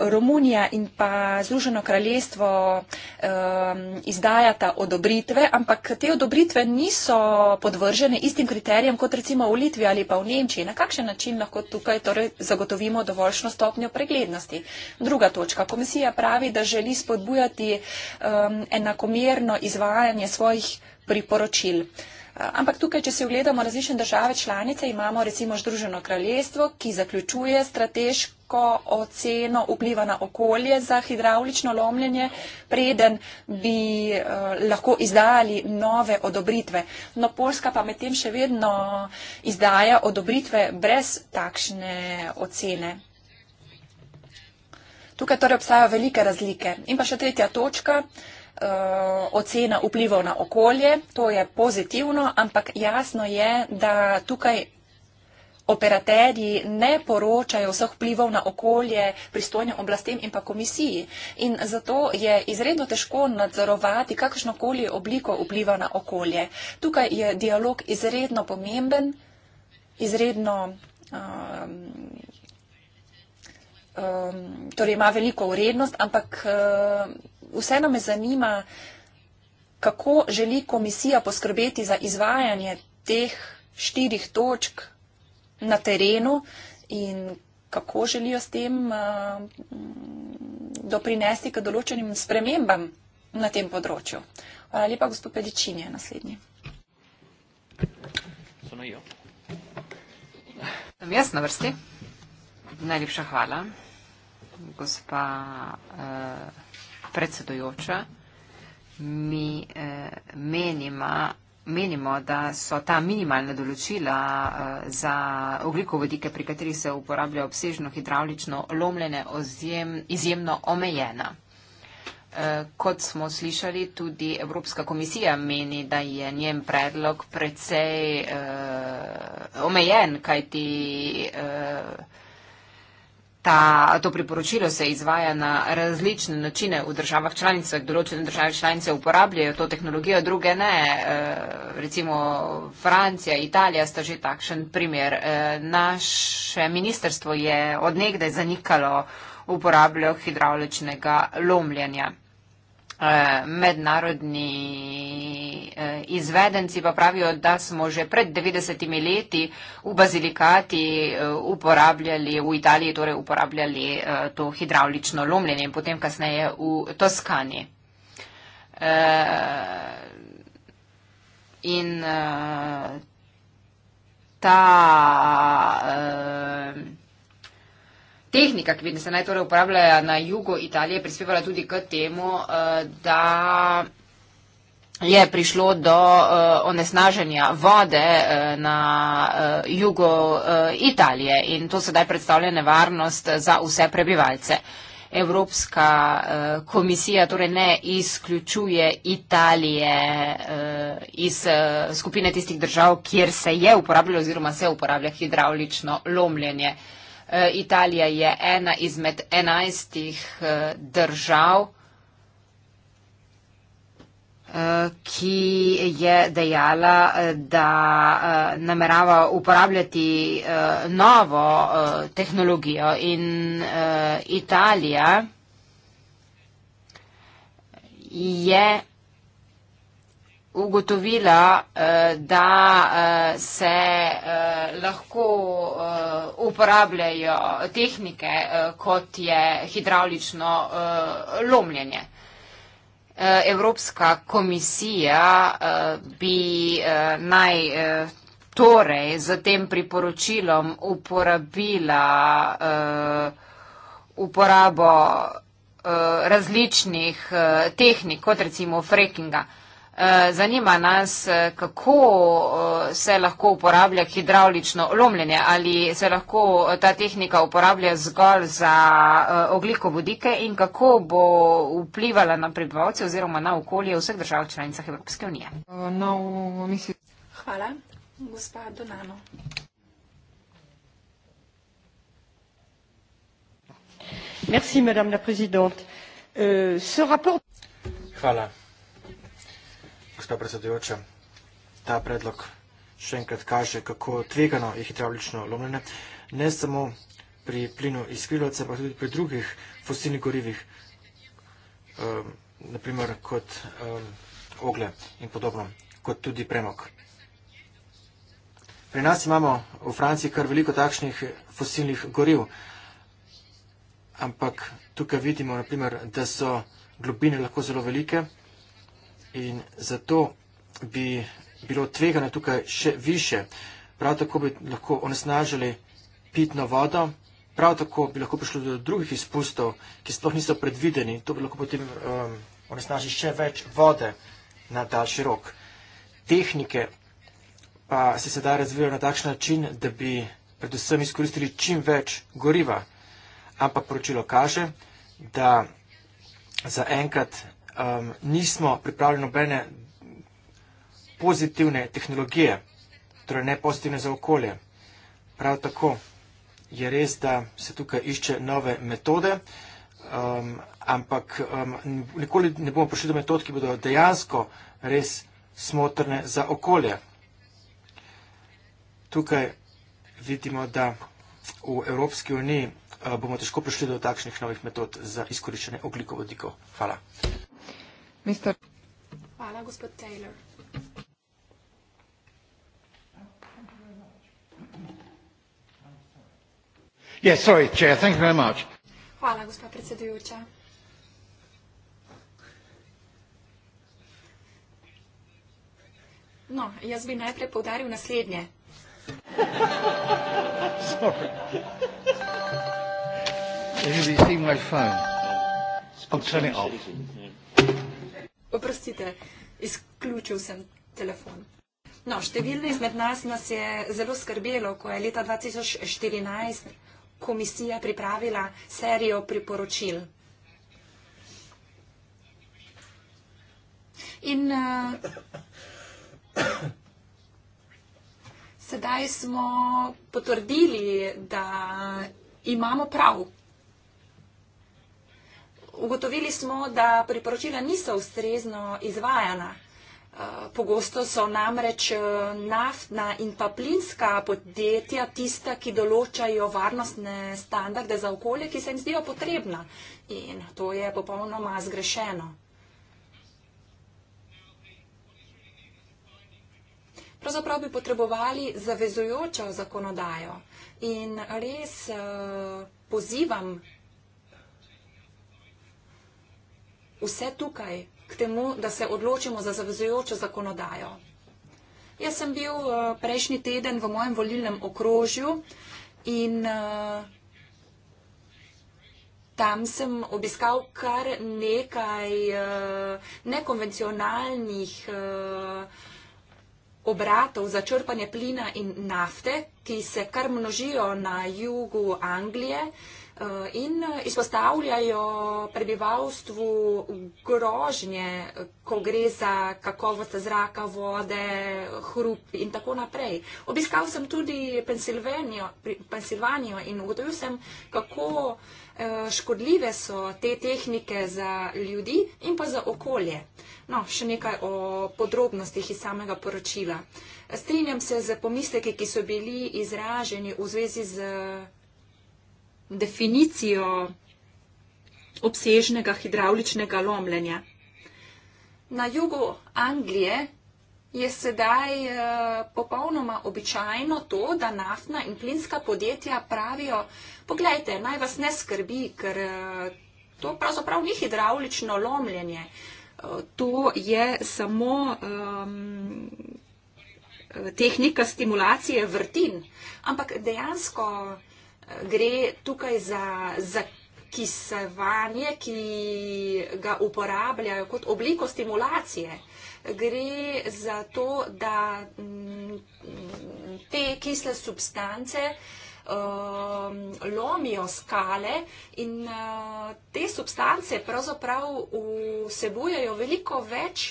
Romunija in pa Združeno kraljestvo izdajata odobritve, ampak te odobritve niso podvržene istim kriterijem kot recimo v Litvi ali pa v Nemčiji. Na kakšen način lahko tukaj torej zagotovimo dovoljšno stopnjo preglednosti? Druga točka. Komisija pravi, da želi spodbujati enakomerno izvajanje svojih priporočil. Ampak tukaj, če si ogledamo različne države članice, imamo recimo Združeno kraljestvo, ki zaključuje strateško oceno vpliva na okolje za hidraulično lomljenje, preden bi eh, lahko izdajali nove odobritve. No, Polska pa medtem še vedno izdaja odobritve brez takšne ocene. Tukaj torej obstajajo velike razlike. In pa še tretja točka. Eh, ocena vplivov na okolje. To je pozitivno, ampak jasno je, da tukaj operaterji ne poročajo vseh vplivov na okolje pristojnim oblastem in pa komisiji. In zato je izredno težko nadzorovati kakršnokoli obliko vpliva na okolje. Tukaj je dialog izredno pomemben, izredno. Um, Torej ima veliko vrednost, ampak ehm, vseeno me zanima, kako želi komisija poskrbeti za izvajanje teh štirih točk na terenu in kako želijo s tem uh, doprinesti k določenim spremembam na tem področju. Hvala lepa, gospod Pedičin je naslednji. Sem jaz na vrsti. Najlepša hvala. Gospa. Uh, predsedujoča, mi eh, menima, menimo, da so ta minimalna določila eh, za oglikovodike, pri katerih se uporablja obsežno hidravlično lomljene, ozjem, izjemno omejena. Eh, kot smo slišali, tudi Evropska komisija meni, da je njen predlog precej eh, omejen, kajti eh, Ta, to priporočilo se izvaja na različne načine v državah članicah. Določene države članice uporabljajo to tehnologijo, druge ne. E, recimo Francija, Italija sta že takšen primer. E, naše ministerstvo je odnegde zanikalo uporabljo hidravličnega lomljanja. Eh, mednarodni eh, izvedenci pa pravijo, da smo že pred 90 leti v bazilikati eh, uporabljali, v Italiji torej uporabljali to hidravlično lomljenje in potem kasneje v Toskani. In ta tehnika, ki se naj torej uporablja na jugu Italije, prispevala tudi k temu, eh, da je prišlo do uh, onesnaženja vode uh, na uh, jugu uh, Italije in to sedaj predstavlja nevarnost za vse prebivalce. Evropska uh, komisija torej ne izključuje Italije uh, iz uh, skupine tistih držav, kjer se je uporabljalo oziroma se uporablja hidraulično lomljenje. Uh, Eh, Italija je ena izmed enajstih eh, držav, eh, ki je dejala, da namerava uporabljati novo tehnologijo in Italija je enajstih držav, ugotovila, eh, da eh, se eh, lahko uporabljajo tehnike, kot je hidraulično lomljenje. Evropska komisija bi naj torej za tem priporočilom uporabila uporabo različnih tehnik, kot recimo frackinga. Eh, zanima nas, eh, kako eh, se lahko uporablja hidraulično lomljenje. Ali se lahko ta tehnika uporablja zgolj za oglikovodike in kako bo vplivala na prebivalce oziroma na okolje vseh držav članicah Evropske unije. No, Hvala, gospa Donano. Merci, euh, Hvala gospod predsedujoča, ta predlog še enkrat kaže, kako tvegano je hidravlično lomljenje, ne samo pri plinu iz krilovca, pa tudi pri drugih fosilnih gorivih, ehm, naprimer kot ehm, ogle in podobno, kot tudi premok. Pri nas imamo v Franciji kar veliko takšnih fosilnih goriv, ampak tukaj vidimo, naprimer, da so globine lahko zelo velike, in zato bi bilo tvegano tukaj še više. Prav tako bi lahko onesnažili pitno vodo, prav tako bi lahko prišlo do drugih izpustov, ki sploh niso predvideni. To bi lahko potem um, onesnažili še več vode na daljši rok. Tehnike pa se sedaj razvijajo na takšen način, da bi predvsem izkoristili čim več goriva. Ampak poročilo kaže, da zaenkrat um, nismo pripravljeni nobene pozitivne tehnologije, torej ne pozitivne za okolje. Prav tako je res, da se tukaj išče nove metode, um, ampak um, nikoli ne bomo prišli do metod, ki bodo dejansko res smotrne za okolje. Tukaj vidimo, da v Evropski uniji eh, bomo težko prišli do takšnih novih metod za izkoriščanje oglikovodikov. Hvala. Mister. Hvala, gospod Taylor. Yes, sorry, chair. Thank you very much. Hvala, gospod predsedujoča. No, jaz bi najprej povdaril naslednje. Sorry. Have you seen my phone? I'm turning it off oprostite, izključil sem telefon. No, številne izmed nas nas je zelo skrbelo, ko je leta 2014 komisija pripravila serijo priporočil. In uh, sedaj smo potrdili, da imamo prav, Ugotovili smo, da priporočila niso ustrezno izvajana. Eh, pogosto so namreč eh, naftna in pa plinska podjetja tista, ki določajo varnostne standarde za okolje, ki se jim zdijo potrebna. In to je popolnoma zgrešeno. Pravzaprav bi potrebovali zavezujočo zakonodajo in res eh, pozivam vse tukaj k temu, da se odločimo za zavezujočo zakonodajo. Jaz sem bil eh, prejšnji teden v mojem volilnem okrožju in eh, tam sem obiskal kar nekaj eh, nekonvencionalnih obratov za črpanje plina in nafte, ki se kar množijo na jugu Anglije. Eh, in izpostavljajo prebivalstvu grožnje, ko gre za kakovost zraka, vode, hrup in tako naprej. Obiskal sem tudi Pensilvanijo in ugotovil sem, kako eh, škodljive so te tehnike za ljudi in pa za okolje. No, še nekaj o podrobnostih iz samega poročila. Strinjam se z pomisleki, ki so bili izraženi v zvezi z definicijo obsežnega hidravličnega lomljenja. Na jugu Anglije je sedaj eh, popolnoma običajno to, da naftna in plinska podjetja pravijo, pogledajte, naj vas ne skrbi, ker eh, to pravzaprav ni hidravlično lomljenje. Eh, to je samo um, tehnika stimulacije vrtin, ampak dejansko gre tukaj za zakisevanje, ki ga uporabljajo kot obliko stimulacije. Gre za to, da mm, te kisle substance um, lomijo skale in uh, te substance pravzaprav vsebujejo veliko več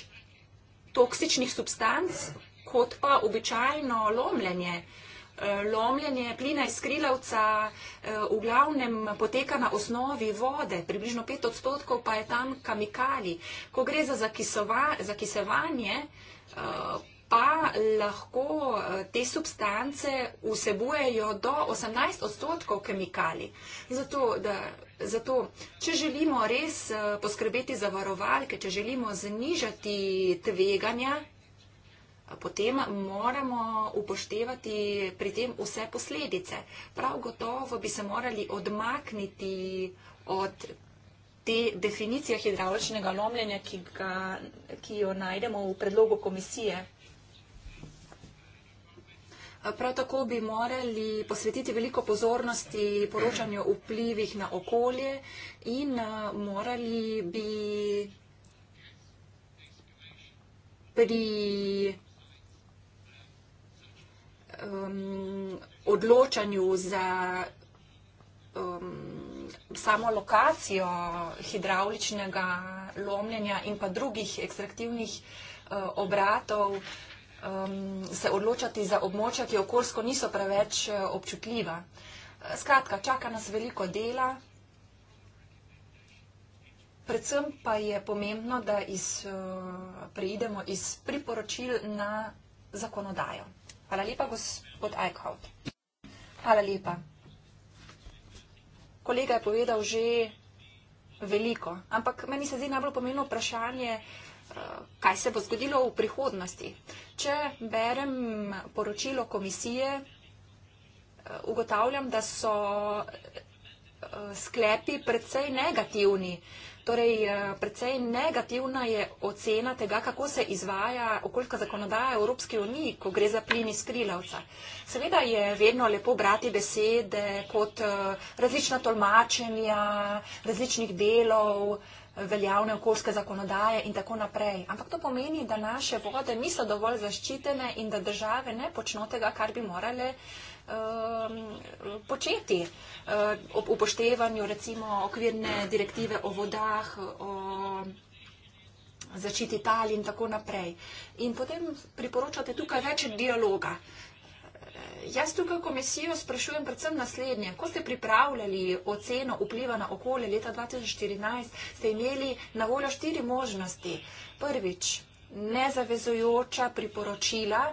toksičnih substanc kot pa običajno lomljenje. Uh, Eh, lomljenje plina iz krilavca eh, v glavnem poteka na osnovi vode, približno 5 odstotkov pa je tam kamikali. Ko gre za zakisevanje, eh, pa lahko te substance vsebujejo do 18 odstotkov kemikali. Zato, da, zato, če želimo res poskrbeti za varovalke, če želimo znižati tveganja, potem moramo upoštevati pri tem vse posledice. Prav gotovo bi se morali odmakniti od te definicije hidrauličnega lomljenja, ki, ga, ki jo najdemo v predlogu komisije. Prav tako bi morali posvetiti veliko pozornosti poročanju vplivih na okolje in morali bi pri um, odločanju za um, samo lokacijo hidravličnega lomljenja in pa drugih ekstraktivnih uh, obratov um, se odločati za območja, ki okoljsko niso preveč uh, občutljiva. Uh, skratka, čaka nas veliko dela. Predvsem pa je pomembno, da iz, uh, preidemo iz priporočil na zakonodajo. Hvala lepa, gospod Eichhout. Hvala lepa. Kolega je povedal že veliko, ampak meni se zdi najbolj pomembno vprašanje, eh, kaj se bo zgodilo v prihodnosti. Če berem poročilo komisije, eh, ugotavljam, da so eh, sklepi predvsej negativni. Torej, eh, predvsej negativna je ocena tega, kako se izvaja okoljska zakonodaja Evropske unije, ko gre za plin iz krilavca. Seveda je vedno lepo brati besede kot eh, različna tolmačenja različnih delov eh, veljavne okoljske zakonodaje in tako naprej. Ampak to pomeni, da naše vode niso dovolj zaščitene in da države ne počno tega, kar bi morale Um, početi uh, ob upoštevanju recimo okvirne direktive o vodah, o začiti tal in tako naprej. In potem priporočate tukaj več dialoga. Jaz tukaj komisijo sprašujem predvsem naslednje. Ko ste pripravljali oceno vpliva na okolje leta 2014, ste imeli na voljo štiri možnosti. Prvič, nezavezujoča priporočila,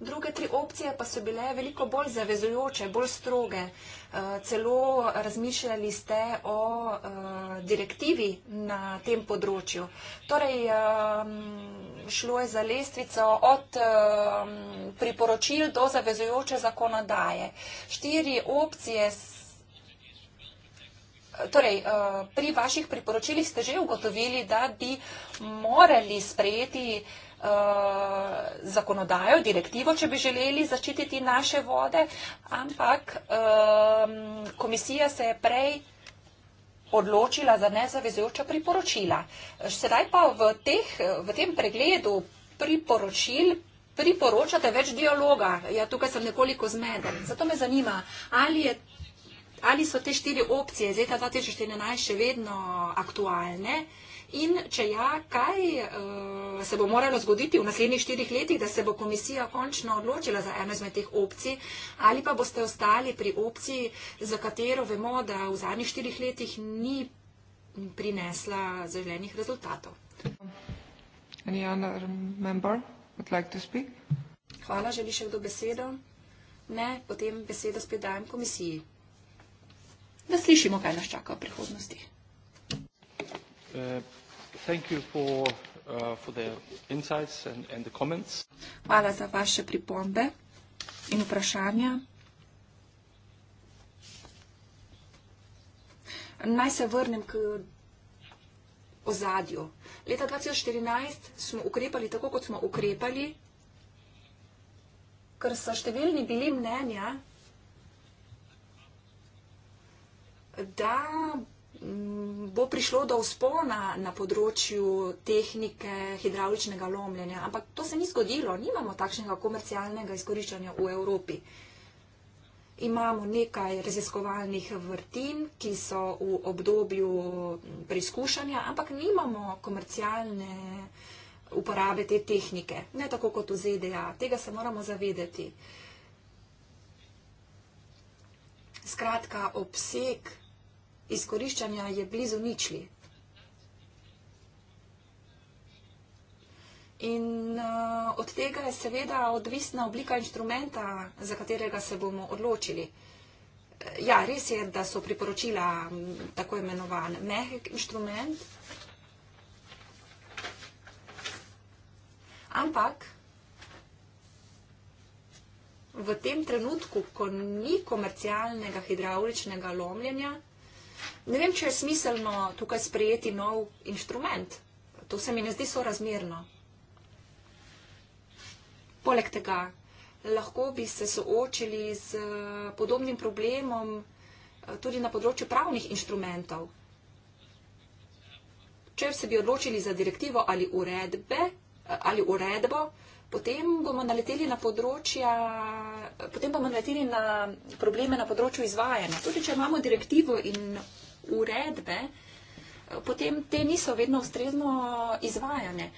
Druge tri opcije pa so bile veliko bolj zavezujoče, bolj stroge. Eh, celo razmišljali ste o eh, direktivi na tem področju. Torej, ehm, šlo je za lestvico od ehm, priporočil do zavezujoče zakonodaje. Štiri opcije. Torej, eh, pri vaših priporočilih ste že ugotovili, da bi morali sprejeti Eh, zakonodajo, direktivo, če bi želeli zaščititi naše vode, ampak komisija se je prej odločila za nezavezujoča priporočila. Sedaj pa v, teh, v tem pregledu priporočil priporočate več dialoga. Ja, tukaj sem nekoliko zmeden. Zato me zanima, ali, je, ali so te štiri opcije iz leta 2014 še vedno aktualne. Uh, In če ja, kaj uh, se bo moralo zgoditi v naslednjih štirih letih, da se bo komisija končno odločila za eno izmed teh opcij, ali pa boste ostali pri opciji, za katero vemo, da v zadnjih štirih letih ni prinesla zaželenih rezultatov. Hvala, želi še kdo besedo? Ne, potem besedo spet dajem komisiji. Da slišimo, kaj nas čaka v prihodnosti. Eh. Thank you for uh, the insights and the comments. Hvala za vaše pripombe in vprašanja. Naj se vrnem k ozadju. Leta 2014 smo ukrepali tako, kot smo ukrepali, ker so številni bili mnenja, da bi bo prišlo do vzpona na področju tehnike hidrauličnega lomljenja. Ampak to se ni zgodilo, nimamo takšnega komercialnega izkoriščanja v Evropi. Imamo nekaj raziskovalnih vrtin, ki so v obdobju preizkušanja, ampak nimamo komercialne uporabe te tehnike. Ne tako kot v ZDA, tega se moramo zavedeti. Skratka, obseg izkoriščanja je blizu ničli. In uh, od tega je seveda odvisna oblika inštrumenta, za katerega se bomo odločili. Ja, res je, da so priporočila tako imenovan mehek inštrument, ampak v tem trenutku, ko ni komercialnega hidrauličnega lomljenja, ne vem, če je smiselno tukaj sprejeti nov inštrument. To se mi ne zdi sorazmerno. Poleg tega, lahko bi se soočili z eh, podobnim problemom eh, tudi na področju pravnih inštrumentov. Če se bi odločili za direktivo ali uredbe, eh, ali uredbo, Potem bomo naleteli na področja, potem bomo naleteli na probleme na področju izvajanja. Tudi, če imamo direktivo in uredbe, potem te niso vedno ustrezno izvajane.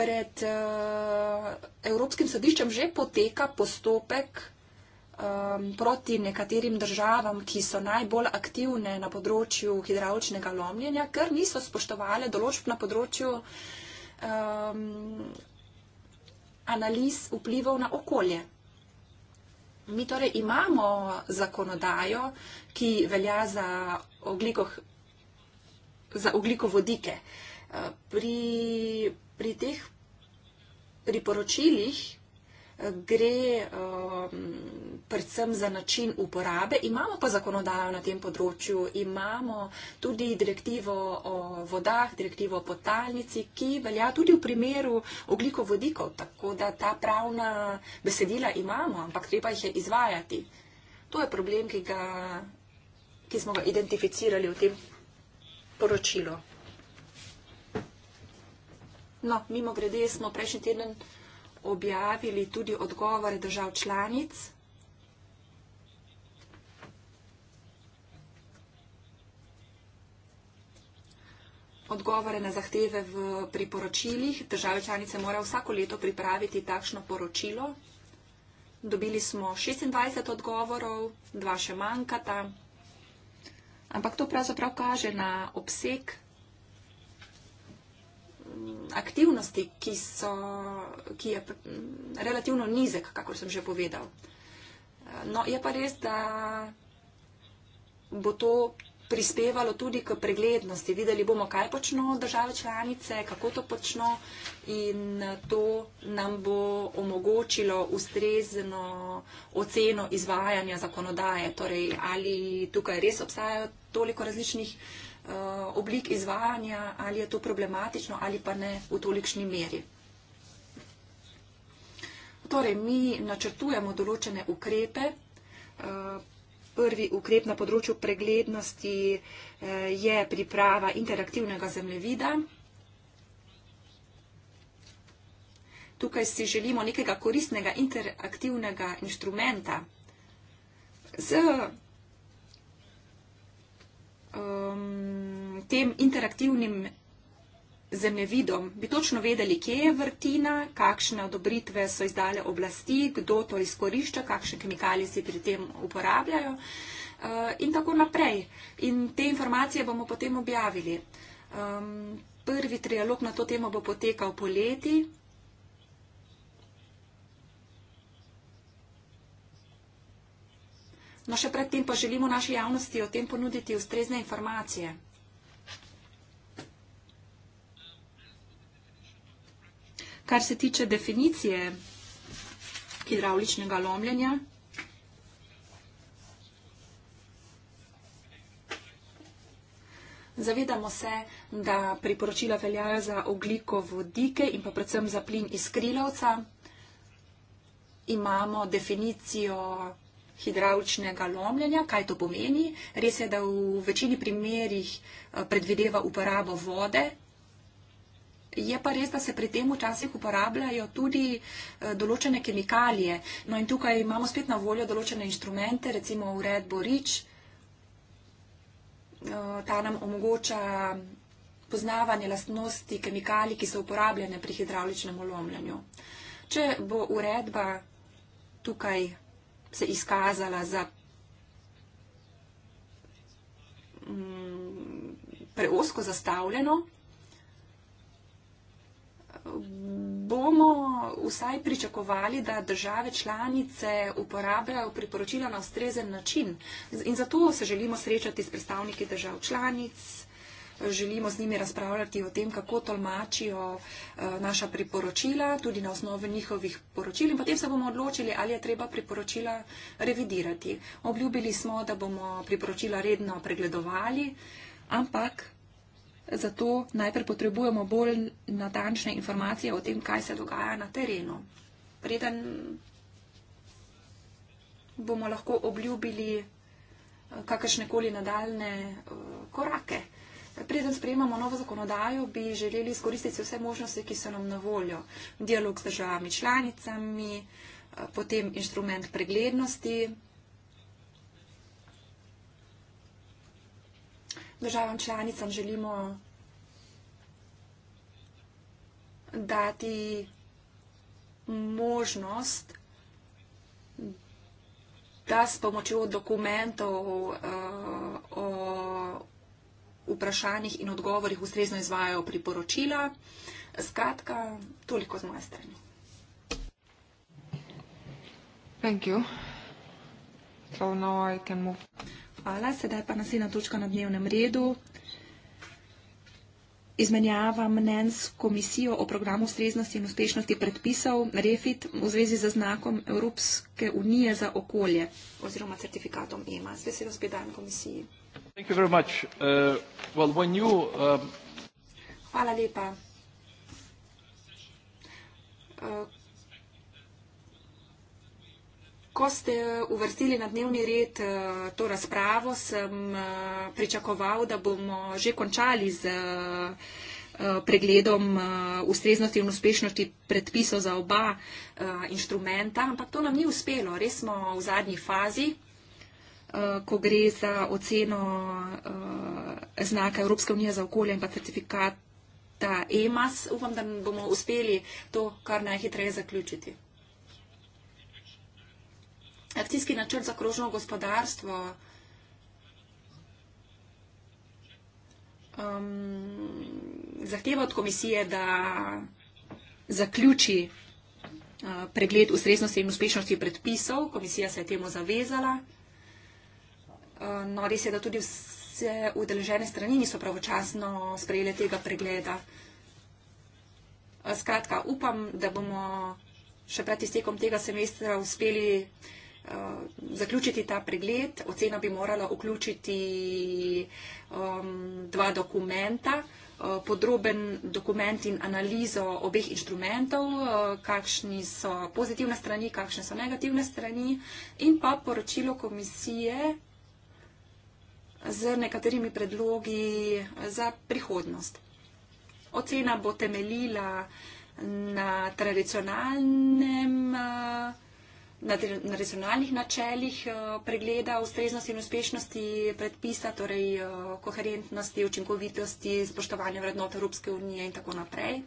Pred uh, Evropskim sodiščem že poteka postopek eh, proti nekaterim državam, ki so najbolj aktivne na področju hidravličnega lomljenja, ker niso spoštovali določb na področju um, analiz vplivov na okolje. Mi torej imamo zakonodajo, ki velja za, ogliko, za ogljikovodike. Eh, pri, pri teh priporočilih gre um, predvsem za način uporabe. Imamo pa zakonodajo na tem področju, imamo tudi direktivo o vodah, direktivo o potalnici, ki velja tudi v primeru oglikovodikov, tako da ta pravna besedila imamo, ampak treba jih je izvajati. To je problem, ki, ga, ki smo ga identificirali v tem poročilu. No, mimo grede smo prejšnji teden objavili tudi odgovore držav članic. Odgovore na zahteve v priporočilih. Države članice morajo vsako leto pripraviti takšno poročilo. Dobili smo 26 odgovorov, dva še manjkata. Ampak to pravzaprav kaže na obseg aktivnosti, ki, so, ki je relativno nizek, kako sem že povedal. No, je pa res, da bo to prispevalo tudi k preglednosti. Videli bomo, kaj počno države članice, kako to počno in to nam bo omogočilo ustrezno oceno izvajanja zakonodaje. Torej, ali tukaj res obstajajo toliko različnih uh, Eh, oblik izvajanja, ali je to problematično ali pa ne v tolikšni meri. Torej, mi načrtujemo določene ukrepe. Eh, prvi ukrep na področju preglednosti eh, je priprava interaktivnega zemljevida. Tukaj si želimo nekega koristnega interaktivnega inštrumenta. Z um, tem interaktivnim zemljevidom, bi točno vedeli, kje je vrtina, kakšne odobritve so izdale oblasti, kdo to izkorišča, kakšne kemikalije si pri tem uporabljajo uh, in tako naprej. In te informacije bomo potem objavili. Um, prvi trialog na to temo bo potekal poleti, No, še predtem pa želimo naši javnosti o tem ponuditi ustrezne informacije. Kar se tiče definicije hidravličnega lomljenja, zavedamo se, da priporočila veljajo za ogliko vodike in pa predvsem za plin iz krilovca. Imamo definicijo hidravličnega lomljenja, kaj to pomeni. Res je, da v večini primerjih eh, predvideva uporabo vode. Je pa res, da se pri tem včasih uporabljajo tudi eh, določene kemikalije. No in tukaj imamo spet na voljo določene inštrumente, recimo ured Borič. Eh, ta nam omogoča poznavanje lastnosti kemikalij, ki so uporabljene pri hidravličnem lomljenju. Če bo uredba tukaj se izkazala za mm, preosko zastavljeno, bomo vsaj pričakovali, da države članice uporabljajo priporočila na ustrezen način. In zato se želimo srečati s predstavniki držav članic, želimo z njimi razpravljati o tem, kako tolmačijo eh, naša priporočila, tudi na osnovi njihovih poročil in potem se bomo odločili, ali je treba priporočila revidirati. Obljubili smo, da bomo priporočila redno pregledovali, ampak zato najprej potrebujemo bolj natančne informacije o tem, kaj se dogaja na terenu. Preden bomo lahko obljubili eh, kakršnekoli nadaljne eh, korake. Preden sprejemamo novo zakonodajo, bi želeli izkoristiti vse možnosti, ki so nam na voljo. Dialog s državami članicami, eh, potem inštrument preglednosti. Državam članicam želimo dati možnost, da s pomočjo dokumentov eh, o, o vprašanjih in odgovorih ustrezno izvajajo priporočila. Skratka, toliko z moje strani. Hvala, sedaj pa naslednja točka na dnevnem redu. Izmenjava mnen s komisijo o programu ustreznosti in uspešnosti predpisov REFIT v zvezi z znakom Evropske unije za okolje oziroma certifikatom EMA. Sveselo spet dan komisiji. Thank you very much. Uh, well, when you, um... Hvala lepa. Uh, ko ste uvrstili na dnevni red uh, to razpravo, sem uh, pričakoval, da bomo že končali z uh, pregledom uh, ustreznosti in uspešnosti predpisov za oba uh, inštrumenta, ampak to nam ni uspelo. Res smo v zadnji fazi. Eh, ko gre za oceno eh, znaka Evropske unije za okolje in pa certifikata EMAS, upam, da bomo uspeli to kar najhitreje zaključiti. Akcijski načrt za krožno gospodarstvo. Um, zahteva od komisije, da zaključi uh, pregled ustreznosti in uspešnosti predpisov. Komisija se je temu zavezala. Eh, no, res je, da tudi vse udeležene strani niso pravočasno sprejele tega pregleda. Eh, skratka, upam, da bomo še pred iztekom tega semestra uspeli eh, zaključiti ta pregled. Ocena bi morala vključiti ehm, dva dokumenta podroben dokument in analizo obeh inštrumentov, kakšni so pozitivne strani, kakšne so negativne strani in pa poročilo komisije z nekaterimi predlogi za prihodnost. Ocena bo temeljila na tradicionalnem na tradicionalnih načeljih eh, pregleda ustreznosti in uspešnosti predpisa, torej eh, koherentnosti, učinkovitosti, spoštovanja vrednot Evropske unije in tako naprej.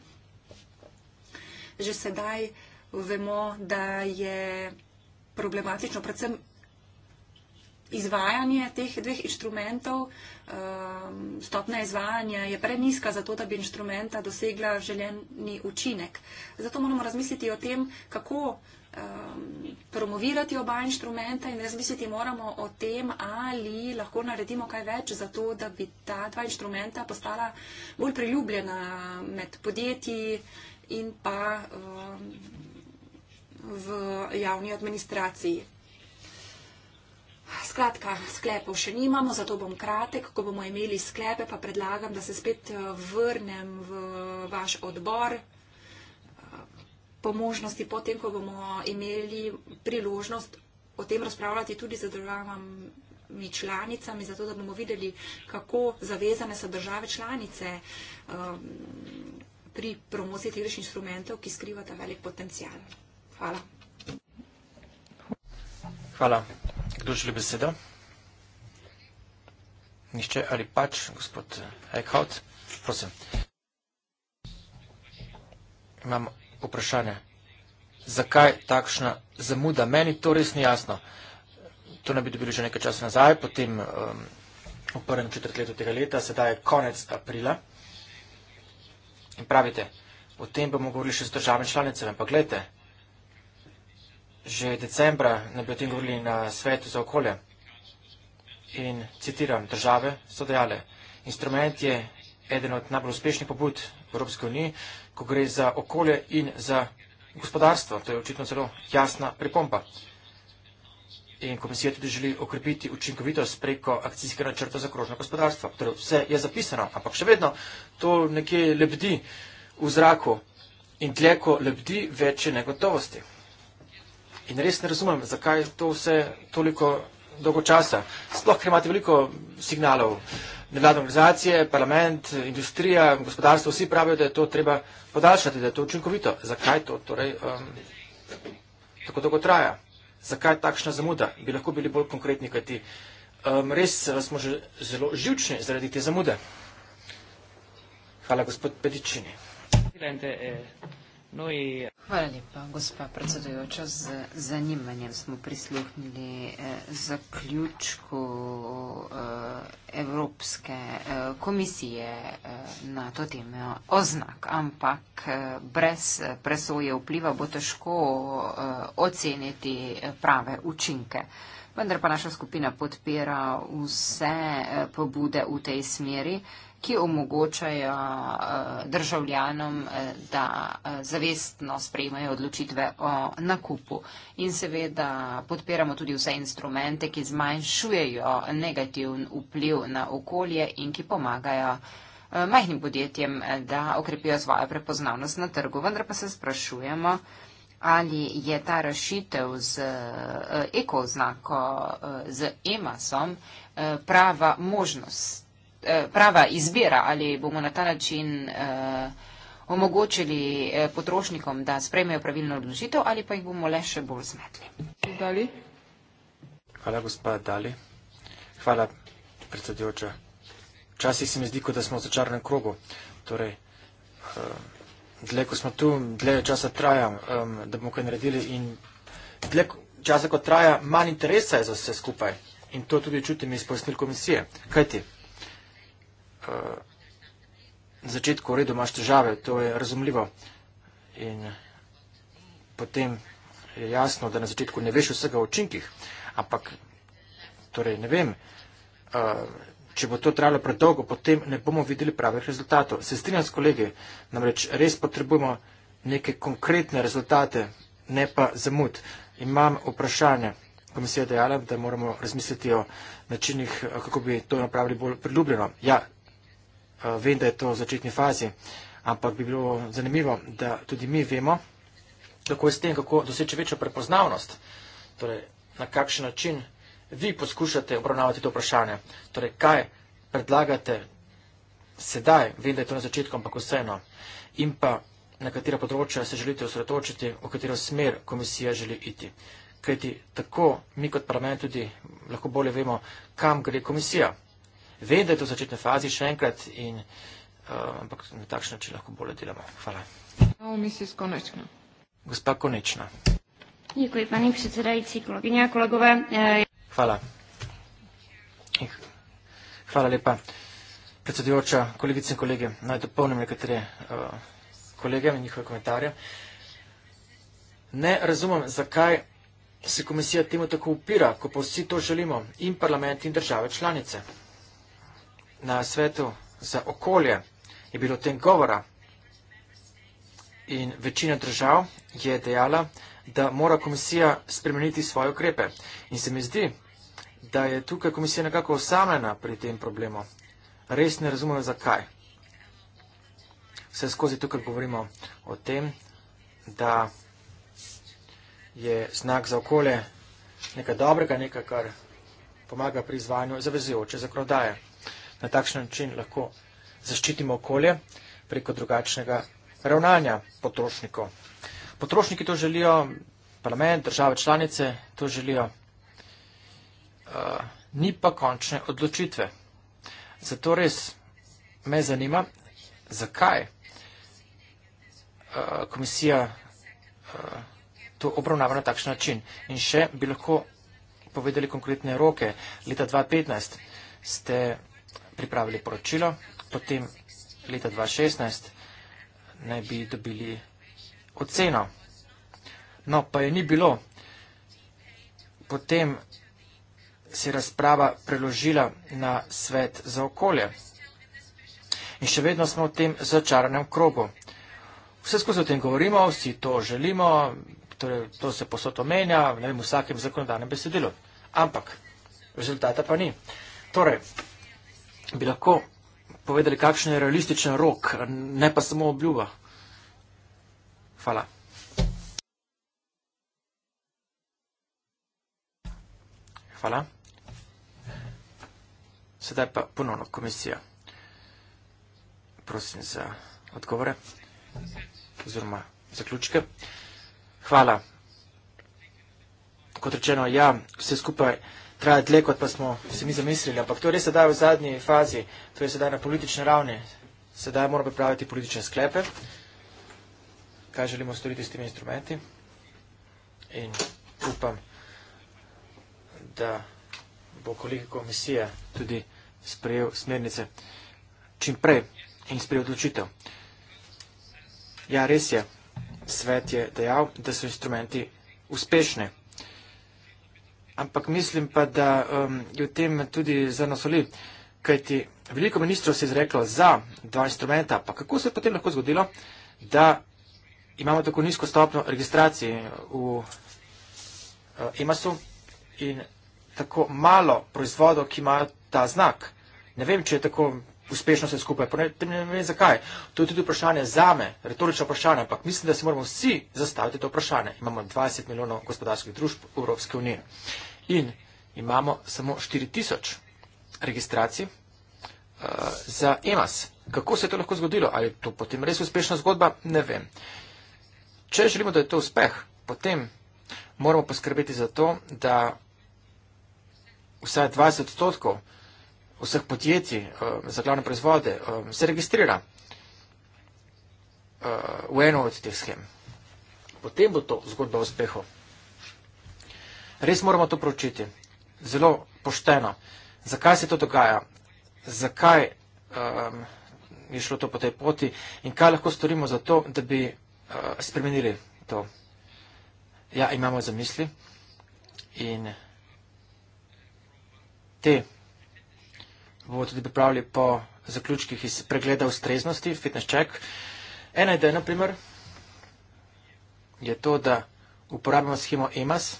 Že sedaj vemo, da je problematično predvsem izvajanje teh dveh inštrumentov, um, stopna izvajanja je preniska za to, da bi inštrumenta dosegla željeni učinek. Zato moramo razmisliti o tem, kako um, promovirati oba inštrumenta in razmisliti moramo o tem, ali lahko naredimo kaj več za to, da bi ta dva inštrumenta postala bolj priljubljena med podjetji in pa um, v javni administraciji. Skratka, sklepov še nimamo, zato bom kratek. Ko bomo imeli sklepe, pa predlagam, da se spet eh, vrnem v vaš odbor. Eh, po možnosti, potem, ko bomo imeli priložnost o tem razpravljati tudi z državami članicami, zato da bomo videli, kako zavezane so države članice um, pri promociji teh inštrumentov, ki skrivata velik potencial. Hvala. Hvala. Kdo želi besedo? Nihče ali pač, gospod Eichhout, prosim. Imam vprašanje. Zakaj takšna zamuda? Meni to res ni jasno. To ne bi dobili že nekaj časa nazaj, potem um, v prvem četrtletu tega leta, sedaj je konec aprila. In pravite, o tem bomo govorili še z državami članicami, ampak gledajte, že decembra ne bi o tem govorili na svetu za okolje. In citiram, države so dejale, instrument je eden od najbolj uspešnih pobud Evropske unije, ko gre za okolje in za gospodarstvo. To je očitno zelo jasna pripomba. In komisija tudi želi okrepiti učinkovitost preko akcijskega načrta za krožno gospodarstvo. Torej vse je zapisano, ampak še vedno to nekje lebdi v zraku in tleko lebdi večje negotovosti. In res ne razumem, zakaj to vse toliko dolgo časa. Sploh, ker imate veliko signalov. Nevladne organizacije, parlament, industrija, gospodarstvo, vsi pravijo, da je to treba podaljšati, da je to učinkovito. Zakaj to torej um, tako dolgo traja? Zakaj takšna zamuda? Bi lahko bili bolj konkretni, kajti um, res uh, smo že zelo živčni zaradi te zamude. Hvala, gospod Pedičini. Hvala, gospod Pedičini. No i... Hvala lepa, gospa predsedujoča. Z zanimanjem smo prisluhnili eh, zaključku eh, Evropske eh, komisije eh, na to temo oznak, ampak eh, brez eh, presoje vpliva bo težko eh, oceniti eh, prave učinke. Vendar pa naša skupina podpira vse eh, pobude v tej smeri. Eh, ki omogočajo eh, državljanom, eh, da eh, zavestno sprejmajo odločitve o nakupu. In seveda podpiramo tudi vse instrumente, ki zmanjšujejo negativn vpliv na okolje in ki pomagajo majhnim podjetjem, da okrepijo svojo prepoznavnost na trgu. Vendar pa se sprašujemo, ali je ta rešitev z ekoznako, z EMAS-om, prava možnost Eh, prava izbira, ali bomo na ta način eh, omogočili eh, potrošnikom, da sprejmejo pravilno odločitev ali pa jih bomo le še bolj zmetli. Dali. Hvala, gospa Dali. Hvala, predsedujoča. Včasih se mi zdi, kot da smo v začarnem krogu. Torej, dlje, ko smo tu, dlje časa traja, da bomo kaj naredili in dlje časa, ko traja, manj interesa je za vse skupaj. In to tudi čutim iz pojasnil komisije. Kaj ti? na eh, začetku v redu imaš težave, to je razumljivo. In potem je jasno, da na začetku ne veš vsega o učinkih, ampak torej ne vem, eh, če bo to trajalo predolgo, potem ne bomo videli pravih rezultatov. Se strinjam s kolegi, namreč res potrebujemo neke konkretne rezultate, ne pa zamud. Imam vprašanje, komisija je dejala, da moramo razmisliti o načinih, eh, kako bi to napravili bolj priljubljeno. Ja, Eh, vem, da je to v začetni fazi, ampak bi bilo zanimivo, da tudi mi vemo, kako je s tem, kako doseči večjo prepoznavnost, torej na kakšen način vi poskušate obravnavati to vprašanje, torej kaj predlagate sedaj, vem, da je to na začetku, ampak vseeno, in pa na katera področja se želite osredotočiti, v katero smer komisija želi iti. Kajti tako mi kot parlament tudi lahko bolje vemo, kam gre komisija ve, da je to v začetni fazi še enkrat, in, uh, ampak na takšen način lahko bolje delamo. Hvala. No, konečna. Gospa Konečna. Děkuji, paní předsedající, kolegyně a kolegové. Eh, Hvala. Hvala lepa, predsedujoča, kolegice in kolege. Naj dopolnim nekatere uh, kolege in njihove komentarje. Ne razumem, zakaj se komisija temu tako upira, ko pa vsi to želimo in parlament in države članice na svetu za okolje je bilo tem govora. In večina držav je dejala, da mora komisija spremeniti svoje ukrepe. In se mi zdi, da je tukaj komisija nekako osamljena pri tem problemu. Res ne razumemo, zakaj. Vse skozi tukaj govorimo o tem, da je znak za okolje nekaj dobrega, nekaj, kar pomaga pri izvajanju zavezujoče zakonodaje. Za na takšen način lahko zaščitimo okolje preko drugačnega ravnanja potrošnikov. Potrošniki to želijo, parlament, države članice to želijo, uh, ni pa končne odločitve. Zato res me zanima, zakaj uh, komisija uh, to obravnava na takšen način. In še bi lahko povedali konkretne roke. Leta 2015 ste pripravili poročilo, potem leta 2016 naj bi dobili oceno. No, pa je ni bilo. Potem se je razprava preložila na svet za okolje. In še vedno smo v tem začaranem krogu. Vse skozi o tem govorimo, vsi to želimo, torej to se posod omenja v vsakem zakonodanem besedilu. Ampak rezultata pa ni. Torej, bi lahko povedali, kakšen je realističen rok, ne pa samo obljuba. Hvala. Hvala. Sedaj pa ponovno komisija. Prosim za odgovore oziroma zaključke. Hvala. Kot rečeno, ja, vse skupaj traja dlje, kot pa smo si mi zamislili. Ampak to je res sedaj v zadnji fazi, to je sedaj na politični ravni. Sedaj moramo pripraviti politične sklepe, kaj želimo storiti s temi instrumenti. In upam, da bo kolik komisija tudi sprejel smernice čim prej in sprejel odločitev. Ja, res je, svet je dejal, da so instrumenti uspešni ampak mislim pa, da um, je v tem tudi za nas oli, kajti veliko ministrov se je izreklo za dva instrumenta, pa kako se je potem lahko zgodilo, da imamo tako nizko stopno registracije v uh, EMAS-u in tako malo proizvodov, ki imajo ta znak. Ne vem, če je tako uspešno vse skupaj. Ne, ne vem zakaj. To je tudi vprašanje za me, retorično vprašanje, ampak mislim, da si moramo vsi zastaviti to vprašanje. Imamo 20 milijonov gospodarskih družb v Evropske unije in imamo samo 4000 registracij uh, za EMAS. Kako se je to lahko zgodilo? Ali je to potem res uspešna zgodba? Ne vem. Če želimo, da je to uspeh, potem moramo poskrbeti za to, da vsaj 20 odstotkov uh, vseh podjetij eh, za glavne proizvode eh, se registrira eh, v eno od teh schem. Potem bo to zgodba o uspehu. Res moramo to pročiti. Zelo pošteno. Zakaj se to dogaja? Zakaj um, je šlo to po tej poti? In kaj lahko storimo za to, da bi uh, spremenili to? Ja, imamo zamisli. In te bomo tudi pripravili po zaključkih iz pregleda ustreznosti, fitness check. Ena ideja, na primer, je to, da uporabimo schemo EMAS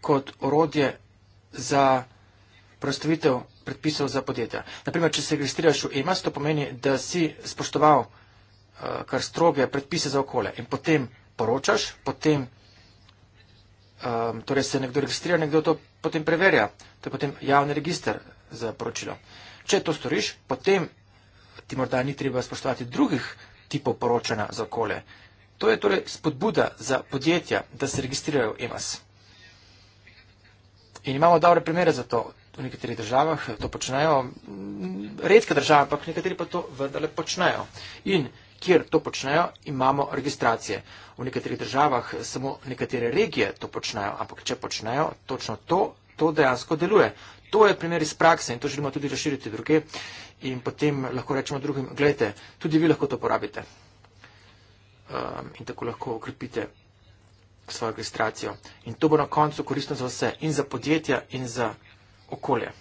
kot orodje za prostovitev predpisov za podjetja. Naprimer, če se registriraš v EMAS, to pomeni, da si spoštoval uh, kar stroge predpise za okolje in potem poročaš, potem um, torej se nekdo registrira, nekdo to potem preverja. To je potem javni register, za poročilo. Če to storiš, potem ti morda ni treba spoštovati drugih tipov poročanja za okolje. To je torej spodbuda za podjetja, da se registrirajo v EMAS. In imamo dobre primere za to. V nekaterih državah to počnejo, mm, redka država, ampak nekateri pa to vendarle počnejo. In kjer to počnejo, imamo registracije. V nekaterih državah samo nekatere regije to počnejo, ampak če počnejo, točno to, to dejansko deluje. To je primer iz prakse in to želimo tudi razširiti druge in potem lahko rečemo drugim, gledajte, tudi vi lahko to porabite um, in tako lahko ukrepite svojo registracijo. In to bo na koncu koristno za vse in za podjetja in za okolje.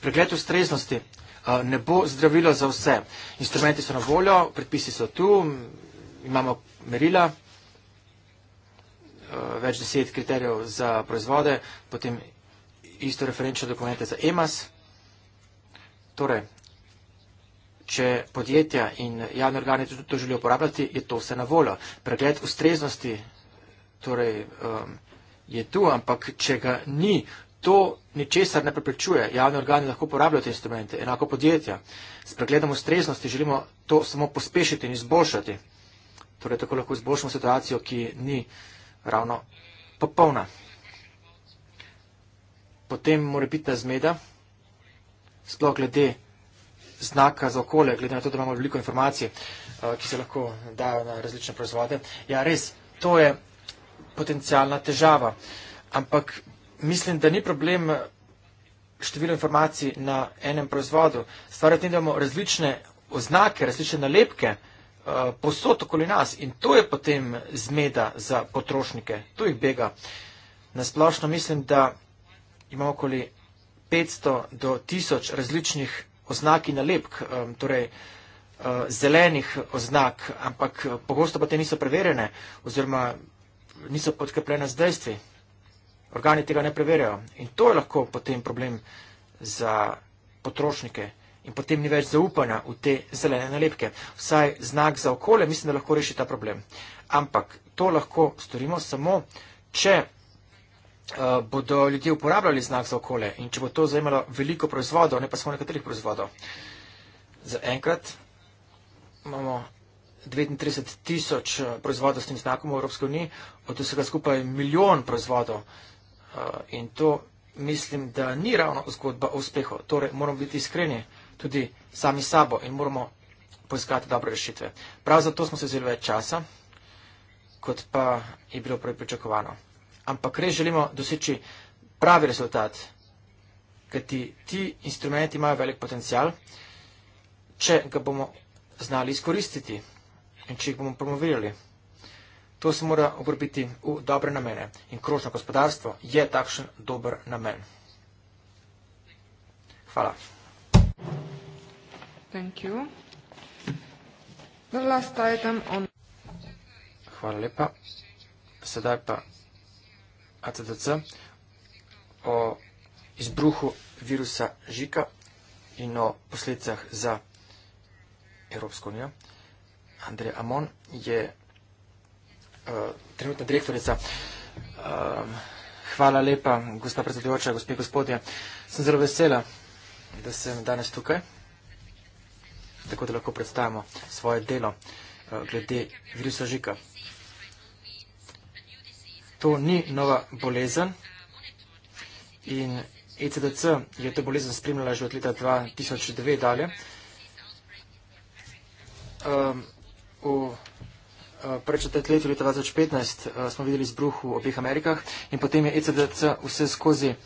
Pregled ustreznosti uh, ne bo zdravilo za vse. Instrumenti so na voljo, predpisi so tu, imamo merila. Eh, več deset kriterijev za proizvode, potem isto referenčne dokumente za EMAS. Torej, če podjetja in javne organe tudi to želijo uporabljati, je to vse na voljo. Pregled ustreznosti torej, um, je tu, ampak če ga ni, to ničesar ne preprečuje. Javne organe lahko uporabljajo te instrumente, enako podjetja. S pregledom ustreznosti želimo to samo pospešiti in izboljšati. Torej, tako lahko izboljšamo situacijo, ki ni. Uh, ravno popolna. Potem mora biti ta zmeda, sploh glede znaka za okolje, glede na to, da imamo veliko informacije, eh, ki se lahko dajo na različne proizvode. Ja, res, to je potencijalna težava. Ampak mislim, da ni problem eh, število informacij na enem proizvodu. Stvar je v tem, da imamo različne oznake, različne nalepke. Eh, posod okoli nas in to je potem zmeda za potrošnike, to jih bega. Nasplošno mislim, da imamo okoli 500 do 1000 različnih oznak in nalepk, torej eh, zelenih oznak, ampak eh, pogosto pa te niso preverjene oziroma niso podkrepljene z dejstvi. Organi tega ne preverjajo in to je lahko potem problem za potrošnike in potem ni več zaupanja v te zelene nalepke. Vsaj znak za okolje mislim, da lahko reši ta problem. Ampak to lahko storimo samo, če uh, bodo ljudje uporabljali znak za okolje in če bo to zajemalo veliko proizvodov, ne pa samo nekaterih proizvodov. Za enkrat imamo 39 tisoč eh, proizvodov s tem znakom v Evropski uniji, od vsega skupaj milijon proizvodov. Eh, in to mislim, da ni ravno zgodba o uspehu. Torej, moramo biti iskreni tudi sami sabo in moramo poiskati dobre rešitve. Prav zato smo se vzeli več časa, kot pa je bilo prej pričakovano. Ampak res želimo doseči pravi rezultat, kajti ti instrumenti imajo velik potencial, če ga bomo znali izkoristiti in če jih bomo promovirali. To se mora obrbiti v dobre namene in krožno gospodarstvo je takšen dober namen. Hvala. Thank you. The last item on. Hvala lepa. Sedaj pa ATDC o izbruhu virusa Žika in o posledicah za Evropsko unijo. Andrej Amon je uh, trenutna direktorica. Um, hvala lepa, gospa predsedujoča, gospe in gospodje. Sem zelo vesela, da sem danes tukaj tako da lahko predstavimo svoje delo eh, glede virusa žika. To ni nova bolezen in ECDC je to bolezen spremljala že od leta 2009 dalje. Ehm, v eh, prečetet letu leta 2015 eh, smo videli zbruh v obih Amerikah in potem je ECDC vse skozi vse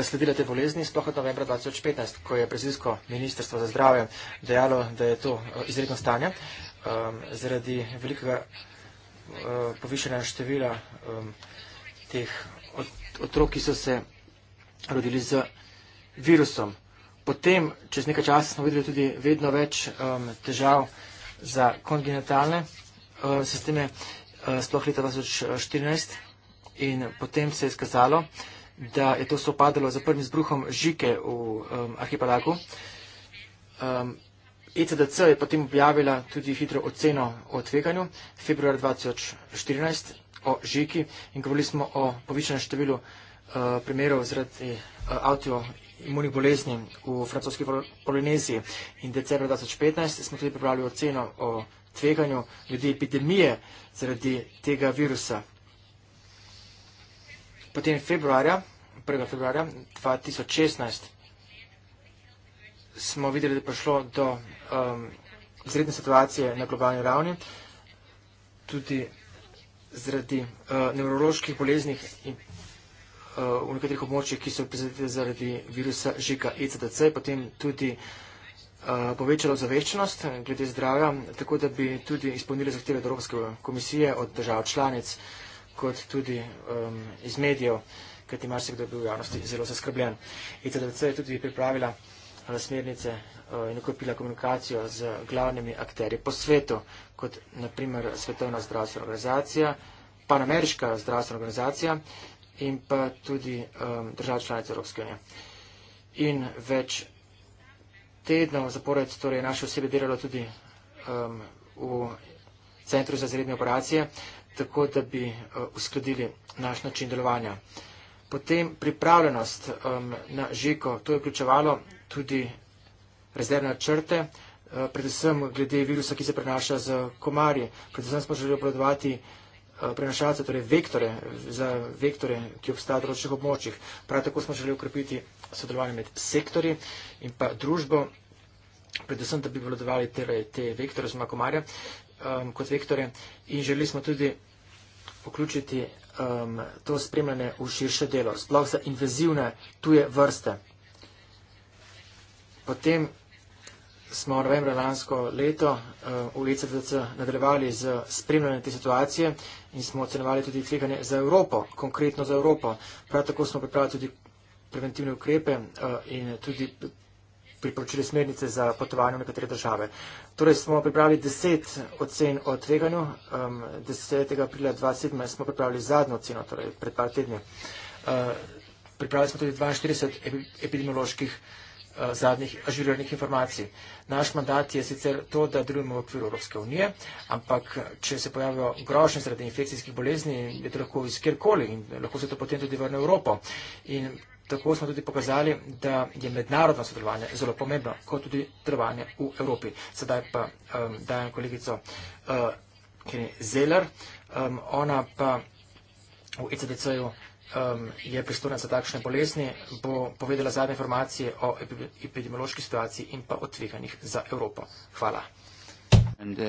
sledile te bolezni, sploh od novembra 2015, ko je Brazilsko ministrstvo za zdravje dejalo, da je to eh, izredno stanje um, zaradi velikega uh, povišanja števila um, teh otrok, ki so se rodili z virusom. Potem, čez nekaj časa, smo videli tudi vedno več um, težav za kongenitalne uh, eh, sisteme, uh, sploh leta 2014 in potem se je skazalo, da je to sopadalo z prvim zbruhom žike v um, arhipelagu. Um, ECDC je potem objavila tudi hitro oceno o tveganju februar 2014 o žiki in govorili smo o povišenem številu uh, primerov zaradi uh, avtoimunih bolezni v francoski Poloneziji. In decembra 2015 smo tudi pripravili oceno o tveganju glede epidemije zaradi tega virusa. Potem februarja 1. februarja 2016 smo videli, da je prišlo do um, izredne situacije na globalni ravni, tudi zaradi uh, nevroloških boleznih in uh, v nekaterih območjih, ki so prizadeti zaradi virusa žika ECDC, potem tudi uh, povečalo zaveščenost glede zdravja, tako da bi tudi izpolnili zahteve Evropske komisije od držav članic, kot tudi um, iz medijev ker ti marsikdo je bil v javnosti zelo zaskrbljen. ECDC torej je tudi pripravila smernice eh, in ukopila komunikacijo z glavnimi akterji po svetu, kot naprimer Svetovna zdravstvena organizacija, Panameriška zdravstvena organizacija in pa tudi um, država članica Evropske unije. In več tednov zapored torej je naše osebe delalo tudi um, v Centru za zredne operacije, tako da bi uh, uskladili naš način delovanja. Uh, Potem pripravljenost um, na žeko, to je vključevalo tudi rezervne črte, uh, predvsem glede virusa, ki se prenaša z komarji. Predvsem smo želeli obvladovati uh, prenašalce, torej vektore, za vektore, ki obstajajo v določenih območjih. Prav tako smo želeli ukrepiti sodelovanje med sektori in pa družbo, predvsem, da bi vladovali te, te vektore, oziroma komarje, um, kot vektore. In želeli smo tudi vključiti um, to spremljanje v širše delo, sploh za invazivne tuje vrste. Potem smo novembra lansko leto uh, v ECDC nadaljevali z spremljanjem te situacije in smo ocenovali tudi tveganje za Evropo, konkretno za Evropo. Prav tako smo pripravili tudi preventivne ukrepe uh, in tudi priporočili smernice za potovanje v nekatere države. Torej smo pripravili deset ocen o tveganju, um, 10. aprila 2007 smo pripravili zadnjo oceno, torej pred par tedni. Uh, pripravili smo tudi 42 epidemioloških uh, zadnjih ažuriranih informacij. Naš mandat je sicer to, da delujemo v okviru Evropske unije, ampak če se pojavijo grožnje zaradi infekcijskih bolezni, je to lahko iz kjerkoli in lahko se to potem tudi vrne v Evropo. In Tako smo tudi pokazali, da je mednarodno sodelovanje zelo pomembno, kot tudi trvanje v Evropi. Sedaj pa um, dajem kolegico uh, Kenny Zeller. Um, ona pa v ECDC-ju um, je pristojna za takšne bolezni, bo povedala zadnje informacije o epidemiološki situaciji in pa o tveganjih za Evropo. Hvala. And, uh...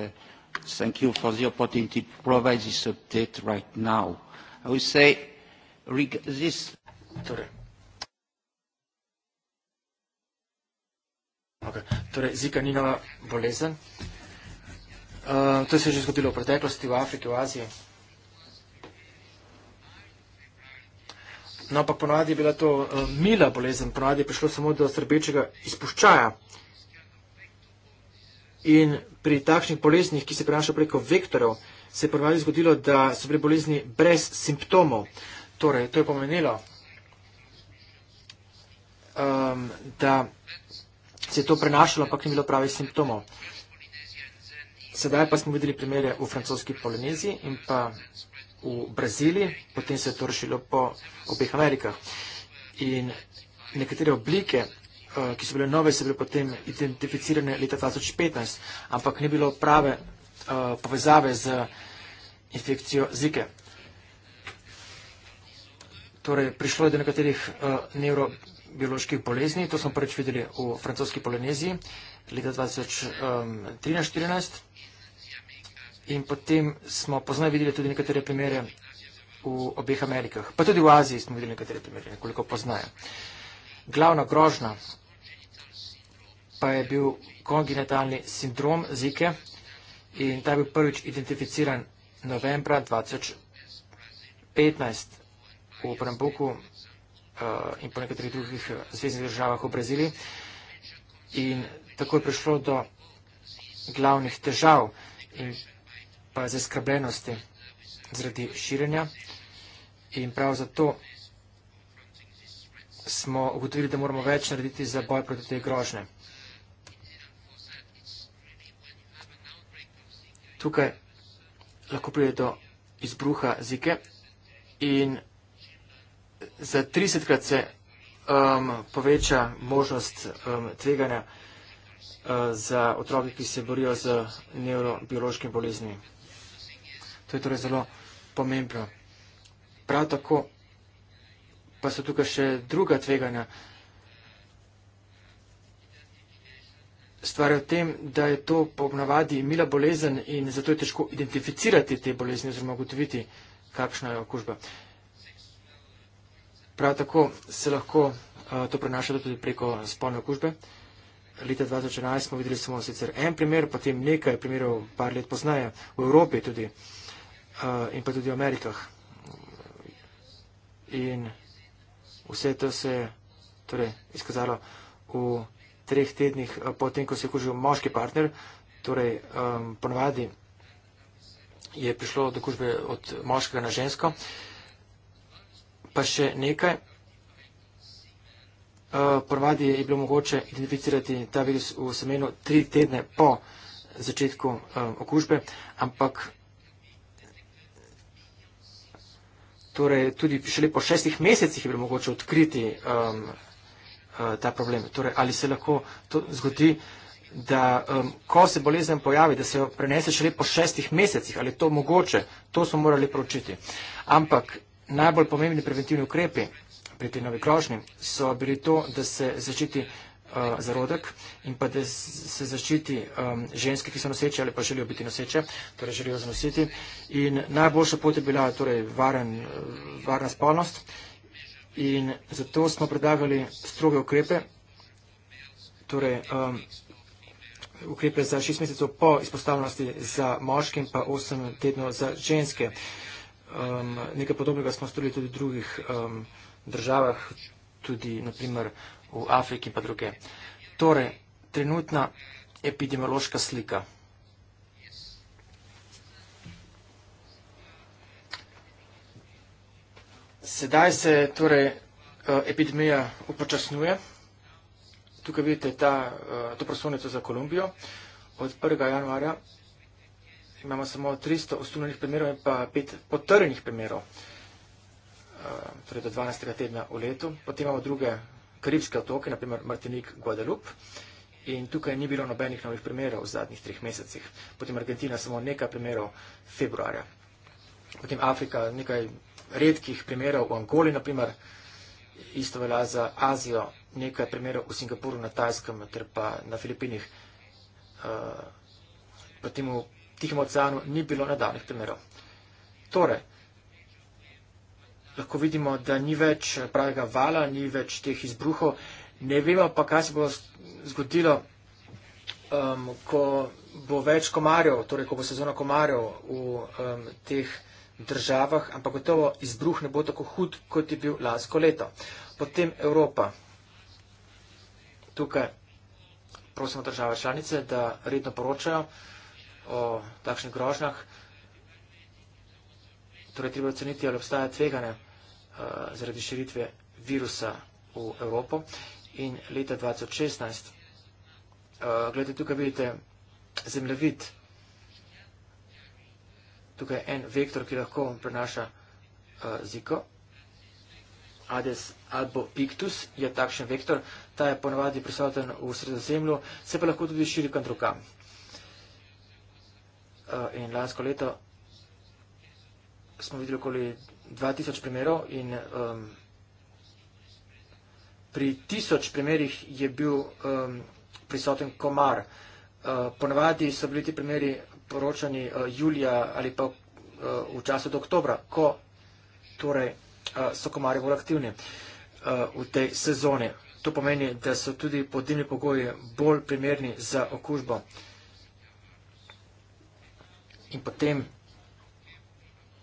Thank you for the opportunity to provide this update right now. I will say, this... Sorry. Torej, Okay. Torej, zika ni nova bolezen. Uh, to se je že zgodilo v preteklosti, v Afriki, v Aziji. No, pa ponavadi je bila to uh, mila bolezen, ponavadi je prišlo samo do srbečega izpuščaja. In pri takšnih boleznih, ki se prenašajo preko vektorov, se je ponavadi zgodilo, da so bile bolezni brez simptomov. Torej, to je pomenilo, um, da se je to prenašalo, ampak ni bilo pravi simptomov. Sedaj pa smo videli primere v francoski Poloneziji in pa v Braziliji, potem se je to rešilo po obeh Amerikah. In nekatere oblike, eh, ki so bile nove, so bile potem identificirane leta 2015, ampak ni bilo prave eh, povezave z infekcijo zike. Torej, prišlo je do nekaterih uh, eh, neurobiologov bioloških bolezni. To smo prvič videli v francoski Poloneziji leta 2013-2014. In potem smo poznaj videli tudi nekatere primere v obeh Amerikah. Pa tudi v Aziji smo videli nekatere primere, koliko poznajo. Glavna grožna pa je bil kongenitalni sindrom zike in ta je bil prvič identificiran novembra 2015 v Prambuku Eh, in po nekaterih drugih eh, zvezdnih državah v Braziliji. In tako je prišlo do glavnih težav in pa zaskrbljenosti zaradi širjenja. In prav zato smo ugotovili, da moramo več narediti za boj proti tej grožnje. Tukaj lahko pride do izbruha zike in za 30 krat se um, poveča možnost um, tveganja uh, za otroke, ki se borijo z neurobiološkim boleznimi. To je torej zelo pomembno. Prav tako pa so tukaj še druga tveganja. Stvar je v tem, da je to po obnavadi mila bolezen in zato je težko identificirati te bolezni oziroma ugotoviti, kakšna je okužba. Uh, Prav tako se lahko uh, to prenaša tudi preko spolne okužbe. Leta 2011 smo videli samo sicer en primer, potem nekaj primerov par let poznaje v Evropi tudi uh, in pa tudi v Amerikah. In vse to se je torej, izkazalo v treh tednih, uh, eh, potem ko se je kužil moški partner, torej um, ponovadi je prišlo do kužbe od moškega na žensko. Uh, pa še nekaj. Eh, Ponovadi je bilo mogoče identificirati ta virus v semenu tri tedne po začetku eh, okužbe, ampak torej tudi šele po šestih mesecih je bilo mogoče odkriti eh, ta problem. Torej, ali se lahko to zgodi, da um, ko se bolezen pojavi, da se jo prenese šele po šestih mesecih, ali je to mogoče, to smo morali pročiti. Ampak Najbolj pomembni preventivni ukrepi pri tej novi krošnji so bili to, da se zaščiti uh, zarodek in pa da se zaščiti um, ženske, ki so noseče ali pa želijo biti noseče, torej želijo zanositi. In najboljša pot je bila torej varen, uh, varna spolnost in zato smo predlagali stroge ukrepe, torej um, ukrepe za šest mesecev po izpostavljenosti za moške in pa osem tednov za ženske. Uh, Um, nekaj podobnega smo storili tudi v drugih um, državah, tudi naprimer v Afriki in pa druge. Torej, trenutna epidemiološka slika. Sedaj se torej, uh, epidemija upočasnjuje. Tukaj vidite ta, uh, to prosovnico za Kolumbijo. Od 1. januarja imamo samo 300 osnovnih primerov in pa 5 potrjenih primerov, eh, torej do 12. tedna v letu. Potem imamo druge karibske otoke, naprimer Martinik, Guadalupe. In tukaj ni bilo nobenih novih primerov v zadnjih treh mesecih. Potem Argentina samo nekaj primerov februarja. Potem Afrika nekaj redkih primerov, v Angoli naprimer, isto velja za Azijo, nekaj primerov v Singapuru, na Tajskem ter pa na Filipinih. Eh, potem v Tihem oceanu ni bilo nadaljnih primerov. Torej, lahko vidimo, da ni več pravega vala, ni več teh izbruhov, ne vemo pa, kaj se bo zgodilo, um, ko bo več komarjev, torej ko bo sezona komarjev v um, teh državah, ampak gotovo izbruh ne bo tako hud, kot je bil lansko leto. Potem Evropa. Tukaj prosimo države članice, da redno poročajo o takšnih grožnjah. Torej, treba oceniti, ali obstaja tveganje eh, zaradi širitve virusa v Evropo. In leta 2016, eh, gledajte, tukaj vidite zemljevid, tukaj je en vektor, ki lahko prenaša eh, ziko. Ades albo pictus je takšen vektor, ta je ponavadi prisoten v sredozemlju, se pa lahko tudi širi kam drugam. Eh, in lansko leto smo videli okoli 2000 primerov in um, pri 1000 primerih je bil um, prisoten komar. Uh, ponavadi so bili ti primeri poročani uh, julija ali pa uh, v času do oktobra, ko torej, uh, so komari bolj aktivni uh, v tej sezoni. To pomeni, da so tudi podnebni pogoji bolj primerni za okužbo. Uh, In potem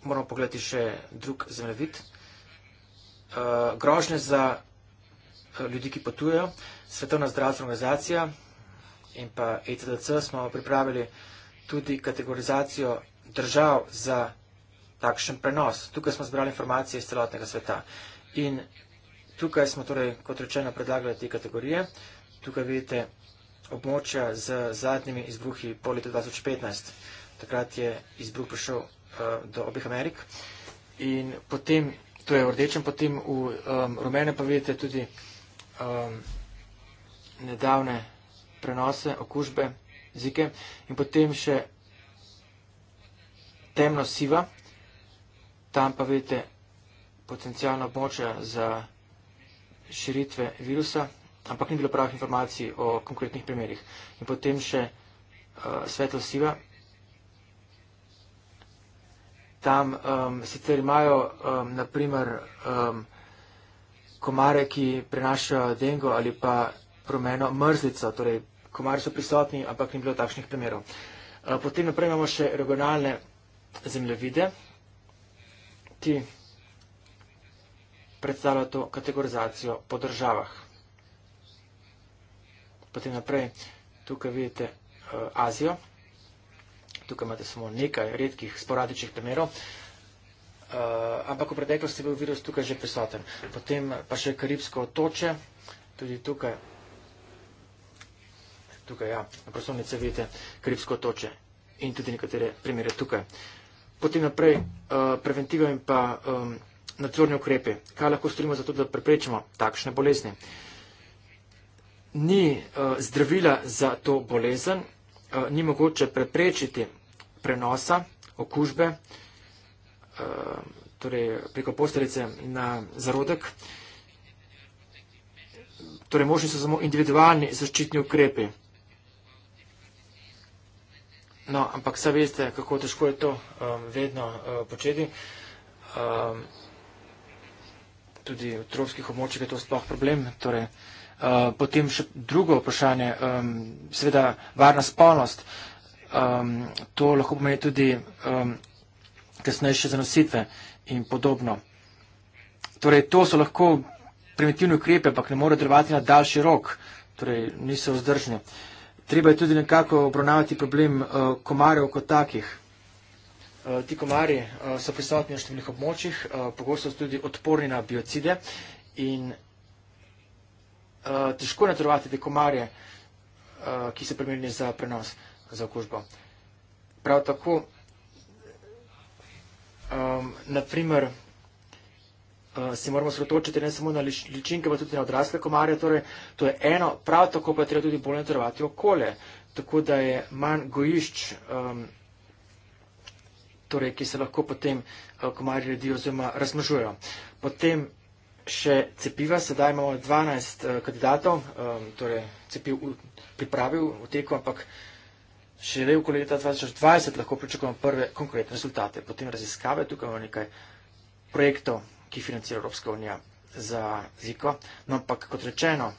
moramo pogledati še drug zemljevid. Eh, Grožne za eh, ljudi, ki potujejo. Svetovna zdravstvena organizacija in pa ECDC smo pripravili tudi kategorizacijo držav za takšen prenos. Tukaj smo zbrali informacije iz celotnega sveta. In tukaj smo torej, kot rečeno, predlagali te kategorije. Tukaj vidite območja z zadnjimi izbruhi po letu 2015 takrat je iz Brug prišel uh, do obih Amerik. In potem, to je v rdečem, potem v um, rumene pa vidite tudi um, nedavne prenose, okužbe, zike in potem še temno siva, tam pa vidite potencijalno območje za širitve virusa, ampak ni bilo pravih informacij o konkretnih primerjih. In potem še uh, svetlo siva, tam um, sicer imajo um, naprimer um, komare, ki prenašajo dengo ali pa promeno mrzlico, torej komari so prisotni, ampak ni bilo takšnih primerov. Uh, potem naprej imamo še regionalne zemljevide, ki predstavljajo to kategorizacijo po državah. Potem naprej, tukaj vidite uh, Azijo tukaj imate samo nekaj redkih sporadičnih primerov, uh, ampak v preteklosti je bil virus tukaj že prisoten. Potem pa še Karibsko otoče, tudi tukaj, tukaj ja, na prosovnice vidite Karibsko otoče in tudi nekatere primere tukaj. Potem naprej uh, preventiva in pa um, nadzorni ukrepi. Kaj lahko storimo za to, da preprečimo takšne bolezni? Ni uh, zdravila za to bolezen, uh, ni mogoče preprečiti prenosa okužbe eh, torej preko posteljice na zarodek. Torej možni so samo individualni zaščitni ukrepi. No, ampak vse veste, kako težko je to um, vedno uh, početi. Um, tudi v trovskih območjih je to sploh problem. Torej, uh, potem še drugo vprašanje, um, seveda varna spolnost. Uh, um, to lahko pomeni tudi um, kasnejše zanositve in podobno. Torej, to so lahko primitivne ukrepe, ampak ne morejo delovati na daljši rok, torej niso vzdržne. Treba je tudi nekako obravnavati problem uh, komarjev kot takih. Uh, ti komari uh, so prisotni na številnih območjih, uh, pogosto so tudi odporni na biocide in uh, težko je nadzorovati te komarje, uh, ki so primerni za prenos. Uh, za okužbo. Prav tako, um, naprimer, uh, se moramo sretočiti ne samo na ličinke, pa tudi na odrasle komarje, torej to je eno, prav tako pa treba tudi bolj nadzorovati okolje, tako da je manj gojišč, um, torej, ki se lahko potem uh, komarje redijo oziroma razmnožujejo. Potem še cepiva, sedaj imamo 12 uh, kandidatov, um, torej cepiv pripravil v teku, ampak. Uh, šele v koledu 2020 lahko pričakujemo prve konkretne rezultate. Potem raziskave, tukaj imamo nekaj projektov, ki financira Evropska unija za ziko. No, ampak kot rečeno,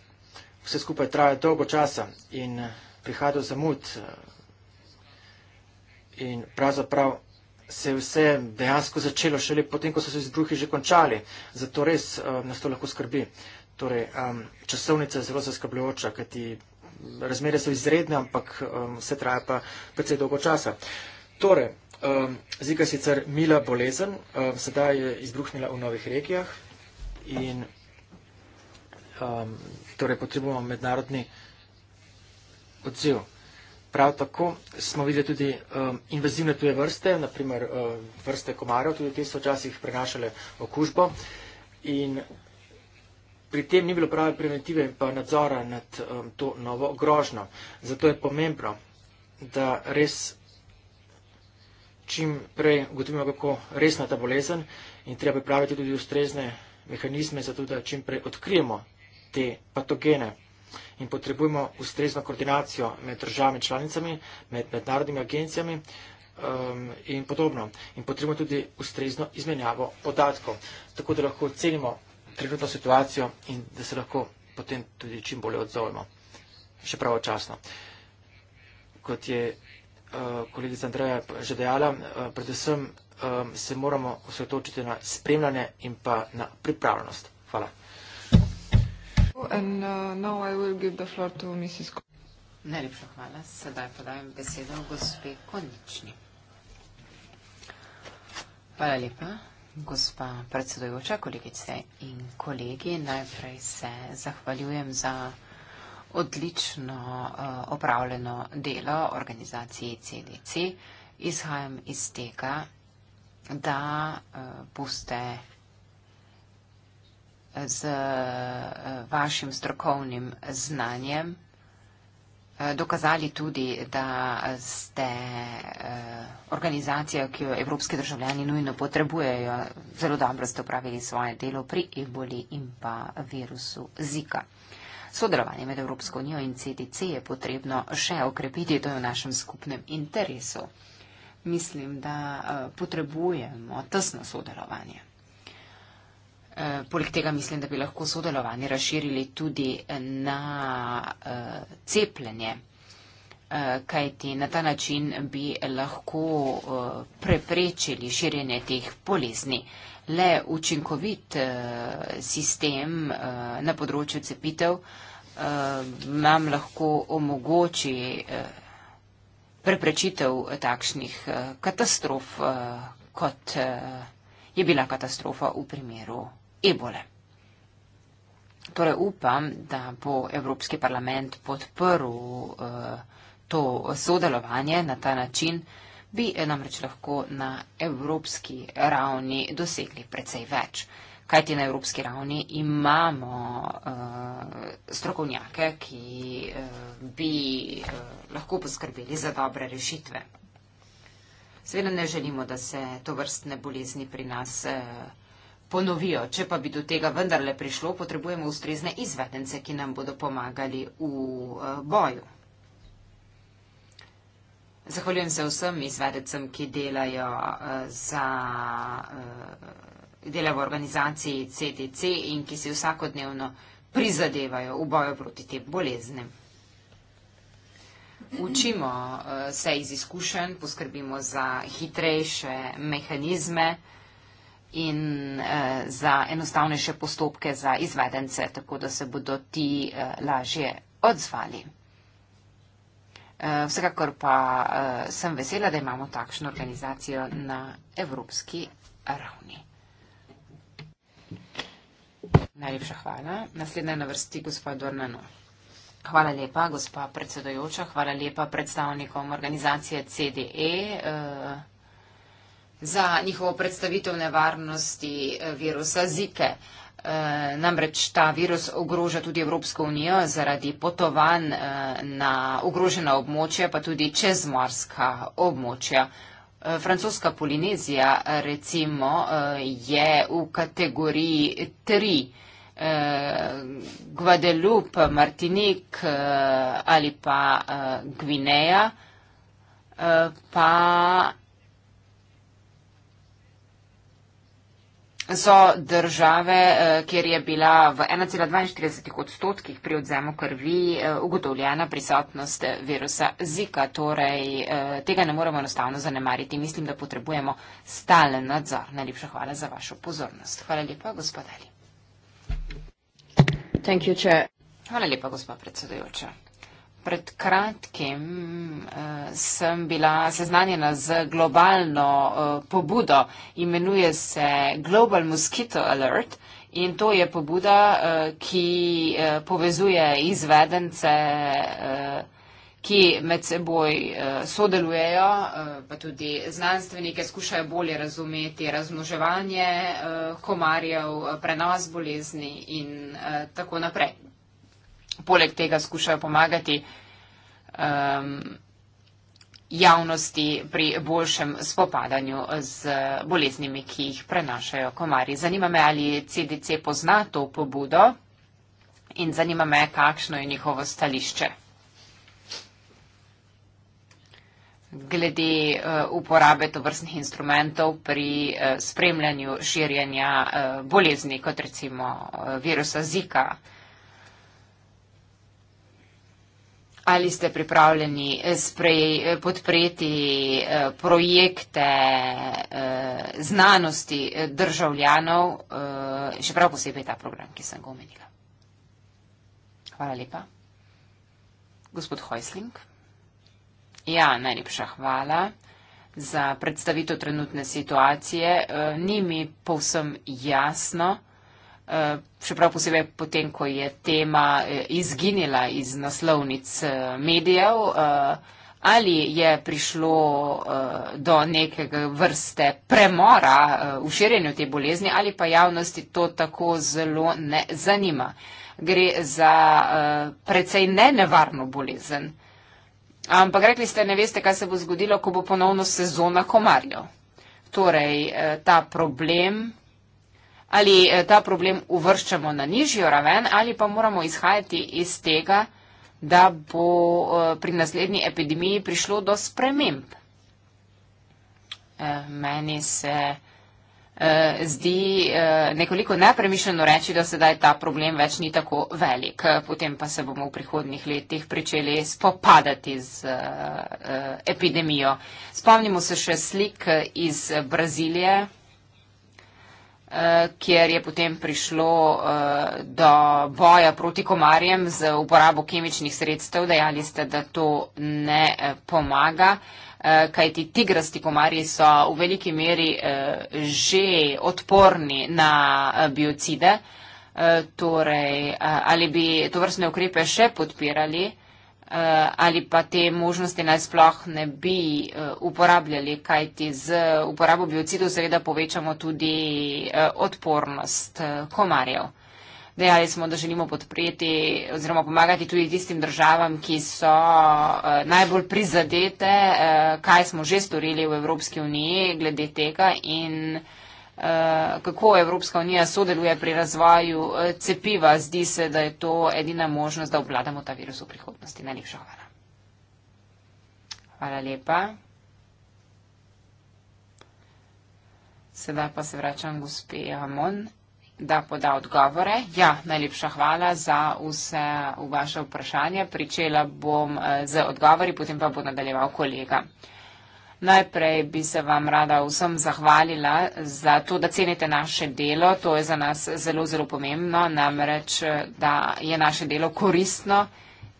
vse skupaj traja dolgo časa in prihaja do zamud. In pravzaprav se je vse dejansko začelo šele potem, ko so se izbruhi že končali. Zato res uh, nas to lahko skrbi. Torej, um, časovnica je zelo zaskrbljujoča, kajti razmere so izredne, ampak um, vse traja pa precej dolgo časa. Torej, um, zika sicer mila bolezen, um, sedaj je izbruhnila v novih regijah in um, torej potrebujemo mednarodni odziv. Prav tako smo videli tudi um, invazivne tuje vrste, naprimer um, uh, vrste komarjev, tudi te so včasih prenašale okužbo. In Pri tem ni bilo prave preventive in pa nadzora nad um, to novo grožno. Zato je pomembno, da res čim prej ugotovimo, kako resna ta bolezen in treba pripraviti tudi ustrezne mehanizme, zato da čim prej odkrijemo te patogene in potrebujemo ustrezno koordinacijo med državami članicami, med mednarodnimi agencijami um, in podobno. In potrebujemo tudi ustrezno izmenjavo podatkov, tako da lahko ocenimo trenutno situacijo in da se lahko potem tudi čim bolje odzovemo, še pravočasno. Kot je eh, kolegica Andreja že dejala, eh, predvsem eh, se moramo osredotočiti na spremljanje in pa na pripravljenost. Hvala. Uh, Najlepša hvala. Sedaj podajam besedo gospe Konični. Hvala lepa gospa predsedojoča, kolegice in kolegi. Najprej se zahvaljujem za odlično uh, opravljeno delo organizacije CDC. Izhajam iz tega, da uh, boste z uh, vašim strokovnim znanjem dokazali tudi, da ste eh, organizacija, ki jo evropski državljani nujno potrebujejo, zelo dobro ste upravili svoje delo pri eboli in pa virusu Zika. Sodelovanje med Evropsko unijo in CDC je potrebno še okrepiti, to je v našem skupnem interesu. Mislim, da eh, potrebujemo tesno sodelovanje. Eh, poleg tega mislim, da bi lahko sodelovanje razširili tudi na eh, cepljenje, eh, kajti na ta način bi lahko preprečili širjenje teh bolezni. Le učinkovit sistem na področju cepitev nam lahko omogoči preprečitev takšnih katastrof, kot je bila katastrofa v primeru ebole. Torej upam, da bo Evropski parlament podprl uh, to sodelovanje na ta način, bi eh, namreč lahko na evropski ravni dosegli precej več. Kajti na evropski ravni imamo uh, strokovnjake, ki uh, bi uh, lahko poskrbeli za dobre rešitve. Seveda ne želimo, da se to vrstne bolezni pri nas uh, ponovijo. Če pa bi do tega vendarle prišlo, potrebujemo ustrezne izvedence, ki nam bodo pomagali v eh, boju. Zahvaljujem se vsem izvedecem, ki delajo, eh, za, eh, delajo v organizaciji CDC in ki si vsakodnevno prizadevajo v boju proti tem boleznim. Učimo se iz izkušenj, poskrbimo za hitrejše mehanizme in uh, za enostavnejše postopke za izvedence, tako da se bodo ti uh, lažje odzvali. Uh, vsekakor pa uh, sem vesela, da imamo takšno organizacijo na evropski ravni. Najlepša hvala. Naslednja na vrsti gospod Dornano. Hvala lepa, gospa predsedojoča. Hvala lepa predstavnikom organizacije CDE. Uh, za njihovo predstavitev nevarnosti eh, virusa Zike. Eh, namreč ta virus ogroža tudi Evropsko unijo zaradi potovanj eh, na ogrožena območja, pa tudi čezmorska območja. Francoska Polinezija recimo je v kategoriji 3. Guadeloupe, Martinik ali pa Gvineja pa so države, eh, kjer je bila v 1,42 odstotkih pri odzemu krvi eh, ugotovljena prisotnost eh, virusa Zika. Torej, tega ne moremo enostavno zanemariti. Mislim, da potrebujemo stalen nadzor. Najlepša hvala za vašo pozornost. Hvala lepa, gospodari. Hvala lepa, gospod predsedujoča. Pred kratkim eh, sem bila seznanjena z globalno eh, pobudo, imenuje se Global Mosquito Alert in to je pobuda, eh, ki povezuje izvedence, ki med seboj sodelujejo, pa tudi znanstvenike skušajo bolje razumeti razmoževanje komarjev, prenos bolezni in tako naprej poleg tega skušajo pomagati um, javnosti pri boljšem spopadanju z boleznimi, ki jih prenašajo komari. Zanima me, ali CDC pozna to pobudo in zanima me, kakšno je njihovo stališče. glede uh, uporabe tovrstnih instrumentov pri uh, spremljanju širjenja uh, bolezni, kot recimo uh, virusa Zika. Uh, Ali ste pripravljeni eh, sprej, eh, podpreti eh, projekte znanosti državljanov, še prav posebej ta program, ki sem ga omenila? Hvala lepa. Gospod Hojsling. Ja, najlepša hvala za predstavitev trenutne situacije. Ni mi povsem jasno, da je to, Eh, še prav posebej potem, ko je tema eh, izginila iz naslovnic eh, medijev, ali je prišlo do nekega vrste premora v širjenju te bolezni ali pa javnosti to tako zelo ne zanima. Gre za precej nenevarno bolezen. Ampak rekli ste, ne veste, kaj se bo zgodilo, ko bo ponovno sezona komarjev. Torej, ta problem ali eh, ta problem uvrščamo na nižjo raven ali pa moramo izhajati iz tega, da bo eh, pri naslednji epidemiji prišlo do sprememb. Eh, meni se zdi nekoliko nepremišljeno reči, da sedaj ta problem več ni tako velik. Potem pa se bomo v prihodnih letih pričeli spopadati z epidemijo. Spomnimo se še slik iz Brazilije. Eh, kjer je potem prišlo eh, do boja proti komarjem z uporabo kemičnih sredstev. Dejali ste, da to ne eh, pomaga, kajti tigrasti komarji so v veliki meri že odporni na biocide. Torej, ali bi to vrstne ukrepe še podpirali? Eh, ali pa te možnosti najsploh ne bi eh, uporabljali, kajti z uporabo biocidov seveda povečamo tudi eh, odpornost komarjev. Dejali smo, da želimo podpreti oziroma pomagati tudi tistim državam, ki so najbolj prizadete, kaj smo že storili v Evropski uniji glede tega in Eh, kako Evropska unija sodeluje pri razvoju eh, cepiva. Zdi se, da je to edina možnost, da obvladamo ta virus v prihodnosti. Najlepša hvala. Hvala lepa. Sedaj pa se vračam gospe Amon, da poda odgovore. Ja, najlepša hvala za vse vaše vprašanje. Pričela bom eh, z odgovori, potem pa bo nadaljeval kolega. Najprej bi se vam rada vsem zahvalila za to, da cenite naše delo. To je za nas zelo, zelo pomembno, namreč, da je naše delo koristno,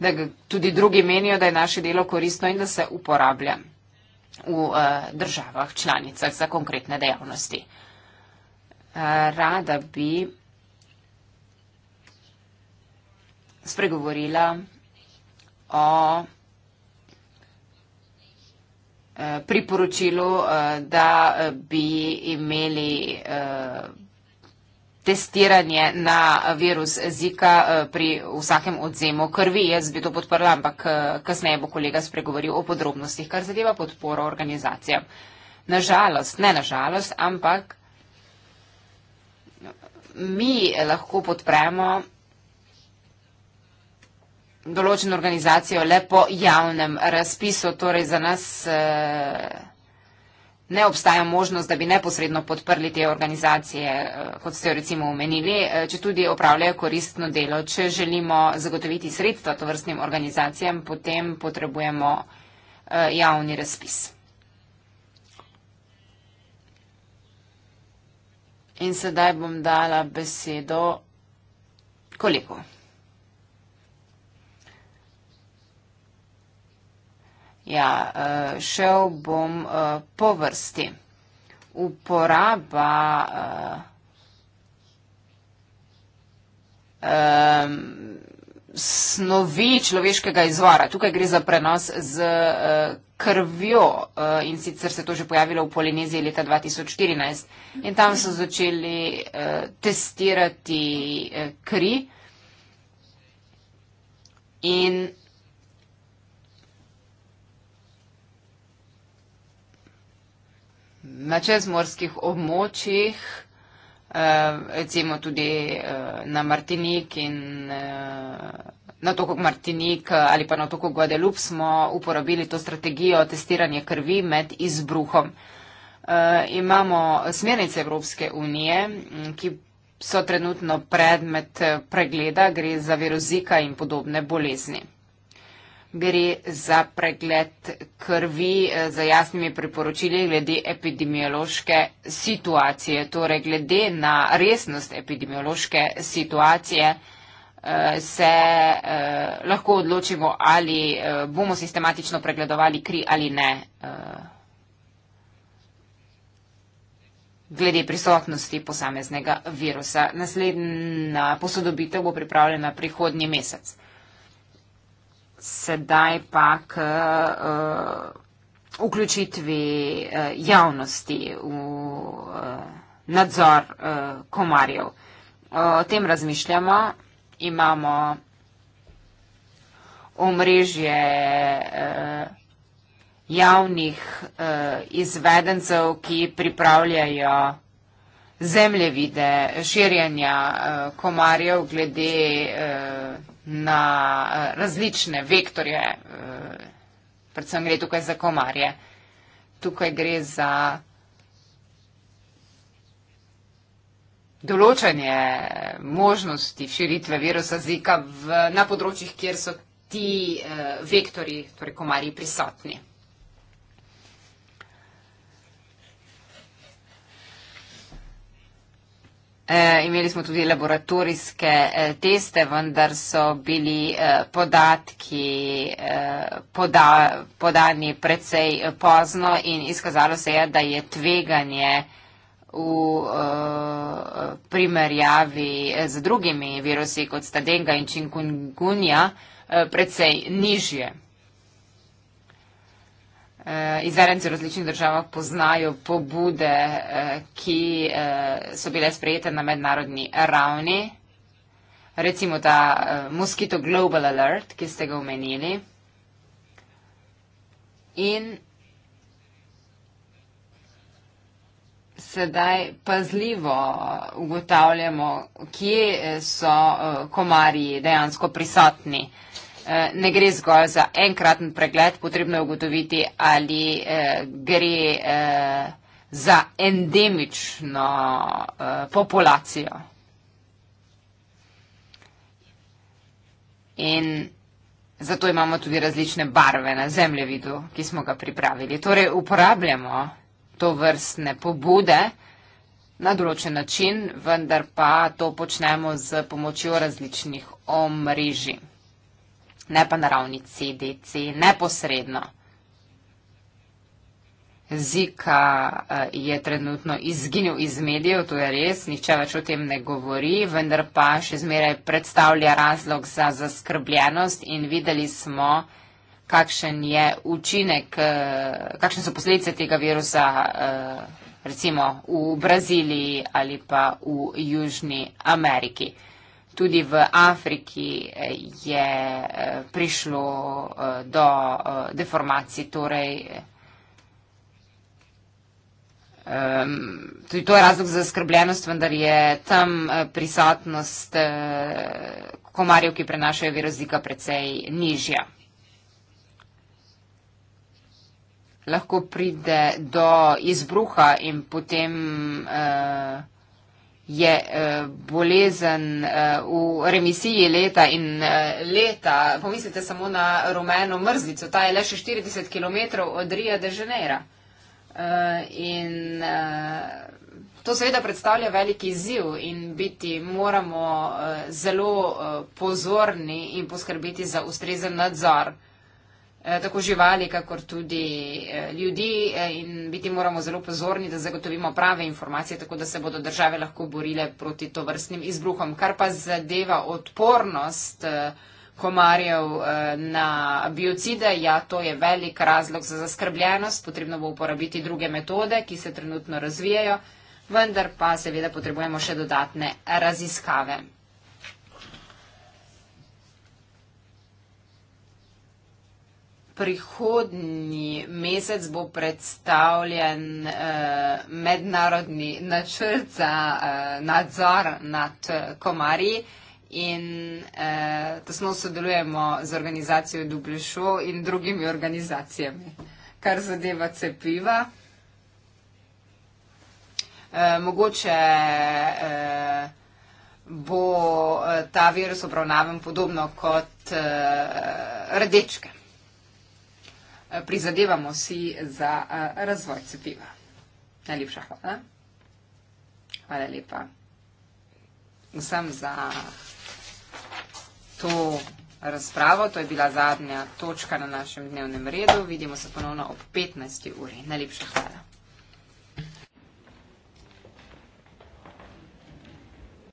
da tudi drugi menijo, da je naše delo koristno in da se uporablja v uh, državah članicah za konkretne dejavnosti. Uh, rada bi spregovorila o Eh, priporočilu, eh, da eh, bi imeli testiranje na virus Zika pri vsakem odzemu krvi. Jaz bi to podprla, ampak kasneje bo kolega spregovoril o podrobnostih, kar zadeva podporo organizacijam. Nažalost, ne nažalost, ampak mi lahko podpremo določeno organizacijo le po javnem razpisu, torej za nas eh, ne obstaja možnost, da bi neposredno podprli te organizacije, eh, kot ste jo recimo omenili, eh, če tudi opravljajo koristno delo. Če želimo zagotoviti sredstva tovrstnim organizacijam, potem potrebujemo javni razpis. In sedaj bom dala besedo kolegov. Ja, eh, šel bom eh, po vrsti. Uporaba eh, snovi človeškega izvora. Tukaj gre za prenos z krvjo in sicer se to že pojavilo v Polineziji leta 2014. In tam so začeli testirati kri in na čezmorskih območjih, eh, recimo tudi eh, na Martinik in eh, na otoku Martinik ali pa na otoku Guadeloupe smo uporabili to strategijo testiranja krvi med izbruhom. Imamo smernice Evropske unije, mm, ki so trenutno predmet pregleda, gre za virozika in podobne bolezni gre za pregled krvi eh, z jasnimi priporočili glede epidemiološke situacije. Torej, glede na resnost epidemiološke situacije eh, se eh, lahko odločimo, ali bomo sistematično pregledovali kri ali ne. glede prisotnosti posameznega virusa. Naslednja posodobitev bo pripravljena prihodnji mesec sedaj pa k uh, vključitvi uh, javnosti v uh, nadzor uh, komarjev. O tem razmišljamo. Imamo omrežje uh, javnih uh, izvedencev, ki pripravljajo zemljevide širjenja uh, komarjev glede. Uh, na eh, različne vektorje, eh, predvsem gre tukaj za komarje. Tukaj gre za določanje možnosti širitve virusa zika v, na področjih, kjer so ti eh, vektori, torej komarji, prisotni. Eh, imeli smo tudi laboratorijske eh, teste, vendar so bili eh, podatki poda, podani precej pozno in izkazalo se je, da je tveganje v primerjavi z drugimi virusi, kot sta denga in činkungunja, precej nižje. Eh, izvedenci v različnih državah poznajo pobude, eh, ki eh, so bile sprejete na mednarodni ravni. Recimo ta Mosquito Global Alert, ki ste ga omenili. In sedaj pazljivo ugotavljamo, kje so komarji dejansko prisotni. Eh, ne gre zgolj za enkraten pregled, potrebno je ugotoviti, ali eh, gre eh, za endemično eh, populacijo. In zato imamo tudi različne barve na zemljevidu, ki smo ga pripravili. Torej uporabljamo to vrstne pobude na določen način, vendar pa to počnemo z pomočjo različnih omrežij ne pa na ravni CDC, neposredno. Zika eh, je trenutno izginil iz medijev, to je res, nihče več o tem ne govori, vendar pa še zmeraj predstavlja razlog za zaskrbljenost in videli smo, kakšen je učinek, eh, kakšne so posledice tega virusa eh, recimo v Braziliji ali pa v Južni Ameriki tudi v Afriki eh, je eh, prišlo eh, do deformacij, torej Um, tudi to je razlog za skrbljenost, vendar je tam prisotnost uh, komarjev, ki prenašajo virozika, precej nižja. Lahko pride do izbruha in potem uh, je eh, bolezen eh, v remisiji leta in eh, leta. Pomislite samo na rumeno mrzlico, ta je le še 40 km od Rija de Ženeira. In to seveda predstavlja veliki izziv in biti moramo zelo pozorni in poskrbeti za ustrezen nadzor. Eh, tako živali, kakor tudi eh, ljudi eh, in biti moramo zelo pozorni, da zagotovimo prave informacije, tako da se bodo države lahko borile proti tovrstnim izbruhom. Kar pa zadeva odpornost komarjev na biocide, ja, to je velik razlog za zaskrbljenost, potrebno bo uporabiti druge metode, ki se trenutno razvijajo, vendar pa seveda potrebujemo še dodatne raziskave. prihodnji mesec bo predstavljen uh, mednarodni načrt za uh, nadzor nad eh, komarji in uh, tesno sodelujemo z organizacijo Dublišo in drugimi organizacijami, kar zadeva cepiva. Uh, mogoče uh, bo ta virus obravnaven podobno kot uh, rdečke prizadevamo si za razvoj cepiva. Najlepša hvala. Hvala lepa vsem za to razpravo. To je bila zadnja točka na našem dnevnem redu. Vidimo se ponovno ob 15. uri. Najlepša hvala.